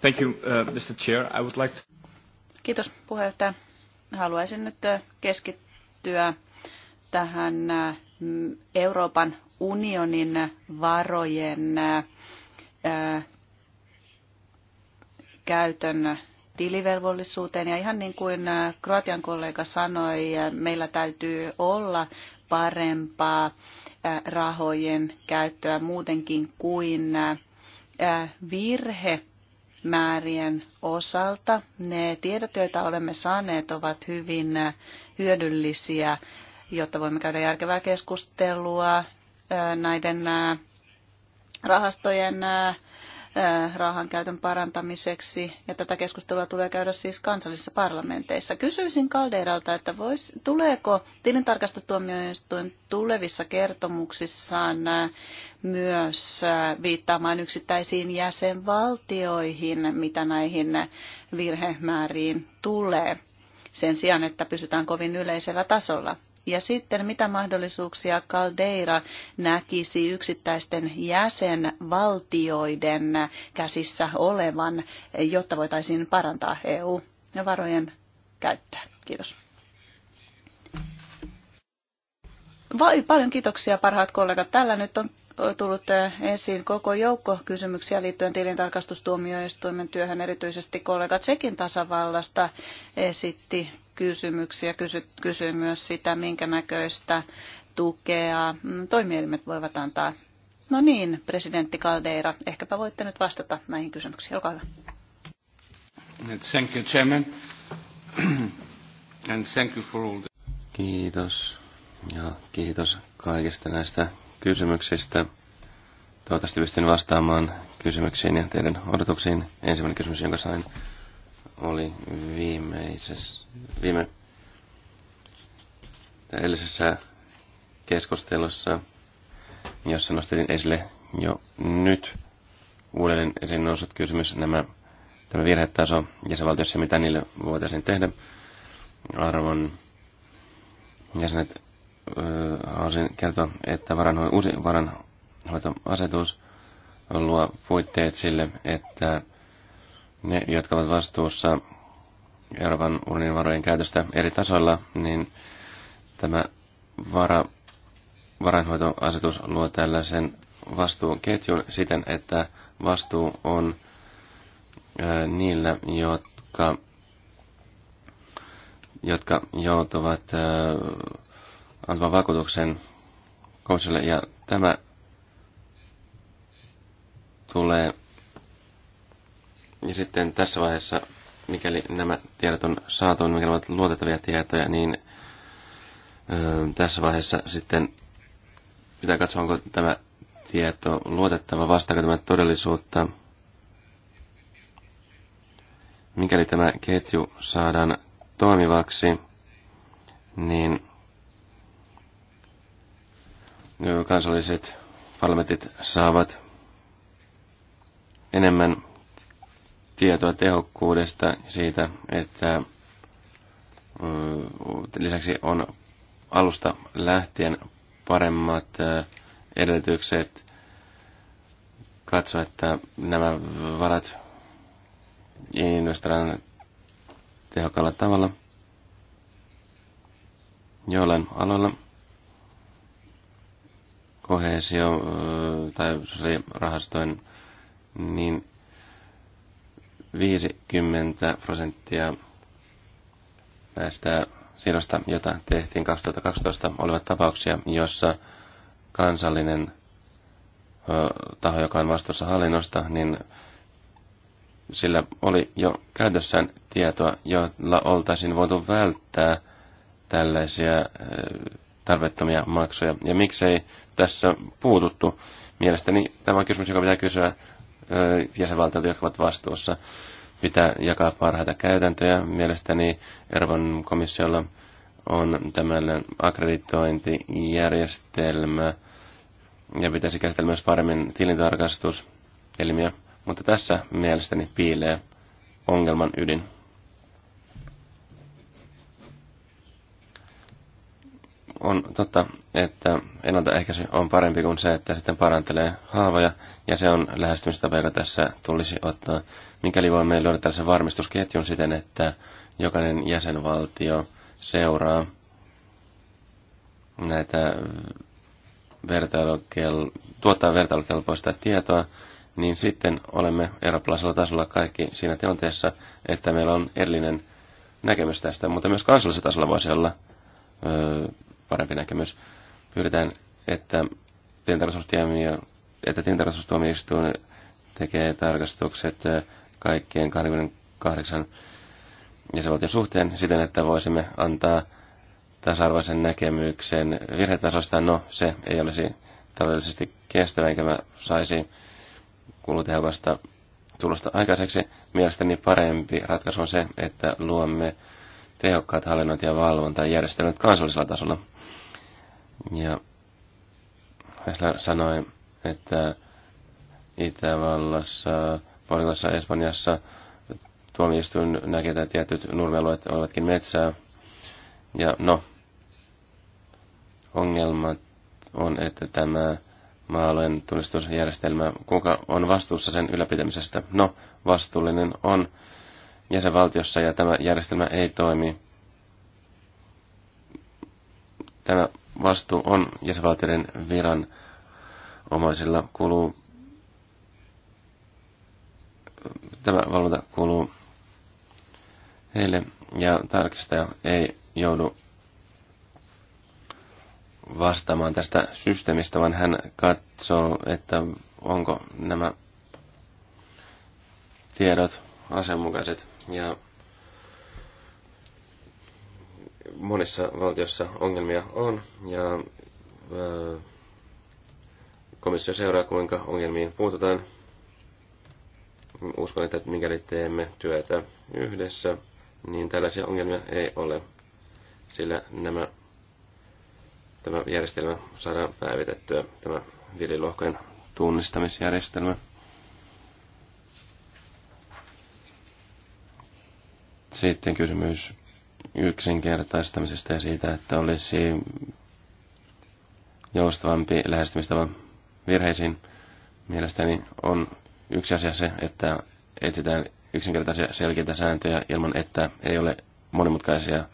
Thank you, uh, Mr. Chair. I would like to... Kiitos puheenjohtaja. Haluaisin nyt keskittyä tähän Euroopan unionin varojen käytön tilivelvollisuuteen. Ja ihan niin kuin Kroatian kollega sanoi, meillä täytyy olla parempaa rahojen käyttöä muutenkin kuin virhemäärien osalta. Ne tiedot, joita olemme saaneet, ovat hyvin hyödyllisiä, jotta voimme käydä järkevää keskustelua näiden rahastojen Äh, rahan käytön parantamiseksi, ja tätä keskustelua tulee käydä siis kansallisissa parlamenteissa. Kysyisin Kalderalta, että vois, tuleeko tilintarkastustuomioistuin tulevissa kertomuksissaan äh, myös äh, viittaamaan yksittäisiin jäsenvaltioihin, mitä näihin virhemääriin tulee, sen sijaan, että pysytään kovin yleisellä tasolla. Ja sitten mitä mahdollisuuksia Caldeira näkisi yksittäisten jäsenvaltioiden käsissä olevan, jotta voitaisiin parantaa EU-varojen käyttöä? Kiitos. Vai, paljon kiitoksia parhaat kollegat. Tällä nyt on tullut esiin koko joukko kysymyksiä liittyen tilintarkastustuomioistuimen työhön. Erityisesti kollega Tsekin tasavallasta esitti kysymyksiä. Kysy, kysy myös sitä, minkä näköistä tukea toimielimet voivat antaa. No niin, presidentti Caldeira, ehkäpä voitte nyt vastata näihin kysymyksiin. Olkaa hyvä. Thank you, Chairman. And thank you for all the... Kiitos. Ja kiitos kaikista näistä kysymyksistä. Toivottavasti pystyn vastaamaan kysymyksiin ja teidän odotuksiin. Ensimmäinen kysymys, jonka sain oli viimeisessä, viime edellisessä keskustelussa, jossa nostelin esille jo nyt uudelleen esiin noussut kysymys, nämä, tämä virhetaso ja se valtiossa, mitä niille voitaisiin tehdä. Arvon jäsenet, haluaisin kertoa, että varanho, uusi varanhoitoasetus luo puitteet sille, että ne, jotka ovat vastuussa Euroopan unionin varojen käytöstä eri tasoilla, niin tämä vara, varainhoitoasetus luo tällaisen vastuuketjun siten, että vastuu on ää, niillä, jotka, jotka joutuvat ää, antamaan vakuutuksen komissiolle. ja tämä tulee ja sitten tässä vaiheessa, mikäli nämä tiedot on saatu, mikäli ovat luotettavia tietoja, niin öö, tässä vaiheessa sitten pitää katsoa, onko tämä tieto luotettava, vastaako tämä todellisuutta. Mikäli tämä ketju saadaan toimivaksi, niin kansalliset parlamentit saavat enemmän tietoa tehokkuudesta siitä, että lisäksi on alusta lähtien paremmat edellytykset katsoa, että nämä varat investoidaan tehokkaalla tavalla joillain aloilla kohesio tai rahastojen niin 50 prosenttia näistä siirrosta, jota tehtiin 2012, olivat tapauksia, jossa kansallinen taho, joka on vastuussa hallinnosta, niin sillä oli jo käytössään tietoa, jolla oltaisiin voitu välttää tällaisia tarvettomia maksuja. Ja miksei tässä puututtu? Mielestäni tämä on kysymys, joka pitää kysyä jäsenvaltiot, jotka ovat vastuussa, pitää jakaa parhaita käytäntöjä. Mielestäni Euroopan komissiolla on tämmöinen akkreditointijärjestelmä ja pitäisi käsitellä myös paremmin tilintarkastuselimiä. Mutta tässä mielestäni piilee ongelman ydin. On totta, että ennaltaehkäisy on parempi kuin se, että sitten parantelee haavoja, ja se on lähestymistapa, joka tässä tulisi ottaa. Mikäli voimme löydä tällaisen varmistusketjun siten, että jokainen jäsenvaltio seuraa näitä vertailukel- tuottaa vertailukelpoista tietoa, niin sitten olemme eurooppalaisella tasolla kaikki siinä tilanteessa, että meillä on erillinen näkemys tästä, mutta myös kansallisella tasolla voisi olla parempi näkemys. Pyydetään, että että tilintarkastustuomioistuin tekee tarkastukset äh, kaikkien 28 jäsenvaltion suhteen siten, että voisimme antaa tasa-arvoisen näkemyksen virhetasosta. No, se ei olisi taloudellisesti kestävä, enkä mä saisi kulutehokasta tulosta aikaiseksi. Mielestäni parempi ratkaisu on se, että luomme tehokkaat hallinnot ja valvontajärjestelmät kansallisella tasolla. Ja Hesler sanoi, että Itävallassa, Portugalissa ja Espanjassa tuomioistuin näkee, että tietyt nurmialueet olivatkin metsää. Ja no, ongelmat on, että tämä maalojen tunnistusjärjestelmä, kuka on vastuussa sen ylläpitämisestä? No, vastuullinen on jäsenvaltiossa ja tämä järjestelmä ei toimi. Tämä vastuu on jäsenvaltioiden viran omaisilla kuuluu tämä valvonta kuuluu heille ja tarkistaja ei joudu vastaamaan tästä systeemistä, vaan hän katsoo, että onko nämä tiedot asianmukaiset ja monissa valtiossa ongelmia on ja komissio seuraa, kuinka ongelmiin puututaan. Uskon, että mikäli teemme työtä yhdessä, niin tällaisia ongelmia ei ole, sillä nämä, tämä järjestelmä saadaan päivitettyä, tämä viljelohkojen tunnistamisjärjestelmä. Sitten kysymys yksinkertaistamisesta ja siitä, että olisi joustavampi lähestymistapa virheisiin. Mielestäni on yksi asia se, että etsitään yksinkertaisia selkeitä sääntöjä ilman, että ei ole monimutkaisia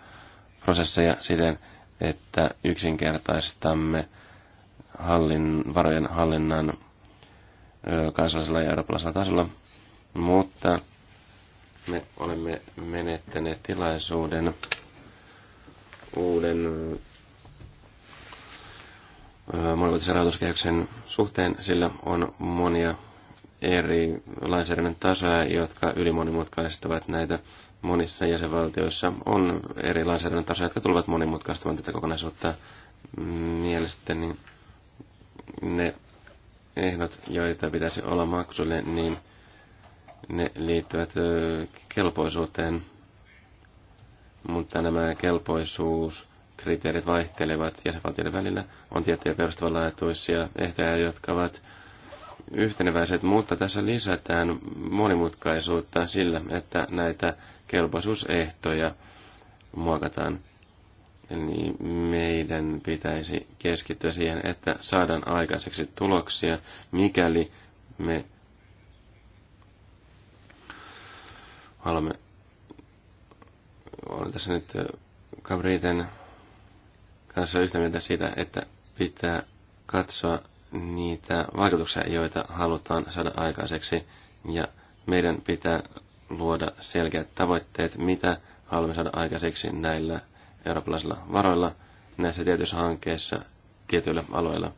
prosesseja siten, että yksinkertaistamme hallin, varojen hallinnan kansallisella ja eurooppalaisella tasolla, mutta me olemme menettäneet tilaisuuden uuden monivuotisen rahoituskehyksen suhteen, sillä on monia eri lainsäädännön tasoja, jotka ylimonimutkaistavat näitä monissa jäsenvaltioissa. On eri lainsäädännön tasoja, jotka tulevat monimutkaistamaan tätä kokonaisuutta. Mielestäni ne ehdot, joita pitäisi olla maksulle, niin – ne liittyvät kelpoisuuteen, mutta nämä kelpoisuuskriteerit vaihtelevat jäsenvaltioiden välillä. On tiettyjä perustavanlaatuisia ehtoja, jotka ovat yhteneväiset, mutta tässä lisätään monimutkaisuutta sillä, että näitä kelpoisuusehtoja muokataan. Eli meidän pitäisi keskittyä siihen, että saadaan aikaiseksi tuloksia, mikäli me haluamme... Olen tässä nyt kavereiden äh, kanssa yhtä mieltä siitä, että pitää katsoa niitä vaikutuksia, joita halutaan saada aikaiseksi. Ja meidän pitää luoda selkeät tavoitteet, mitä haluamme saada aikaiseksi näillä eurooppalaisilla varoilla, näissä tietyissä hankkeissa, tietyillä alueilla.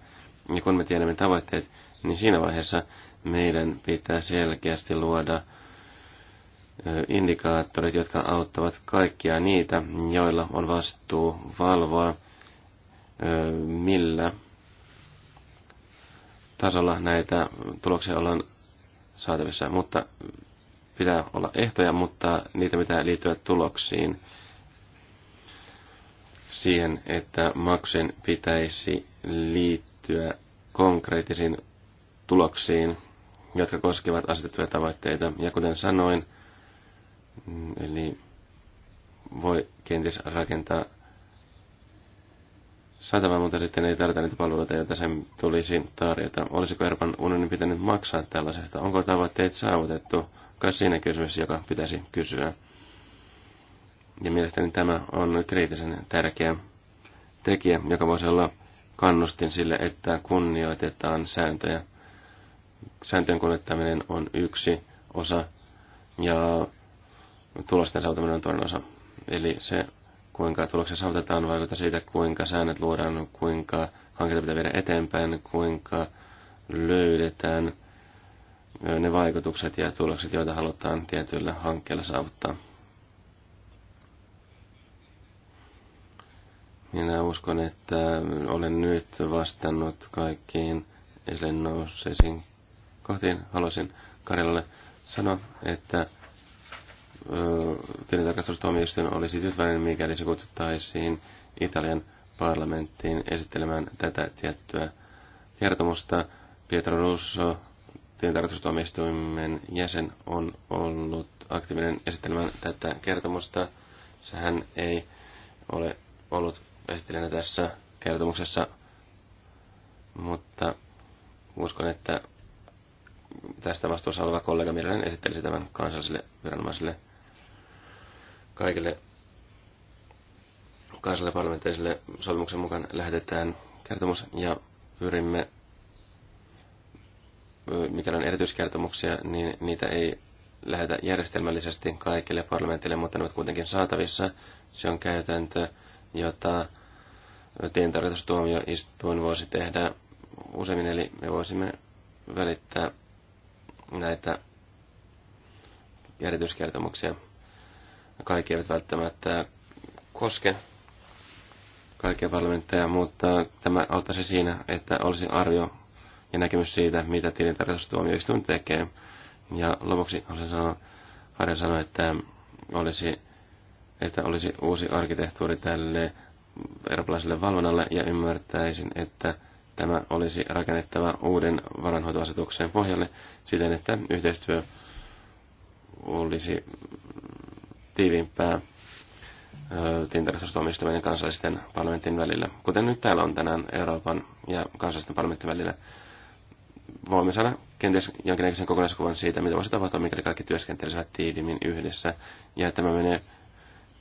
Ja kun me tiedämme tavoitteet, niin siinä vaiheessa meidän pitää selkeästi luoda indikaattorit, jotka auttavat kaikkia niitä, joilla on vastuu valvoa, millä tasolla näitä tuloksia ollaan saatavissa. Mutta pitää olla ehtoja, mutta niitä pitää liittyä tuloksiin siihen, että maksen pitäisi liittyä konkreettisiin tuloksiin, jotka koskevat asetettuja tavoitteita. Ja kuten sanoin, Mm, eli voi kenties rakentaa satama, mutta sitten ei tarvita niitä palveluita, joita sen tulisi tarjota. Olisiko Euroopan unionin pitänyt maksaa tällaisesta? Onko tavoitteet saavutettu? Kai siinä kysymys, joka pitäisi kysyä. Ja mielestäni tämä on kriittisen tärkeä tekijä, joka voisi olla kannustin sille, että kunnioitetaan sääntöjä. Sääntöjen kunnioittaminen on yksi osa, ja tulosten saavutaminen on toinen osa. Eli se, kuinka tuloksia saavutetaan, vaikuttaa siitä, kuinka säännöt luodaan, kuinka hankkeita pitää viedä eteenpäin, kuinka löydetään ne vaikutukset ja tulokset, joita halutaan tietyillä hankkeilla saavuttaa. Minä uskon, että olen nyt vastannut kaikkiin esille nousseisiin kohtiin. Haluaisin Karjalle sanoa, että tilintarkastustuomioistuin olisi tyytyväinen, mikäli se kutsuttaisiin Italian parlamenttiin esittelemään tätä tiettyä kertomusta. Pietro Russo, tilintarkastustuomioistuimen jäsen, on ollut aktiivinen esittelemään tätä kertomusta. Sehän ei ole ollut esittelijänä tässä kertomuksessa, mutta uskon, että tästä vastuussa oleva kollega mielellään esittelisi tämän kansalliselle viranomaiselle kaikille kansalle parlamentaariselle sopimuksen mukaan lähetetään kertomus ja pyrimme, mikäli on erityiskertomuksia, niin niitä ei lähetä järjestelmällisesti kaikille parlamentille, mutta ne ovat kuitenkin saatavissa. Se on käytäntö, jota tientarkastustuomioistuin voisi tehdä useimmin, eli me voisimme välittää näitä erityiskertomuksia kaikki eivät välttämättä koske kaikkia valmentajia, mutta tämä auttaisi siinä, että olisi arvio ja näkemys siitä, mitä tilintarkastustuomioistuin tekee. Ja lopuksi haluaisin sanoa, Harja sanoi, että olisi, että olisi uusi arkkitehtuuri tälle eurooppalaiselle valvonnalle ja ymmärtäisin, että tämä olisi rakennettava uuden varanhoitoasetuksen pohjalle siten, että yhteistyö olisi tiiviimpää tintarkastustuomioistuimen ja kansallisten parlamentin välillä, kuten nyt täällä on tänään Euroopan ja kansallisten parlamentin välillä. Voimme saada kenties jonkinlaisen kokonaiskuvan siitä, mitä voisi tapahtua, mikäli kaikki työskentelisivät tiiviimmin yhdessä. Ja tämä menee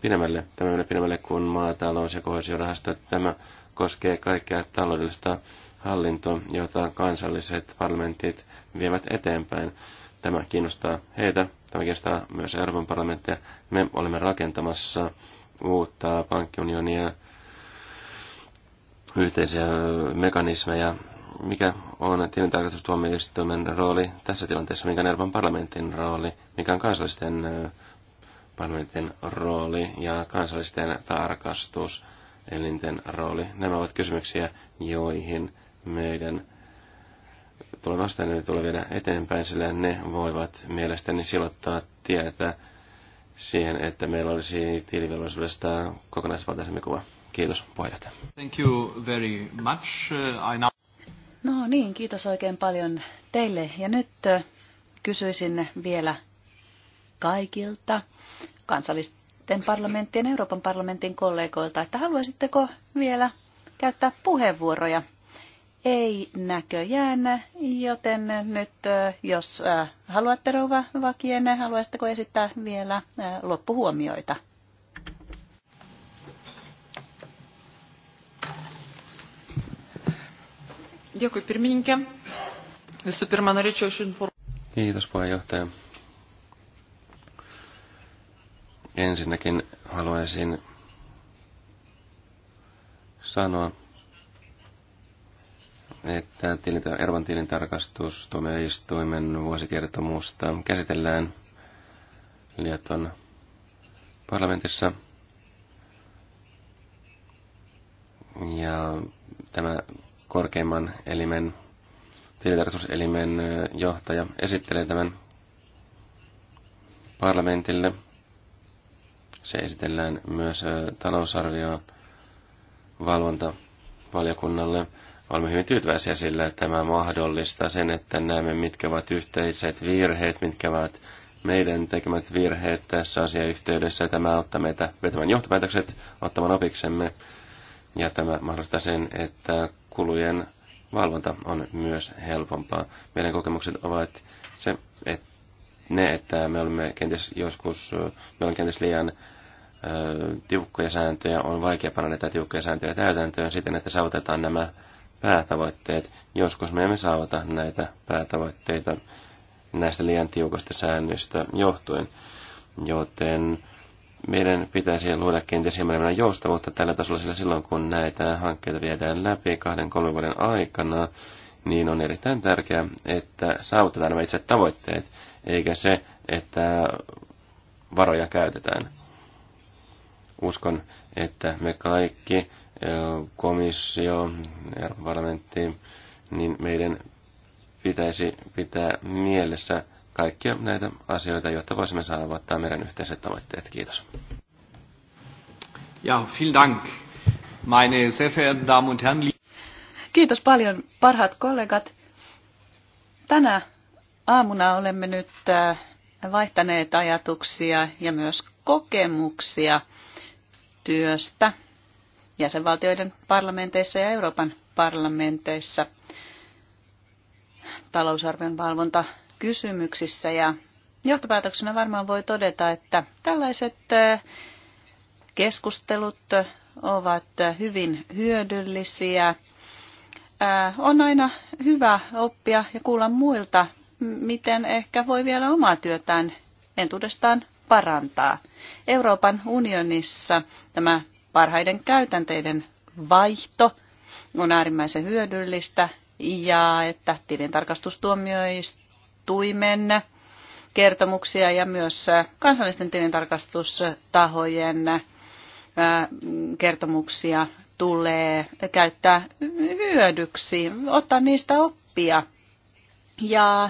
pidemmälle. Tämä menee pidemmälle kuin maatalous- ja kohesiorahasto. Tämä koskee kaikkea taloudellista hallintoa, jota kansalliset parlamentit vievät eteenpäin. Tämä kiinnostaa heitä, tämä kiinnostaa myös Euroopan parlamenttia. Me olemme rakentamassa uutta pankkiunionia, yhteisiä mekanismeja. Mikä on tilintarkastustuomioistuimen rooli tässä tilanteessa, mikä on Euroopan parlamentin rooli, mikä on kansallisten parlamentin rooli ja kansallisten tarkastuselinten rooli. Nämä ovat kysymyksiä, joihin meidän tulee vastaan niin ne tulee viedä eteenpäin, sillä ne voivat mielestäni silottaa tietä siihen, että meillä olisi tiilivelvollisuudesta kokonaisvaltaisemmin kuva. Kiitos puheenjohtaja. Thank you very much. I now... No niin, kiitos oikein paljon teille. Ja nyt kysyisin vielä kaikilta kansallisten parlamenttien Euroopan parlamentin kollegoilta, että haluaisitteko vielä käyttää puheenvuoroja ei näköjään, joten nyt jos haluatte rouva Vakien, haluaisitteko esittää vielä loppuhuomioita? Kiitos puheenjohtaja. Ensinnäkin haluaisin sanoa, että tilintar- Ervan tuomioistuimen vuosikertomusta käsitellään Lieton parlamentissa. Ja tämä korkeimman elimen, tilintarkastuselimen johtaja esittelee tämän parlamentille. Se esitellään myös talousarvioon valvontavaliokunnalle. valiokunnalle Olemme hyvin tyytyväisiä sillä, että tämä mahdollistaa sen, että näemme, mitkä ovat yhteiset virheet, mitkä ovat meidän tekemät virheet tässä asiayhteydessä. Tämä auttaa meitä vetämään johtopäätökset, ottamaan opiksemme. Ja tämä mahdollistaa sen, että kulujen valvonta on myös helpompaa. Meidän kokemukset ovat se, että ne, että me olemme kenties joskus, me olemme kenties liian ö, tiukkoja sääntöjä, on vaikea panna näitä tiukkoja sääntöjä täytäntöön siten, että saavutetaan nämä päätavoitteet. Joskus me emme saavuta näitä päätavoitteita näistä liian tiukasta säännöistä johtuen, joten meidän pitäisi luoda kenties hieman joustavuutta tällä tasolla, sillä silloin kun näitä hankkeita viedään läpi kahden kolmen vuoden aikana, niin on erittäin tärkeää, että saavutetaan nämä itse tavoitteet, eikä se, että varoja käytetään. Uskon, että me kaikki komissio, parlamentti, niin meidän pitäisi pitää mielessä kaikkia näitä asioita, jotta voisimme saavuttaa meidän yhteiset tavoitteet. Kiitos. Ja, vielen Dank, meine sehr verehrten Damen und Herren. Kiitos paljon, parhaat kollegat. Tänä aamuna olemme nyt äh, vaihtaneet ajatuksia ja myös kokemuksia työstä, jäsenvaltioiden parlamenteissa ja Euroopan parlamenteissa talousarvion valvonta kysymyksissä ja johtopäätöksenä varmaan voi todeta, että tällaiset keskustelut ovat hyvin hyödyllisiä. On aina hyvä oppia ja kuulla muilta, miten ehkä voi vielä omaa työtään entuudestaan parantaa. Euroopan unionissa tämä parhaiden käytänteiden vaihto on äärimmäisen hyödyllistä ja että tilintarkastustuomioistuimen kertomuksia ja myös kansallisten tilintarkastustahojen kertomuksia tulee käyttää hyödyksi, ottaa niistä oppia. Ja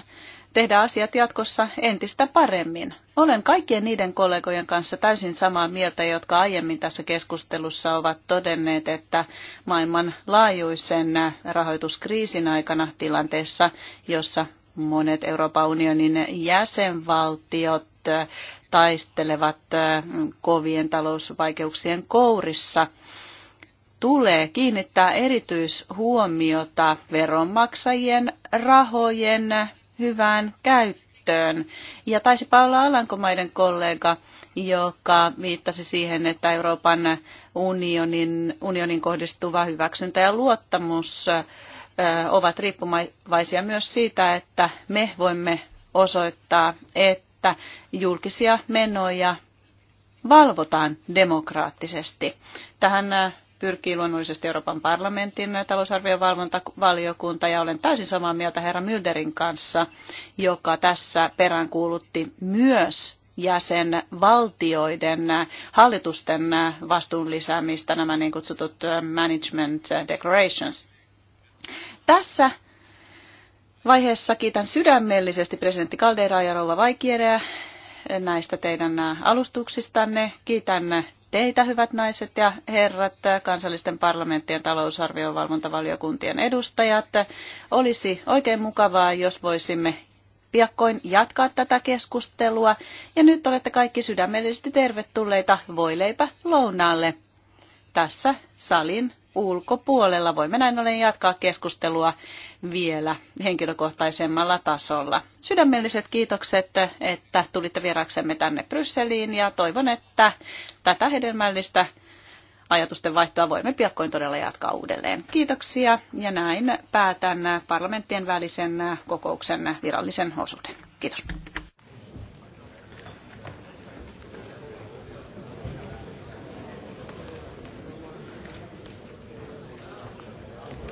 tehdä asiat jatkossa entistä paremmin. Olen kaikkien niiden kollegojen kanssa täysin samaa mieltä, jotka aiemmin tässä keskustelussa ovat todenneet, että maailman laajuisen rahoituskriisin aikana tilanteessa, jossa monet Euroopan unionin jäsenvaltiot taistelevat kovien talousvaikeuksien kourissa, tulee kiinnittää erityishuomiota veronmaksajien rahojen hyvään käyttöön. Ja taisipa olla Alankomaiden kollega, joka viittasi siihen, että Euroopan unionin, unionin kohdistuva hyväksyntä ja luottamus ovat riippumaisia myös siitä, että me voimme osoittaa, että julkisia menoja valvotaan demokraattisesti. Tähän pyrkii luonnollisesti Euroopan parlamentin talousarvion valvontavaliokunta ja olen täysin samaa mieltä herra Mylderin kanssa, joka tässä peräänkuulutti myös jäsenvaltioiden hallitusten vastuun lisäämistä, nämä niin kutsutut management declarations. Tässä vaiheessa kiitän sydämellisesti presidentti Caldera ja rouva Vaikiereä näistä teidän alustuksistanne. Kiitän teitä, hyvät naiset ja herrat, kansallisten parlamenttien talousarvion valvontavaliokuntien edustajat. Olisi oikein mukavaa, jos voisimme piakkoin jatkaa tätä keskustelua. Ja nyt olette kaikki sydämellisesti tervetulleita voileipä lounaalle tässä salin ulkopuolella. Voimme näin ollen jatkaa keskustelua vielä henkilökohtaisemmalla tasolla. Sydämelliset kiitokset, että tulitte vieraksemme tänne Brysseliin ja toivon, että tätä hedelmällistä ajatusten vaihtoa voimme piakkoin todella jatkaa uudelleen. Kiitoksia ja näin päätän parlamenttien välisen kokouksen virallisen osuuden. Kiitos.